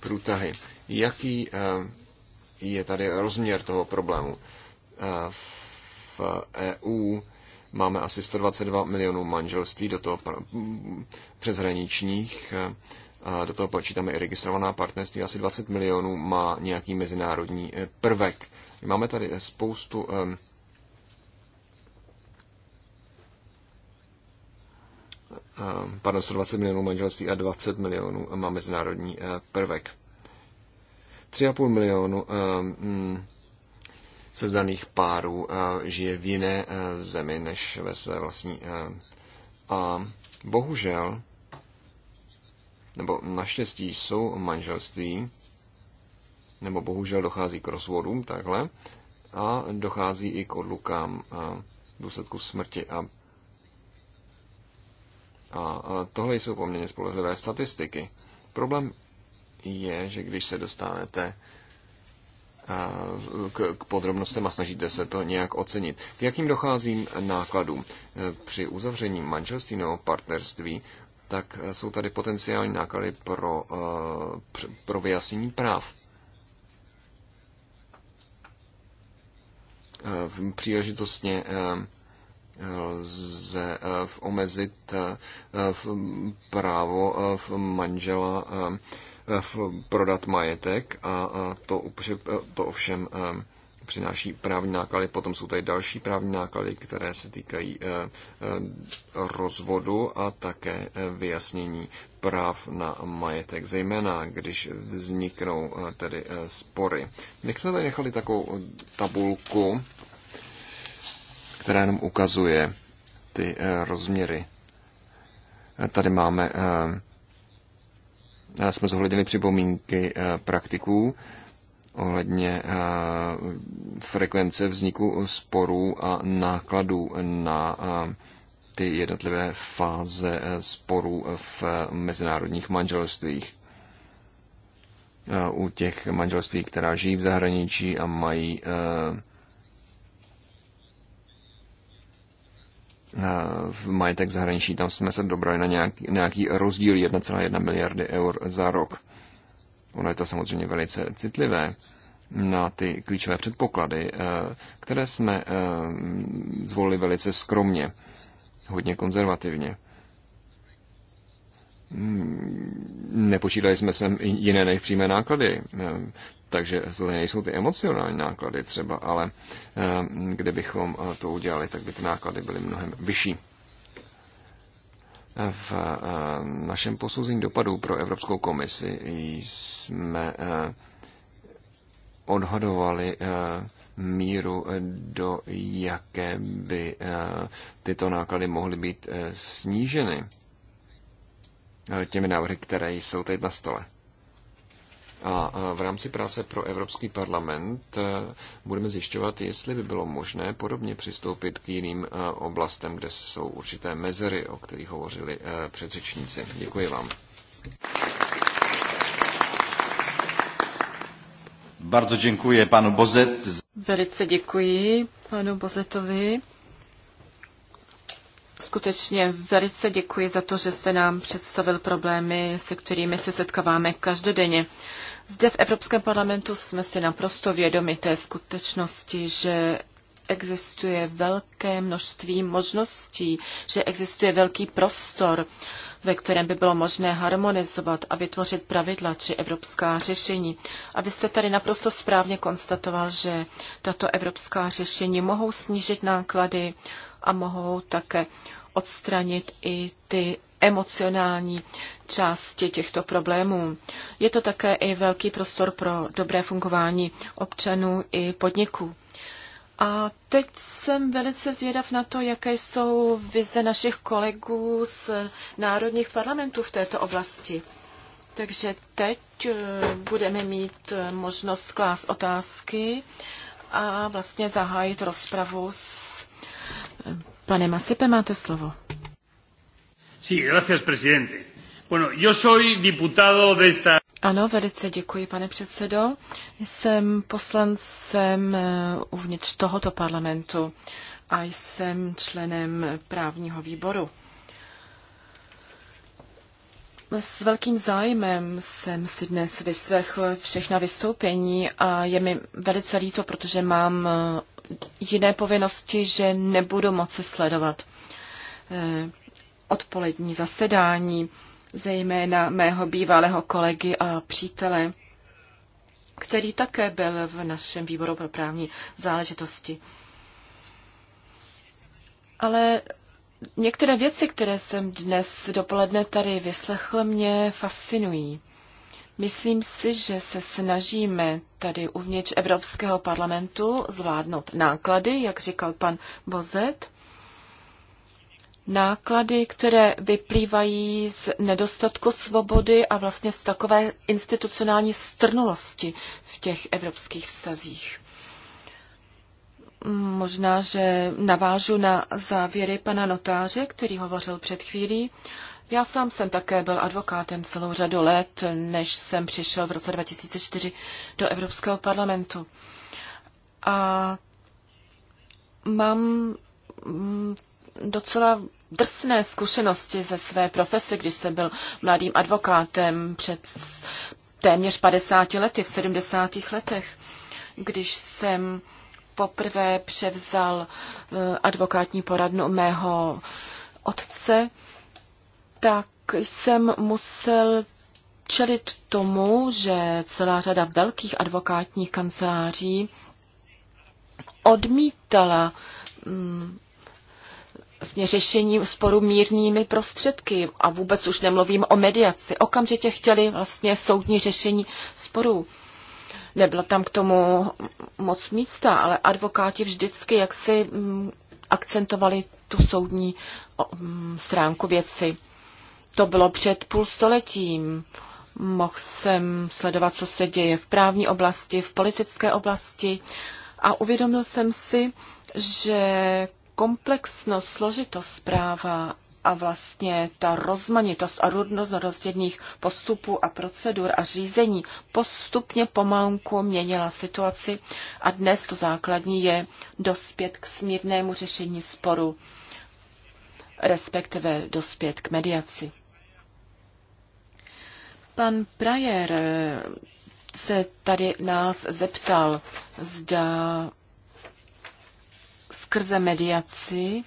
průtahy. Jaký je tady rozměr toho problému? V EU máme asi 122 milionů manželství do toho přeshraničních a do toho počítáme i registrovaná partnerství, asi 20 milionů má nějaký mezinárodní eh, prvek. Máme tady eh, spoustu pardon, 120 milionů manželství a 20 milionů má mezinárodní eh, prvek. 3,5 milionů milionu hm, sezdaných párů žije v jiné zemi než ve své vlastní. A bohužel nebo naštěstí jsou manželství, nebo bohužel dochází k rozvodům, takhle, a dochází i k odlukám v důsledku smrti a a tohle jsou poměrně spolehlivé statistiky. Problém je, že když se dostanete k podrobnostem a snažíte se to nějak ocenit. K jakým docházím nákladům? E, při uzavření manželství nebo partnerství tak eh, jsou tady potenciální náklady pro, eh, pro vyjasnění práv. Eh, příležitostně lze omezit právo v manžela prodat majetek a to, to ovšem přináší právní náklady. Potom jsou tady další právní náklady, které se týkají eh, eh, rozvodu a také eh, vyjasnění práv na majetek, zejména když vzniknou tedy spory. My jsme tady nechali takovou tabulku, která nám ukazuje ty rozměry. Tady máme, jsme zohlednili připomínky praktiků, ohledně eh, frekvence vzniku sporů a nákladů na eh, ty jednotlivé fáze eh, sporů v mezinárodních manželstvích. U těch manželství, která žijí v zahraničí a mají v majetek zahraničí, tam jsme se dobrali na nějaký, nějaký rozdíl 1,1 miliardy eur za rok ono je to samozřejmě velice citlivé, na ty klíčové předpoklady, eh, které jsme eh, zvolili velice skromně, hodně konzervativně. Hmm, nepočítali jsme sem jiné než přímé náklady, eh, takže to nejsou ty emocionální náklady třeba, ale kdybychom to udělali, tak by ty náklady byly mnohem vyšší. V eh, našem posouzení dopadů pro Evropskou komisi jsme eh, odhadovali eh, míru, do jaké by tyto náklady mohly být sníženy těmi návrhy, které jsou teď na stole. A v rámci práce pro Evropský parlament e, budeme zjišťovat, jestli by bylo možné podobně přistoupit k jiným e, oblastem, kde jsou určité mezery, o kterých hovořili e, předřečníci. Děkuji vám. Bardzo děkuji panu Bozet. Velice děkuji panu Bozetovi. Skutečně velice děkuji za to, že jste nám představil problémy, se kterými se setkáváme každodenně. Zde v Evropském parlamentu jsme si naprosto vědomi té skutečnosti, že existuje velké množství možností, že existuje velký prostor, ve kterém by bylo možné harmonizovat a vytvořit pravidla či evropská řešení. A vy jste tady naprosto správně konstatoval, že tato evropská řešení mohou snížit náklady a mohou také odstranit i ty emocionální části těchto problémů. Je to také i velký prostor pro dobré fungování občanů i podniků. A teď jsem velice zvědav na to, jaké jsou vize našich kolegů z národních parlamentů v této oblasti. Takže teď eh, budeme mít eh, možnost klást otázky a vlastně zahájit rozpravu s eh, panem Asipem. Máte slovo. Sí, gracias, presidente. Ano, velice děkuji, pane předsedo. Jsem poslancem eh, uvnitř tohoto parlamentu a jsem členem právního výboru. S velkým zájmem jsem si dnes vyslechl všechna vystoupení a je mi velice líto, protože mám eh, jiné povinnosti, že nebudu moci sledovat eh, odpolední zasedání zejména mého bývalého kolegy a přítele, který také byl v našem výboru pro právní záležitosti. Ale některé věci, které jsem dnes dopoledne tady vyslechl, mě fascinují. Myslím si, že se snažíme tady uvnitř Evropského parlamentu zvládnout náklady, jak říkal pan Bozet, náklady, které vyplývají z nedostatku svobody a vlastně z takové institucionální strnulosti v těch evropských vztazích. Možná, že navážu na závěry pana notáře, který hovořil před chvílí. Já sám jsem také byl advokátem celou řadu let, než jsem přišel v roce 2004 do Evropského parlamentu. A mám docela drsné zkušenosti ze své profese, když jsem byl mladým advokátem před téměř 50 lety, v 70. letech, když jsem poprvé převzal eh, advokátní poradnu mého otce, tak jsem musel čelit tomu, že celá řada velkých advokátních kanceláří odmítala mm, vlastně řešení sporu mírnými prostředky a vůbec už nemluvím o mediaci. Okamžitě chtěli vlastně soudní řešení sporů. Nebylo tam k tomu moc místa, ale advokáti vždycky jaksi mm, akcentovali tu soudní mm, stránku věci. To bylo před půl stoletím. Mohl jsem sledovat, co se děje v právní oblasti, v politické oblasti a uvědomil jsem si, že komplexnost, složitost práva a vlastně ta rozmanitost a rudnost jedných postupů a procedur a řízení postupně pomalunku měnila situaci a dnes to základní je dospět k smírnému řešení sporu, respektive dospět k mediaci. Pan Prajer se tady nás zeptal, zda skrze mediaci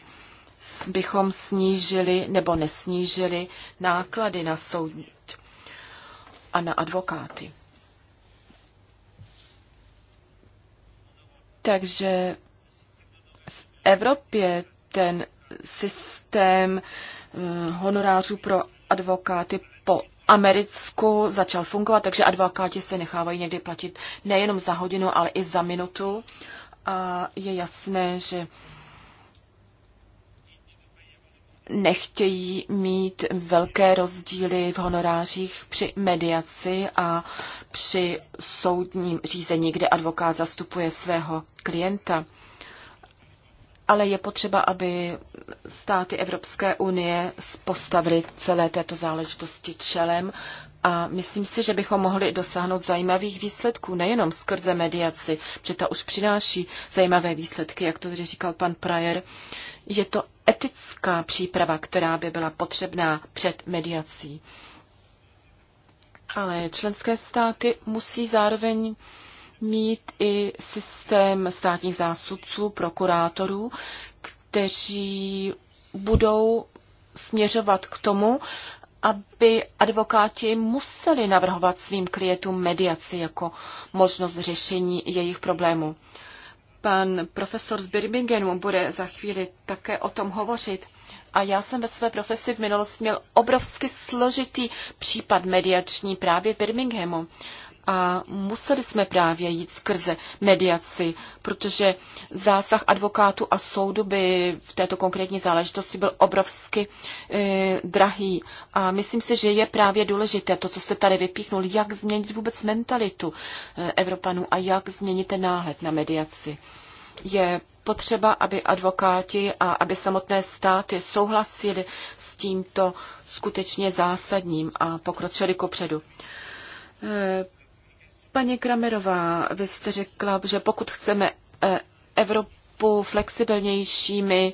bychom snížili nebo nesnížili náklady na soud a na advokáty. Takže v Evropě ten systém eh, honorářů pro advokáty po Americku začal fungovat, takže advokáti se nechávají někdy platit nejenom za hodinu, ale i za minutu a je jasné, že nechtějí mít velké rozdíly v honorářích při mediaci a při soudním řízení, kde advokát zastupuje svého klienta. Ale je potřeba, aby státy Evropské unie postavily celé této záležitosti čelem a myslím si, že bychom mohli dosáhnout zajímavých výsledků, nejenom skrze mediaci, protože ta už přináší zajímavé výsledky, jak to tady říkal pan Prajer. Je to etická příprava, která by byla potřebná před mediací. Ale členské státy musí zároveň mít i systém státních zástupců, prokurátorů, kteří budou směřovat k tomu, aby advokáti museli navrhovat svým klientům mediaci jako možnost řešení jejich problémů. Pan profesor z Birminghamu bude za chvíli také o tom hovořit. A já jsem ve své profesi v minulosti měl obrovsky složitý případ mediační právě v Birminghamu a museli jsme právě jít skrze mediaci, protože zásah advokátu a soudu by v této konkrétní záležitosti byl obrovsky e, drahý. A myslím si, že je právě důležité to, co jste tady vypíchnul, jak změnit vůbec mentalitu eh, Evropanů a jak změnit ten náhled na mediaci. Je potřeba, aby advokáti a aby samotné státy souhlasili s tímto skutečně zásadním a pokročili kopředu. Paní Kramerová, vy jste řekla, že pokud chceme eh, Evropu flexibilnějšími,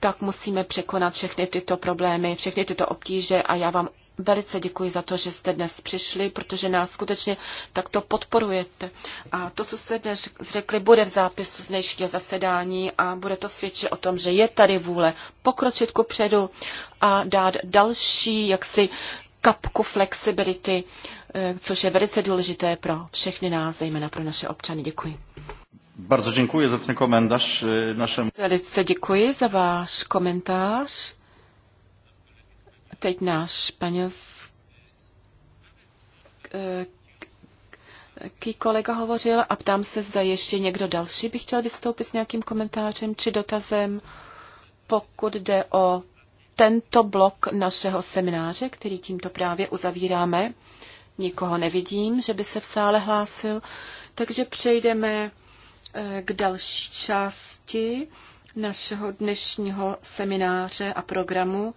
tak musíme překonat všechny tyto problémy, všechny tyto obtíže a já vám velice děkuji za to, že jste dnes přišli, protože nás skutečně takto podporujete. A to, co jste dnes řekli, bude v zápisu z dnešního zasedání a bude to svědčit o tom, že je tady vůle pokročit ku předu a dát další jaksi kapku flexibility Eh, což je velice důležité pro všechny nás, zejména pro naše občany. Děkuji. Bardzo dziękuję za ten komentarz eh, naszemu. Velice děkuji za váš komentář. Teď náš španělský eh, kolega hovořil a ptám se, zda ještě někdo další by chtěl vystoupit s nějakým komentářem či dotazem, pokud jde o tento blok našeho semináře, který tímto právě uzavíráme. Nikoho nevidím, že by se v sále hlásil, takže přejdeme eh, k další části našeho dnešního semináře a programu.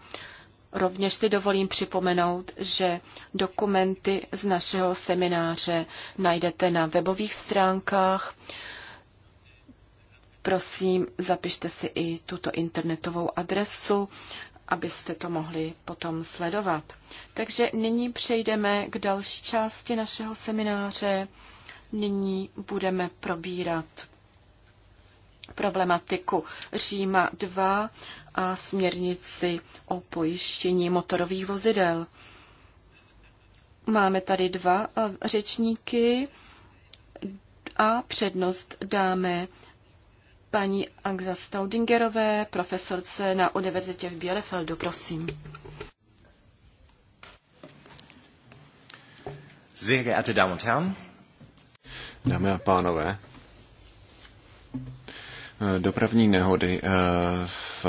Rovněž si dovolím připomenout, že dokumenty z našeho semináře najdete na webových stránkách. Prosím, zapište si i tuto internetovou adresu, abyste to mohli potom sledovat. Takže nyní přejdeme k další části našeho semináře. Nyní budeme probírat problematiku Říma 2 a směrnici o pojištění motorových vozidel. Máme tady dva eh, řečníky a přednost dáme paní Angza Staudingerové, profesorce na univerzitě v Bielefeldu. Prosím. Sehr geehrte Damen und Herren. Dámy a pánové, Dopravní nehody eh, v,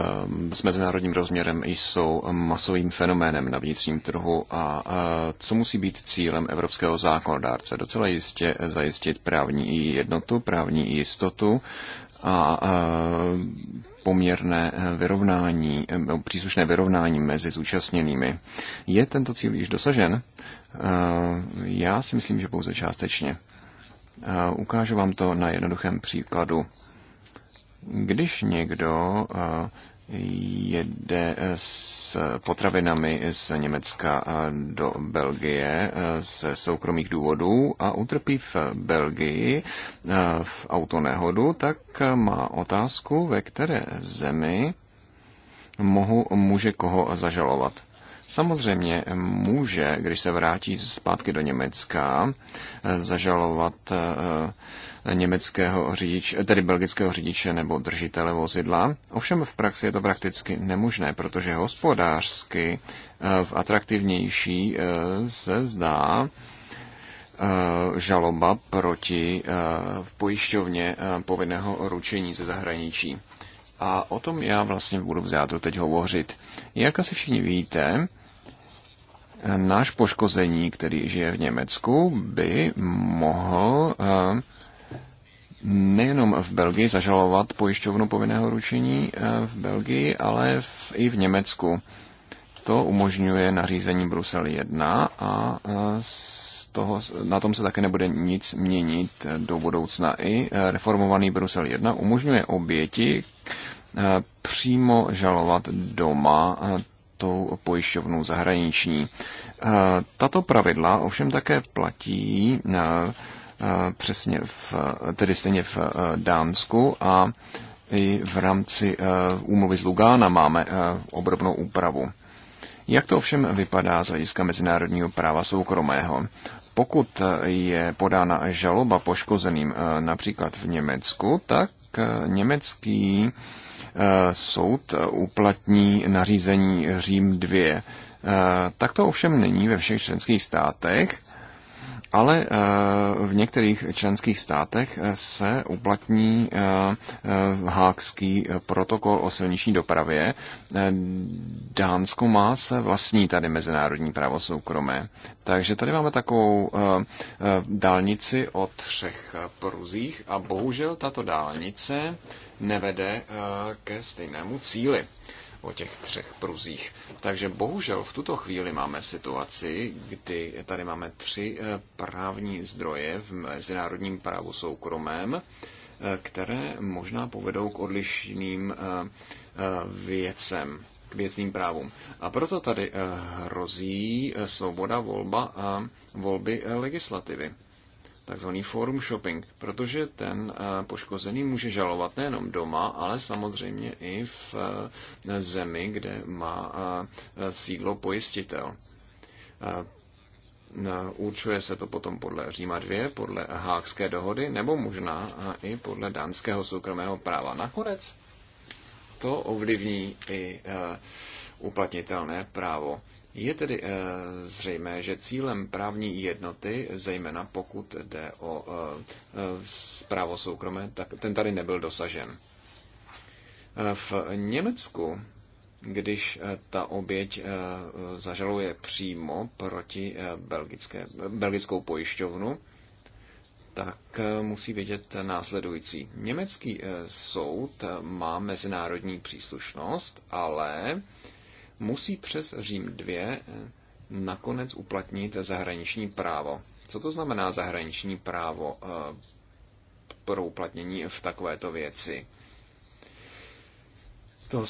s mezinárodním rozměrem jsou masovým fenoménem na vnitřním trhu a eh, co musí být cílem evropského zákonodárce? Docela jistě eh, zajistit právní jednotu, právní jistotu a poměrné vyrovnání, příslušné vyrovnání mezi zúčastněnými. Je tento cíl již dosažen? E, já si myslím, že pouze částečně. E, ukážu vám to na jednoduchém příkladu. Když někdo e, jede eh, s potravinami z Německa eh, do Belgie eh, ze soukromých důvodů a utrpí v Belgii v autonehodu, tak má otázku, ve které zemi mohu, může koho zažalovat. Samozřejmě může, když se vrátí zpátky do Německa, zažalovat německého řidiče, tedy belgického řidiče nebo držitele vozidla. Ovšem v praxi je to prakticky nemožné, protože hospodářsky eh, v atraktivnější eh, se zdá eh, žaloba proti v pojišťovně povinného ručení ze zahraničí. A o tom já vlastně budu v zádru teď hovořit. Jak asi všichni víte, náš poškození, který žije v Německu, by mohl nejenom v Belgii zažalovat pojišťovnu povinného ručení eh, v Belgii, ale v, i v Německu. To umožňuje nařízení Brusel 1 a eh, z toho, na tom se také nebude nic měnit eh, do budoucna. I reformovaný Brusel 1 umožňuje oběti přímo žalovat doma tou pojišťovnou zahraniční. Tato pravidla ovšem také platí na přesně v, tedy stejně v Dánsku a i v rámci úmluvy z Lugána máme obrovnou úpravu. Jak to ovšem vypadá z hlediska mezinárodního práva soukromého? Pokud je podána žaloba poškozeným například v Německu, tak německý soud uplatní nařízení Řím 2. Tak to ovšem není ve všech členských státech ale eh, v některých členských státech eh, se uplatní eh, hákský protokol o silniční dopravě. Dánsko má své vlastní tady mezinárodní právo soukromé. Takže tady máme takovou dálnici o třech pruzích a bohužel tato dálnice nevede ke stejnému cíli o těch třech pruzích. Takže bohužel v tuto chvíli máme situaci, kdy tady máme tři eh, právní zdroje v mezinárodním právu soukromém, eh, které možná povedou k odlišným eh, věcem, k věcným právům. A proto tady hrozí svoboda volba a volby legislativy takzvaný forum shopping, protože ten eh, poškozený může žalovat nejenom doma, ale samozřejmě i v eh, zemi, kde má eh, sídlo pojistitel. Určuje se to potom podle Říma 2, podle Hákské dohody, nebo možná i podle dánského soukromého práva. Nakonec to ovlivní i uplatnitelné právo je tedy eh, zřejmé, že cílem právní jednoty, zejména pokud jde o zprávo eh, eh, soukromé, tak ten tady nebyl dosažen. V Německu, když ta oběť zažaluje přímo proti belgické, belgickou pojišťovnu, tak musí vědět následující. Německý soud má mezinárodní příslušnost, ale musí přes Řím 2 eh, nakonec uplatnit zahraniční právo. Co to znamená zahraniční právo eh, pro uplatnění v takovéto věci? To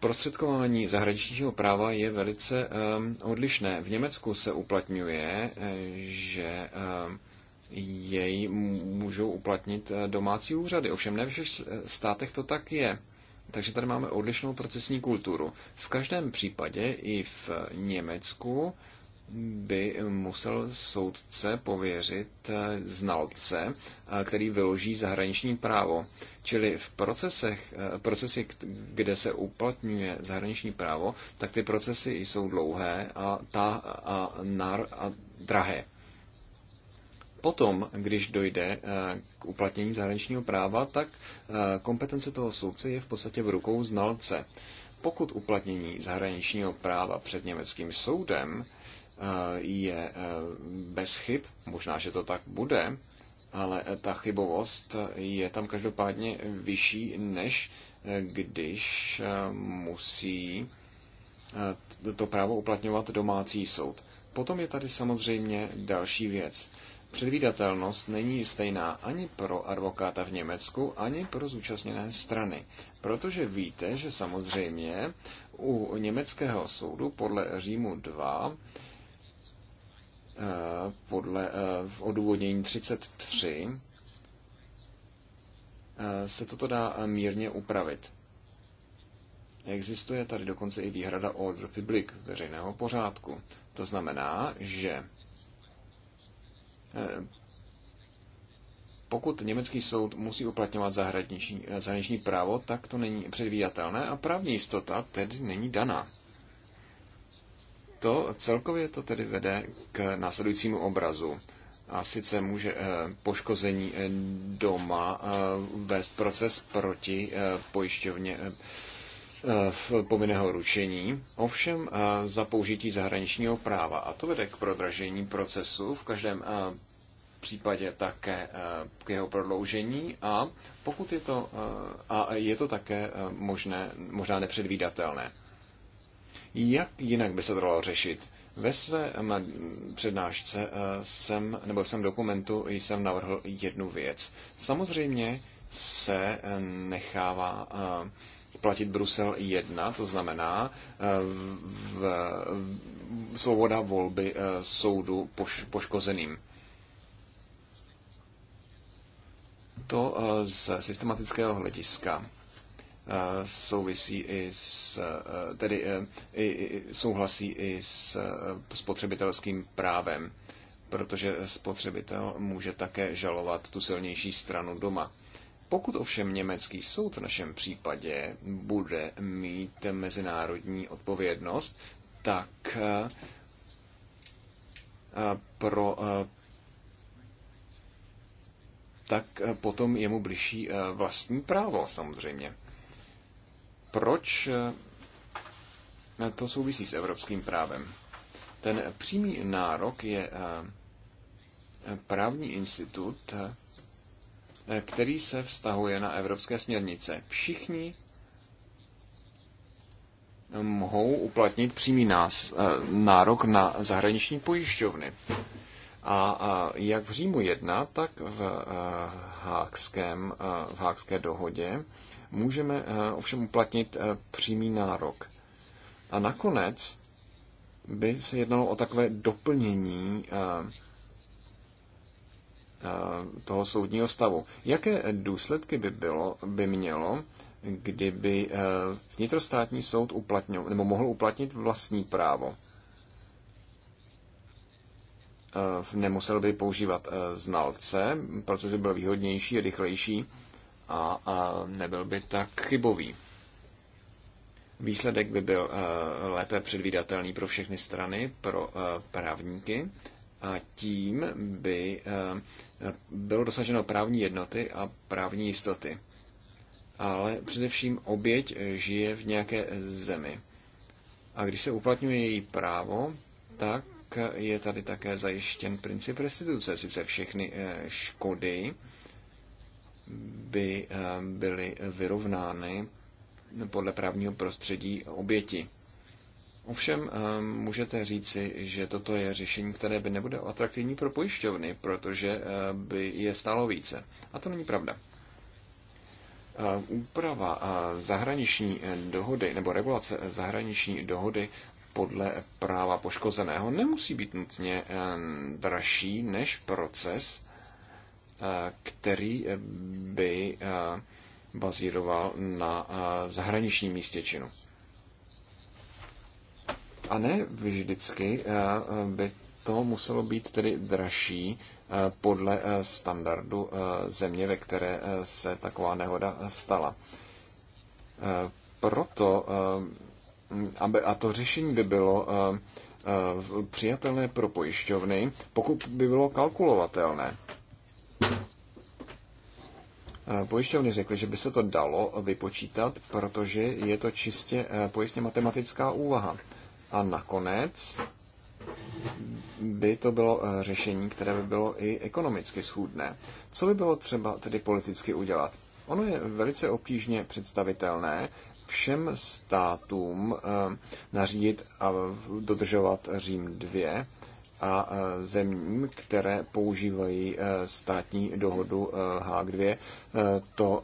prostředkování zahraničního práva je velice eh, odlišné. V Německu se uplatňuje, že jej můžou uplatnit domácí úřady. Ovšem ne všech státech to tak je. Takže tady máme odlišnou procesní kulturu. V každém případě i v Německu by musel soudce pověřit eh, znalce, eh, který vyloží zahraniční právo. Čili v procesech, eh, procesy, kde se uplatňuje zahraniční právo, tak ty procesy jsou dlouhé a, ta, a, nar, a drahé. Potom, když dojde eh, k uplatnění zahraničního práva, tak eh, kompetence toho soudce je v podstatě v rukou znalce. Pokud uplatnění zahraničního práva před německým soudem eh, je bez chyb, možná, že to tak bude, ale ta chybovost je tam každopádně vyšší, než když musí to právo uplatňovat domácí soud. Potom je tady samozřejmě další věc. Předvídatelnost není stejná ani pro advokáta v Německu, ani pro zúčastněné strany, protože víte, že samozřejmě u německého soudu podle Římu 2 eh, podle eh, v odůvodnění 33 eh, se toto dá mírně upravit. Existuje tady dokonce i výhrada ordre republik veřejného pořádku. To znamená, že Eh, pokud německý soud musí uplatňovat zahraniční, eh, zahraniční právo, tak to není předvídatelné a právní jistota tedy není daná. To celkově to tedy vede k následujícímu obrazu. A sice může eh, poškození doma vést proces proti pojišťovně Eh, v povinného ručení, ovšem eh, za použití zahraničního práva. A to vede k prodražení procesu, v každém eh, případě také k jeho prodloužení a pokud je to, a je to také možné, možná nepředvídatelné. Jak jinak by se to dalo řešit? Ve své přednášce jsem, nebo jsem dokumentu jsem navrhl jednu věc. Samozřejmě se nechává platit Brusel 1, to znamená eh, v, v, svoboda volby eh, soudu poš, poškozeným. To eh, z systematického hlediska souvisí i s, tedy i, souhlasí i s spotřebitelským právem, protože spotřebitel může také žalovat tu silnější stranu doma. Pokud ovšem německý soud v našem případě bude mít mezinárodní odpovědnost, tak eh, eh, pro eh, tak potom jemu bližší vlastní právo samozřejmě. Proč to souvisí s evropským právem? Ten přímý nárok je právní institut, který se vztahuje na evropské směrnice. Všichni mohou uplatnit přímý nás, eh, nárok na zahraniční pojišťovny. A jak v Římu 1, tak v, eh, hákském, eh, v hákské dohodě můžeme ovšem uplatnit přímý nárok. A nakonec by se jednalo o takové doplnění Eh, toho soudního stavu. Jaké důsledky by, bylo, by mělo, kdyby eh, vnitrostátní soud uplatňoval, nebo mohl uplatnit vlastní právo? Eh, nemusel by používat znalce, protože by byl výhodnější, rychlejší a, a nebyl by tak chybový. Výsledek by byl lépe předvídatelný pro všechny strany, pro právníky a tím by bylo dosaženo právní jednoty a právní jistoty. Ale především oběť žije v nějaké zemi. A když se uplatňuje její právo, tak je tady také zajištěn princip restituce. Sice všechny eh, škody by eh, byly vyrovnány podle právního prostředí oběti. Ovšem eh, můžete říci, že toto je řešení, které by nebude atraktivní pro pojišťovny, protože eh, by je stálo více. A to není pravda. Eh, úprava zahraniční dohody nebo regulace zahraniční dohody podle práva poškozeného nemusí být nutně dražší než proces, který by bazíroval na zahraničním místě činu. A ne vždycky eh, by to muselo být tedy dražší eh, podle eh, standardu země, ve které se taková nehoda stala. Proto, aby, a to řešení by bylo přijatelné pro pojišťovny, pokud by bylo kalkulovatelné. Pojišťovny řekly, že by se to dalo vypočítat, protože je to čistě pojistně matematická úvaha. A nakonec by to bylo eh, řešení, které by bylo i ekonomicky schůdné. Co by bylo třeba tedy politicky udělat? Ono je velice obtížně představitelné všem státům eh, nařídit a dodržovat Řím 2 a eh, zemím, které používají státní dohodu H2, to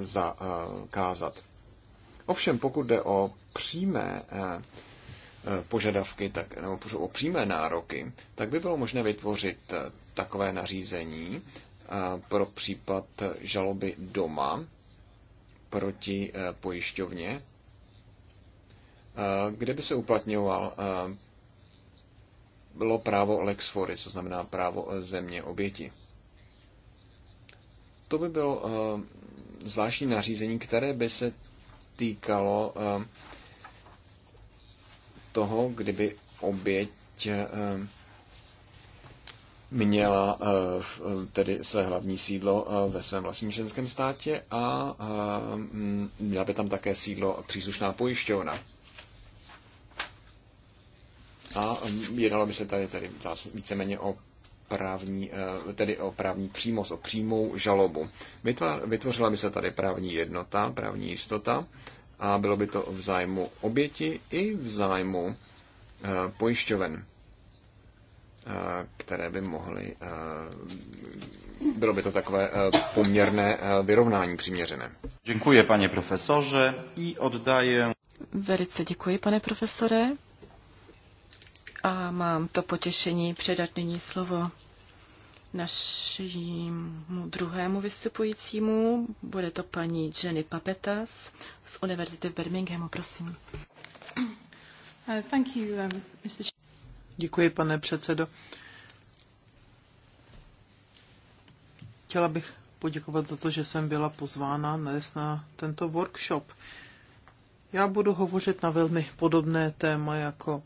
zakázat. Ovšem, pokud jde o přímé požadavky tak, nebo o přímé nároky, tak by bylo možné vytvořit eh, takové nařízení eh, pro případ žaloby doma proti eh, pojišťovně, kde by se uplatňoval bylo právo lex fori, co znamená právo země oběti. To by bylo zvláštní nařízení, které by se týkalo toho, kdyby oběť eh, měla eh, tedy své hlavní sídlo eh, ve svém vlastním členském státě a měla by tam také sídlo příslušná pojišťovna. A jednalo by se tady, tady víceméně o právní, tedy o právní přímost, o přímou žalobu. Vytvořila by se tady právní jednota, právní jistota a bylo by to v zájmu oběti i v zájmu eh, pojišťoven, eh, které by mohly. Eh, bylo by to takové poměrné vyrovnání přiměřené. Děkuji, pane profesoře, i oddaje. Velice děkuji, pane profesore. A mám to potěšení předat nyní slovo našímu druhému vystupujícímu. Bude to paní Jenny Papetas z Univerzity v Birminghamu, prosím. Uh, um, Děkuji, pane předsedo. Chtěla bych poděkovat za to, že jsem byla pozvána dnes na tento workshop. Já budu hovořit na velmi podobné téma jako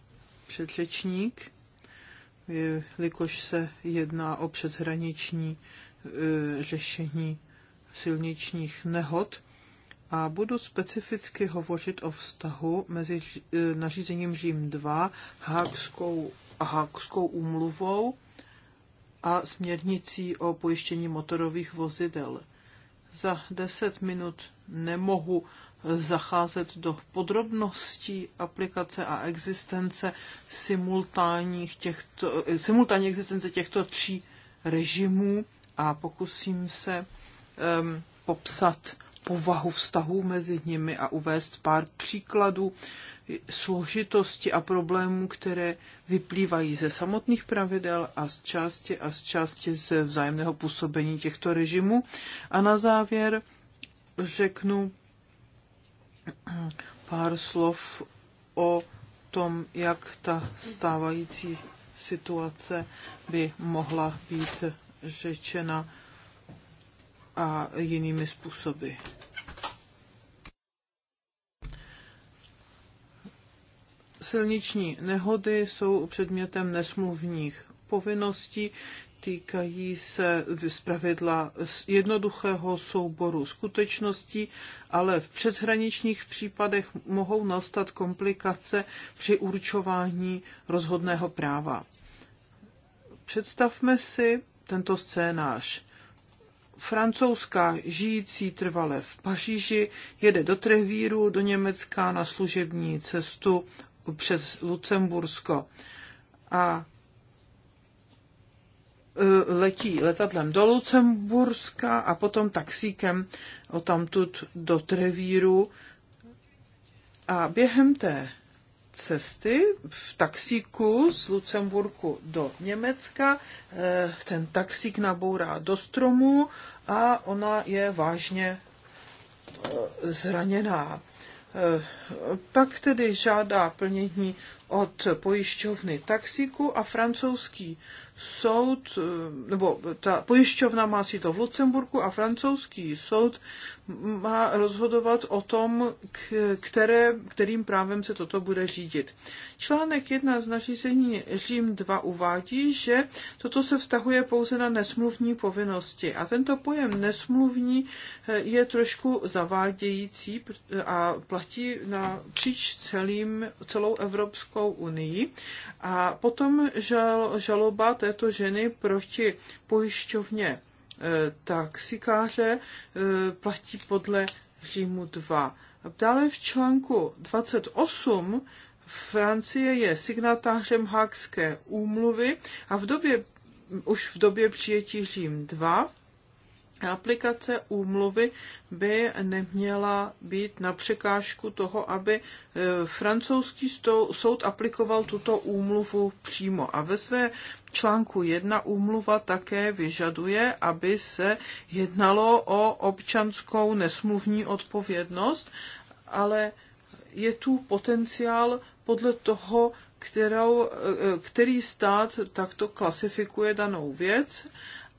předřečník jelikož se jedná o přeshraniční eh, řešení silničních nehod. A budu specificky hovořit o vztahu mezi eh, nařízením Řím 2, Hákskou a Hákskou úmluvou a směrnicí o pojištění motorových vozidel. Za 10 minut nemohu zacházet do podrobností aplikace a existence simultánních těchto, simultánní existence těchto tří režimů a pokusím se um, popsat povahu vztahů mezi nimi a uvést pár příkladů složitosti a problémů, které vyplývají ze samotných pravidel a z části a z části ze vzájemného působení těchto režimů. A na závěr řeknu pár slov o tom, jak ta stávající situace by mohla být řečena a jinými způsoby. Silniční nehody jsou předmětem nesmluvních povinností, týkají se zpravidla jednoduchého souboru skutečností, ale v přeshraničních případech mohou nastat komplikace při určování rozhodného práva. Představme si tento scénář. Francouzská žijící trvale v Paříži jede do Trevíru, do Německa na služební cestu přes Lucembursko. A E, letí letadlem do Lucemburska a potom taxíkem o tamtud do Trevíru. A během té cesty v taxíku z Lucemburku do Německa. E, ten taxík nabourá do stromu a ona je vážně e, zraněná. Pak tedy žádá plnění od pojišťovny taxíku a francouzský soud, eh, nebo ta pojišťovna má to v Lucemburku a francouzský soud má rozhodovat o tom, které, kterým právem se toto bude řídit. Článek 1 z nařízení Řím 2 uvádí, že toto se vztahuje pouze na nesmluvní povinnosti. A tento pojem nesmluvní eh, je trošku zavádějící a platí na příč celým, celou Evropskou Evropskou unii. A potom žaloba této ženy proti pojišťovně e, taxikáře e, platí podle Římu 2. Dále v článku 28 Francie je signatářem Hákské úmluvy a v době, už v době přijetí Řím 2 aplikace úmluvy by neměla být na překážku toho, aby eh, francouzský soud aplikoval tuto úmluvu přímo. A ve své článku jedna úmluva také vyžaduje, aby se jednalo o občanskou nesmluvní odpovědnost, ale je tu potenciál podle toho, kterou, eh, eh, který stát takto klasifikuje danou věc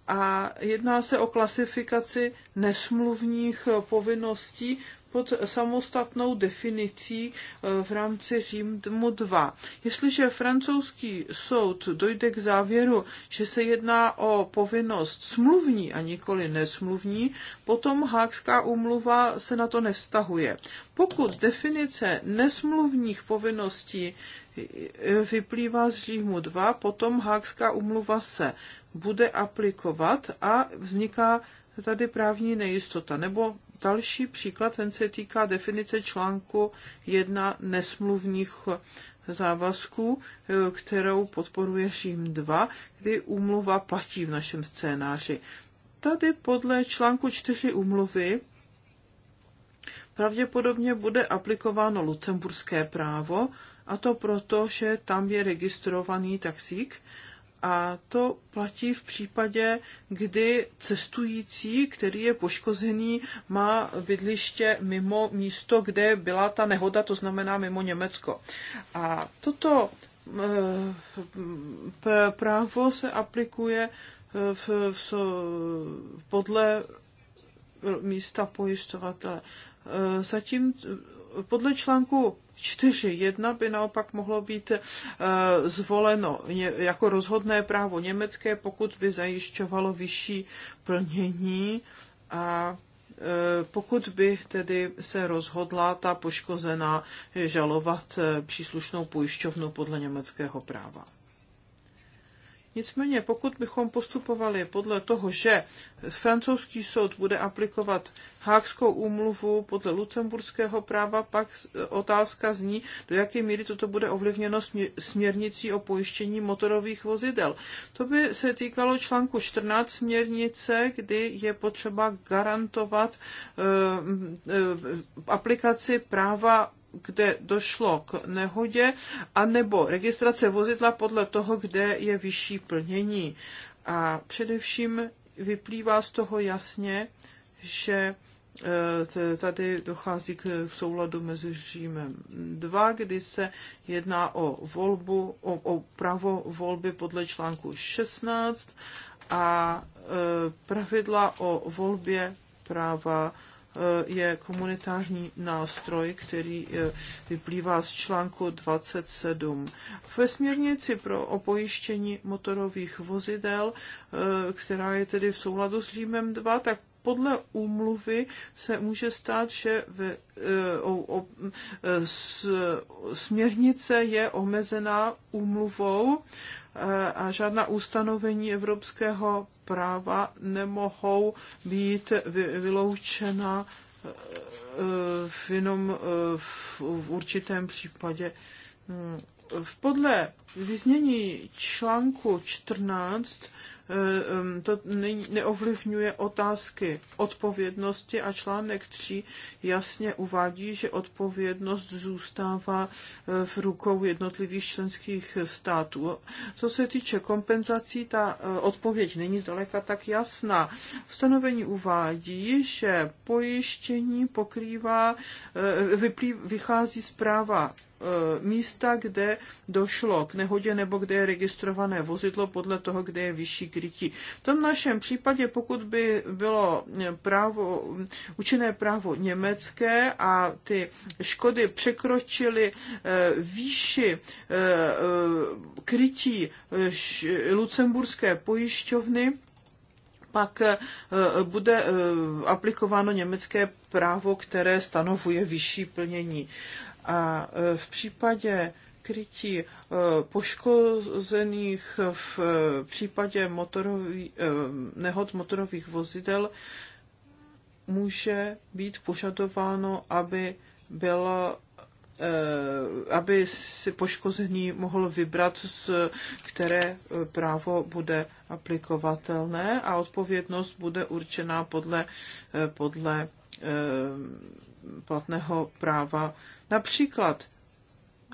a jedná se o klasifikaci nesmluvních eh, povinností pod samostatnou definicí eh, v rámci Římu 2. Jestliže francouzský soud dojde k závěru, že se jedná o povinnost smluvní a nikoli nesmluvní, potom Hákská úmluva se na to nevztahuje. Pokud definice nesmluvních povinností eh, vyplývá z Římu 2, potom Hákská umluva se bude aplikovat a vzniká tady právní nejistota. Nebo další příklad, ten se týká definice článku 1 nesmluvních závazků, kterou podporuje Řím 2, kdy úmluva platí v našem scénáři. Tady podle článku 4 úmluvy pravděpodobně bude aplikováno lucemburské právo, a to proto, že tam je registrovaný taxík a to platí v případě, kdy cestující, který je poškozený, má bydliště mimo místo, kde byla ta nehoda, to znamená mimo Německo. A toto eh, právo se aplikuje eh, v, v, podle místa pojišťovatele. Eh, zatím podle článku 4.1 by naopak mohlo být eh, zvoleno jako rozhodné právo německé, pokud by zajišťovalo vyšší plnění a eh, pokud by tedy se rozhodla ta poškozená žalovat eh, příslušnou pojišťovnu podle německého práva. Nicméně pokud bychom postupovali podle toho, že francouzský soud bude aplikovat hákskou úmluvu podle lucemburského práva, pak otázka zní, do jaké míry toto bude ovlivněno směrnicí o pojištění motorových vozidel. To by se týkalo článku 14 směrnice, kdy je potřeba garantovat eh, eh, aplikaci práva kde došlo k nehodě, anebo registrace vozidla podle toho, kde je vyšší plnění. A především vyplývá z toho jasně, že e, tady dochází k souladu mezi Římem 2, kdy se jedná o volbu, o, o pravo volby podle článku 16 a e, pravidla o volbě práva Eh, je komunitární nástroj, který eh, vyplývá z článku 27. Ve směrnici pro opojištění motorových vozidel, eh, která je tedy v souladu s Římem 2, tak podle úmluvy se může stát, že v, o, o, s, směrnice je omezená úmluvou a žádná ustanovení evropského práva nemohou být vyloučena e, jenom e, v určitém případě hmm podle vyznění článku 14 eh, to neovlivňuje otázky odpovědnosti a článek 3 jasně uvádí, že odpovědnost zůstává eh, v rukou jednotlivých členských států. Co se týče kompenzací, ta eh, odpověď není zdaleka tak jasná. Ustanovení uvádí, že pojištění pokrývá, vyplý, vychází z práva Eh, místa, kde došlo k nehodě nebo kde je registrované vozidlo podle toho, kde je vyšší krytí. V tom našem případě, pokud by bylo eh, právo, učené právo německé a ty škody překročily eh, výši krytí lucemburské pojišťovny, pak bude aplikováno německé právo, které stanovuje vyšší plnění. A e, v případě krytí e, poškozených v e, případě motorový, nehod motorových vozidel může být požadováno, aby bylo aby si poškozený mohl vybrat, z které právo bude aplikovatelné a odpovědnost bude určená podle, podle platného práva. Například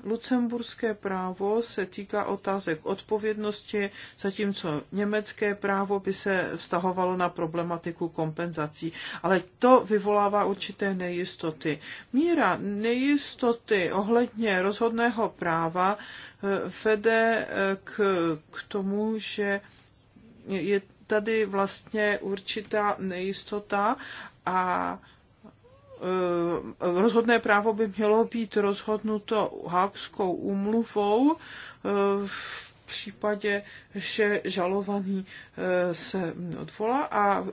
Lucemburské právo se týká otázek odpovědnosti, zatímco německé právo by se vztahovalo na problematiku kompenzací. Ale to vyvolává určité nejistoty. Míra nejistoty ohledně rozhodného práva eh, vede eh, k, k tomu, že je tady vlastně určitá nejistota a Eh, rozhodné právo by mělo být rozhodnuto hábskou úmluvou eh, v případě, že žalovaný eh, se odvolá a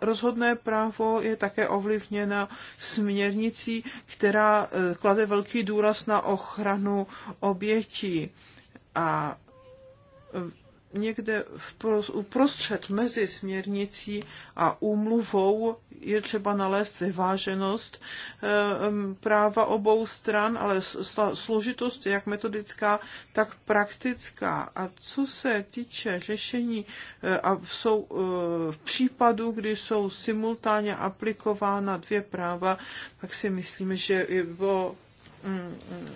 rozhodné právo je také ovlivněna směrnicí, která klade velký důraz na ochranu obětí. A někde v uprostřed mezi směrnicí a úmluvou je třeba nalézt vyváženost ehm, práva obou stran, ale složitost jak metodická, tak praktická. A co se týče řešení eh, a jsou eh, v případu, kdy jsou simultánně aplikována dvě práva, tak si myslíme, že je bylo mm, mm,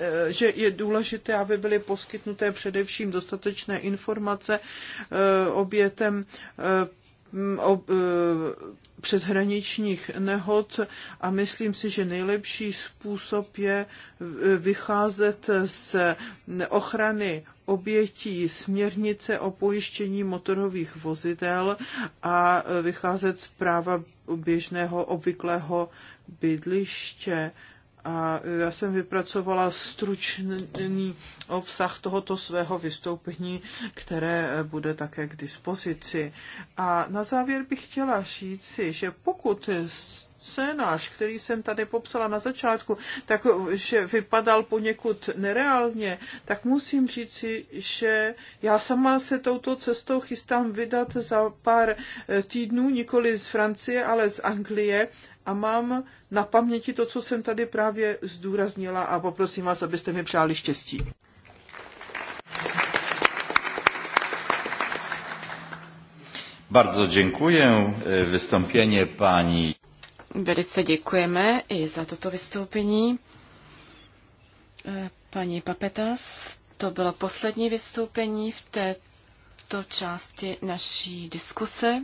Eh, že je důležité, aby byly poskytnuté především dostatečné informace eh, obětem eh, přeshraničních nehod a myslím si, že nejlepší způsob je vycházet z ochrany obětí směrnice o pojištění motorových vozidel a vycházet z práva běžného obvyklého bydliště a já jsem vypracovala stručný obsah tohoto svého vystoupení, které bude také k dispozici. A na závěr bych chtěla říci, že pokud scénář, který jsem tady popsala na začátku, tak že vypadal poněkud nereálně, tak musím říci, že já sama se touto cestou chystám vydat za pár eh, týdnů, nikoli z Francie, ale z Anglie, a mám na paměti to, co jsem tady právě zdůraznila a poprosím vás, abyste mi přáli štěstí. Bardzo dziękuję. Wystąpienie pani. Velice děkujeme i za toto vystoupení. Paní Papetas, to bylo poslední vystoupení v této části naší diskuse.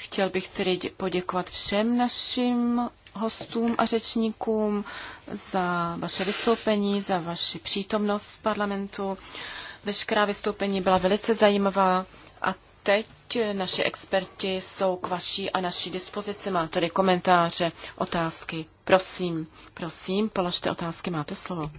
Chtěl bych tedy poděkovat všem našim hostům a řečníkům za vaše vystoupení, za vaši přítomnost v parlamentu. Veškerá vystoupení byla velice zajímavá a teď naši experti jsou k vaší a naší dispozici. máte tedy komentáře, otázky. Prosím, prosím, položte otázky, máte slovo.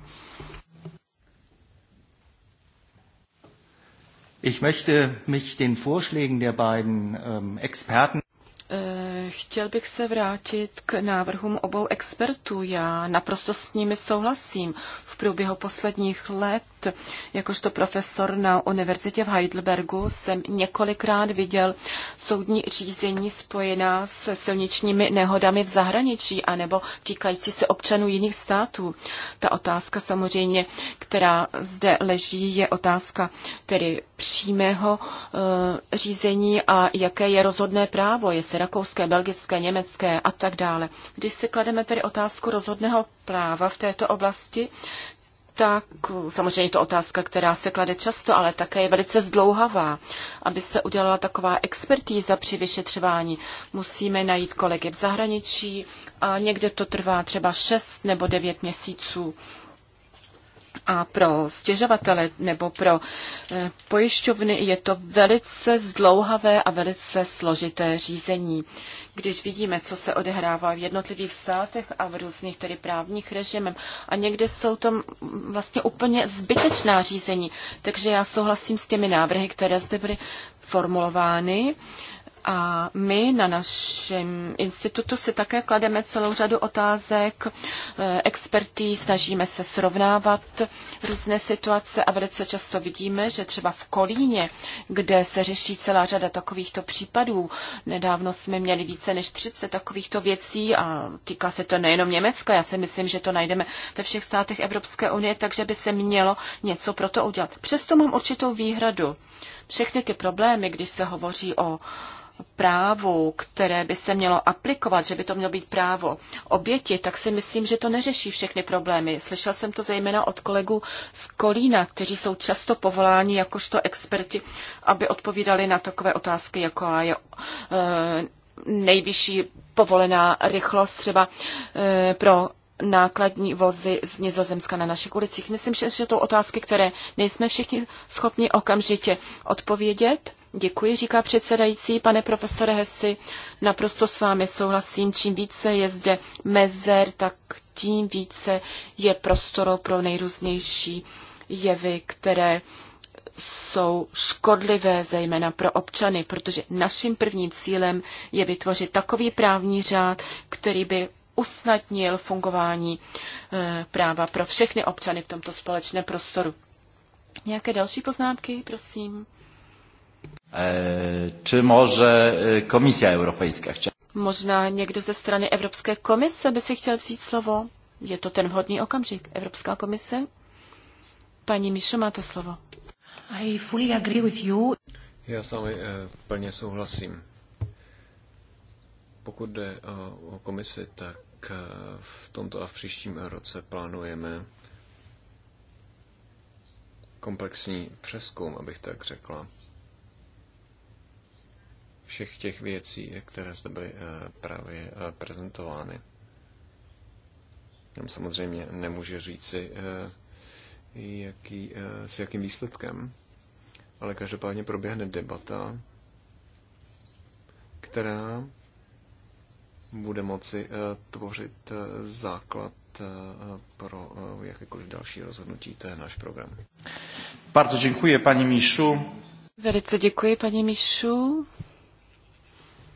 Ich möchte mich den Vorschlägen der beiden ähm, Experten eh, Chtěl bych se vrátit k návrhům obou expertů. Já naprosto s nimi souhlasím. V průběhu posledních let Jakožto profesor na univerzitě v Heidelbergu jsem několikrát viděl soudní řízení spojená s silničními nehodami v zahraničí anebo týkající se občanů jiných států. Ta otázka samozřejmě, která zde leží, je otázka tedy přímého e, řízení a jaké je rozhodné právo, jestli rakouské, belgické, německé a tak dále. Když si klademe tedy otázku rozhodného práva v této oblasti, tak samozřejmě je to otázka, která se klade často, ale také je velice zdlouhavá. Aby se udělala taková expertíza při vyšetřování, musíme najít kolegy v zahraničí a někde to trvá třeba 6 nebo 9 měsíců a pro stěžovatele nebo pro eh, pojišťovny je to velice zdlouhavé a velice složité řízení. Když vidíme, co se odehrává v jednotlivých státech a v různých tedy právních režimech a někde jsou tam vlastně úplně zbytečná řízení. Takže já souhlasím s těmi návrhy, které zde byly formulovány. A my na našem institutu si také klademe celou řadu otázek, eh, expertí, snažíme se srovnávat různé situace a velice často vidíme, že třeba v Kolíně, kde se řeší celá řada takovýchto případů, nedávno jsme měli více než 30 takovýchto věcí a týká se to nejenom Německa, já si myslím, že to najdeme ve všech státech Evropské unie, takže by se mělo něco pro to udělat. Přesto mám určitou výhradu. Všechny ty problémy, když se hovoří o uh, právu, které by se mělo aplikovat, že by to mělo být právo oběti, tak si myslím, že to neřeší všechny problémy. Slyšel jsem to zejména od kolegů z Kolína, kteří jsou často povoláni jakožto experti, aby odpovídali na takové otázky, jako je eh, nejvyšší povolená rychlost třeba eh, pro nákladní vozy z Nizozemska na našich ulicích. Myslím, že jsou to otázky, které nejsme všichni schopni okamžitě odpovědět. Děkuji, říká předsedající. Pane profesore Hesi, naprosto s vámi souhlasím. Čím více je zde mezer, tak tím více je prostoru pro nejrůznější jevy, které jsou škodlivé zejména pro občany, protože naším prvním cílem je vytvořit takový právní řád, který by usnadnil fungování eh, práva pro všechny občany v tomto společném prostoru. Nějaké další poznámky, prosím? E, czy może e, Komisja Europejska chciała? Można někdo ze strany Evropské komise by si chtěl vzít slovo. Je to ten vhodný okamžik. Evropská komise? Paní Míšo, to slovo. I fully agree with you. Já s vámi e, plně souhlasím. Pokud jde o komisi, tak v tomto a v příštím roce plánujeme komplexní přeskum, abych tak řekla všech těch věcí, které zde byly eh, právě eh, prezentovány. Tam samozřejmě nemůže říci, eh, jaký, s jakým výsledkem, ale každopádně proběhne debata, která bude moci tvořit základ pro jakékoliv další rozhodnutí. To je náš program. Bardzo dziękuję, pani Miszu. Velice děkuji, paní Mišu.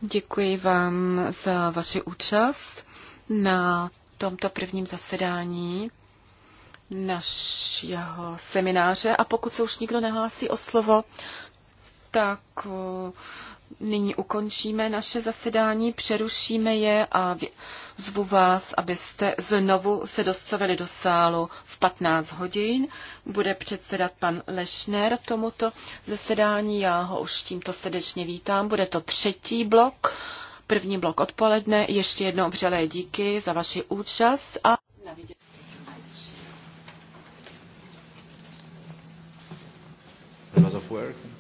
Děkuji vám za vaši účast na tomto prvním zasedání našeho semináře. A pokud se už nikdo nehlásí o slovo, tak eh, nyní ukončíme naše zasedání, přerušíme je a Zvu vás, abyste znovu se dostavili do sálu v 15 hodin. Bude předsedat pan Lešner tomuto zasedání. Já ho už tímto srdečně vítám. Bude to třetí blok, první blok odpoledne. Ještě jednou vřelé díky za vaši účast a na vidět. of work.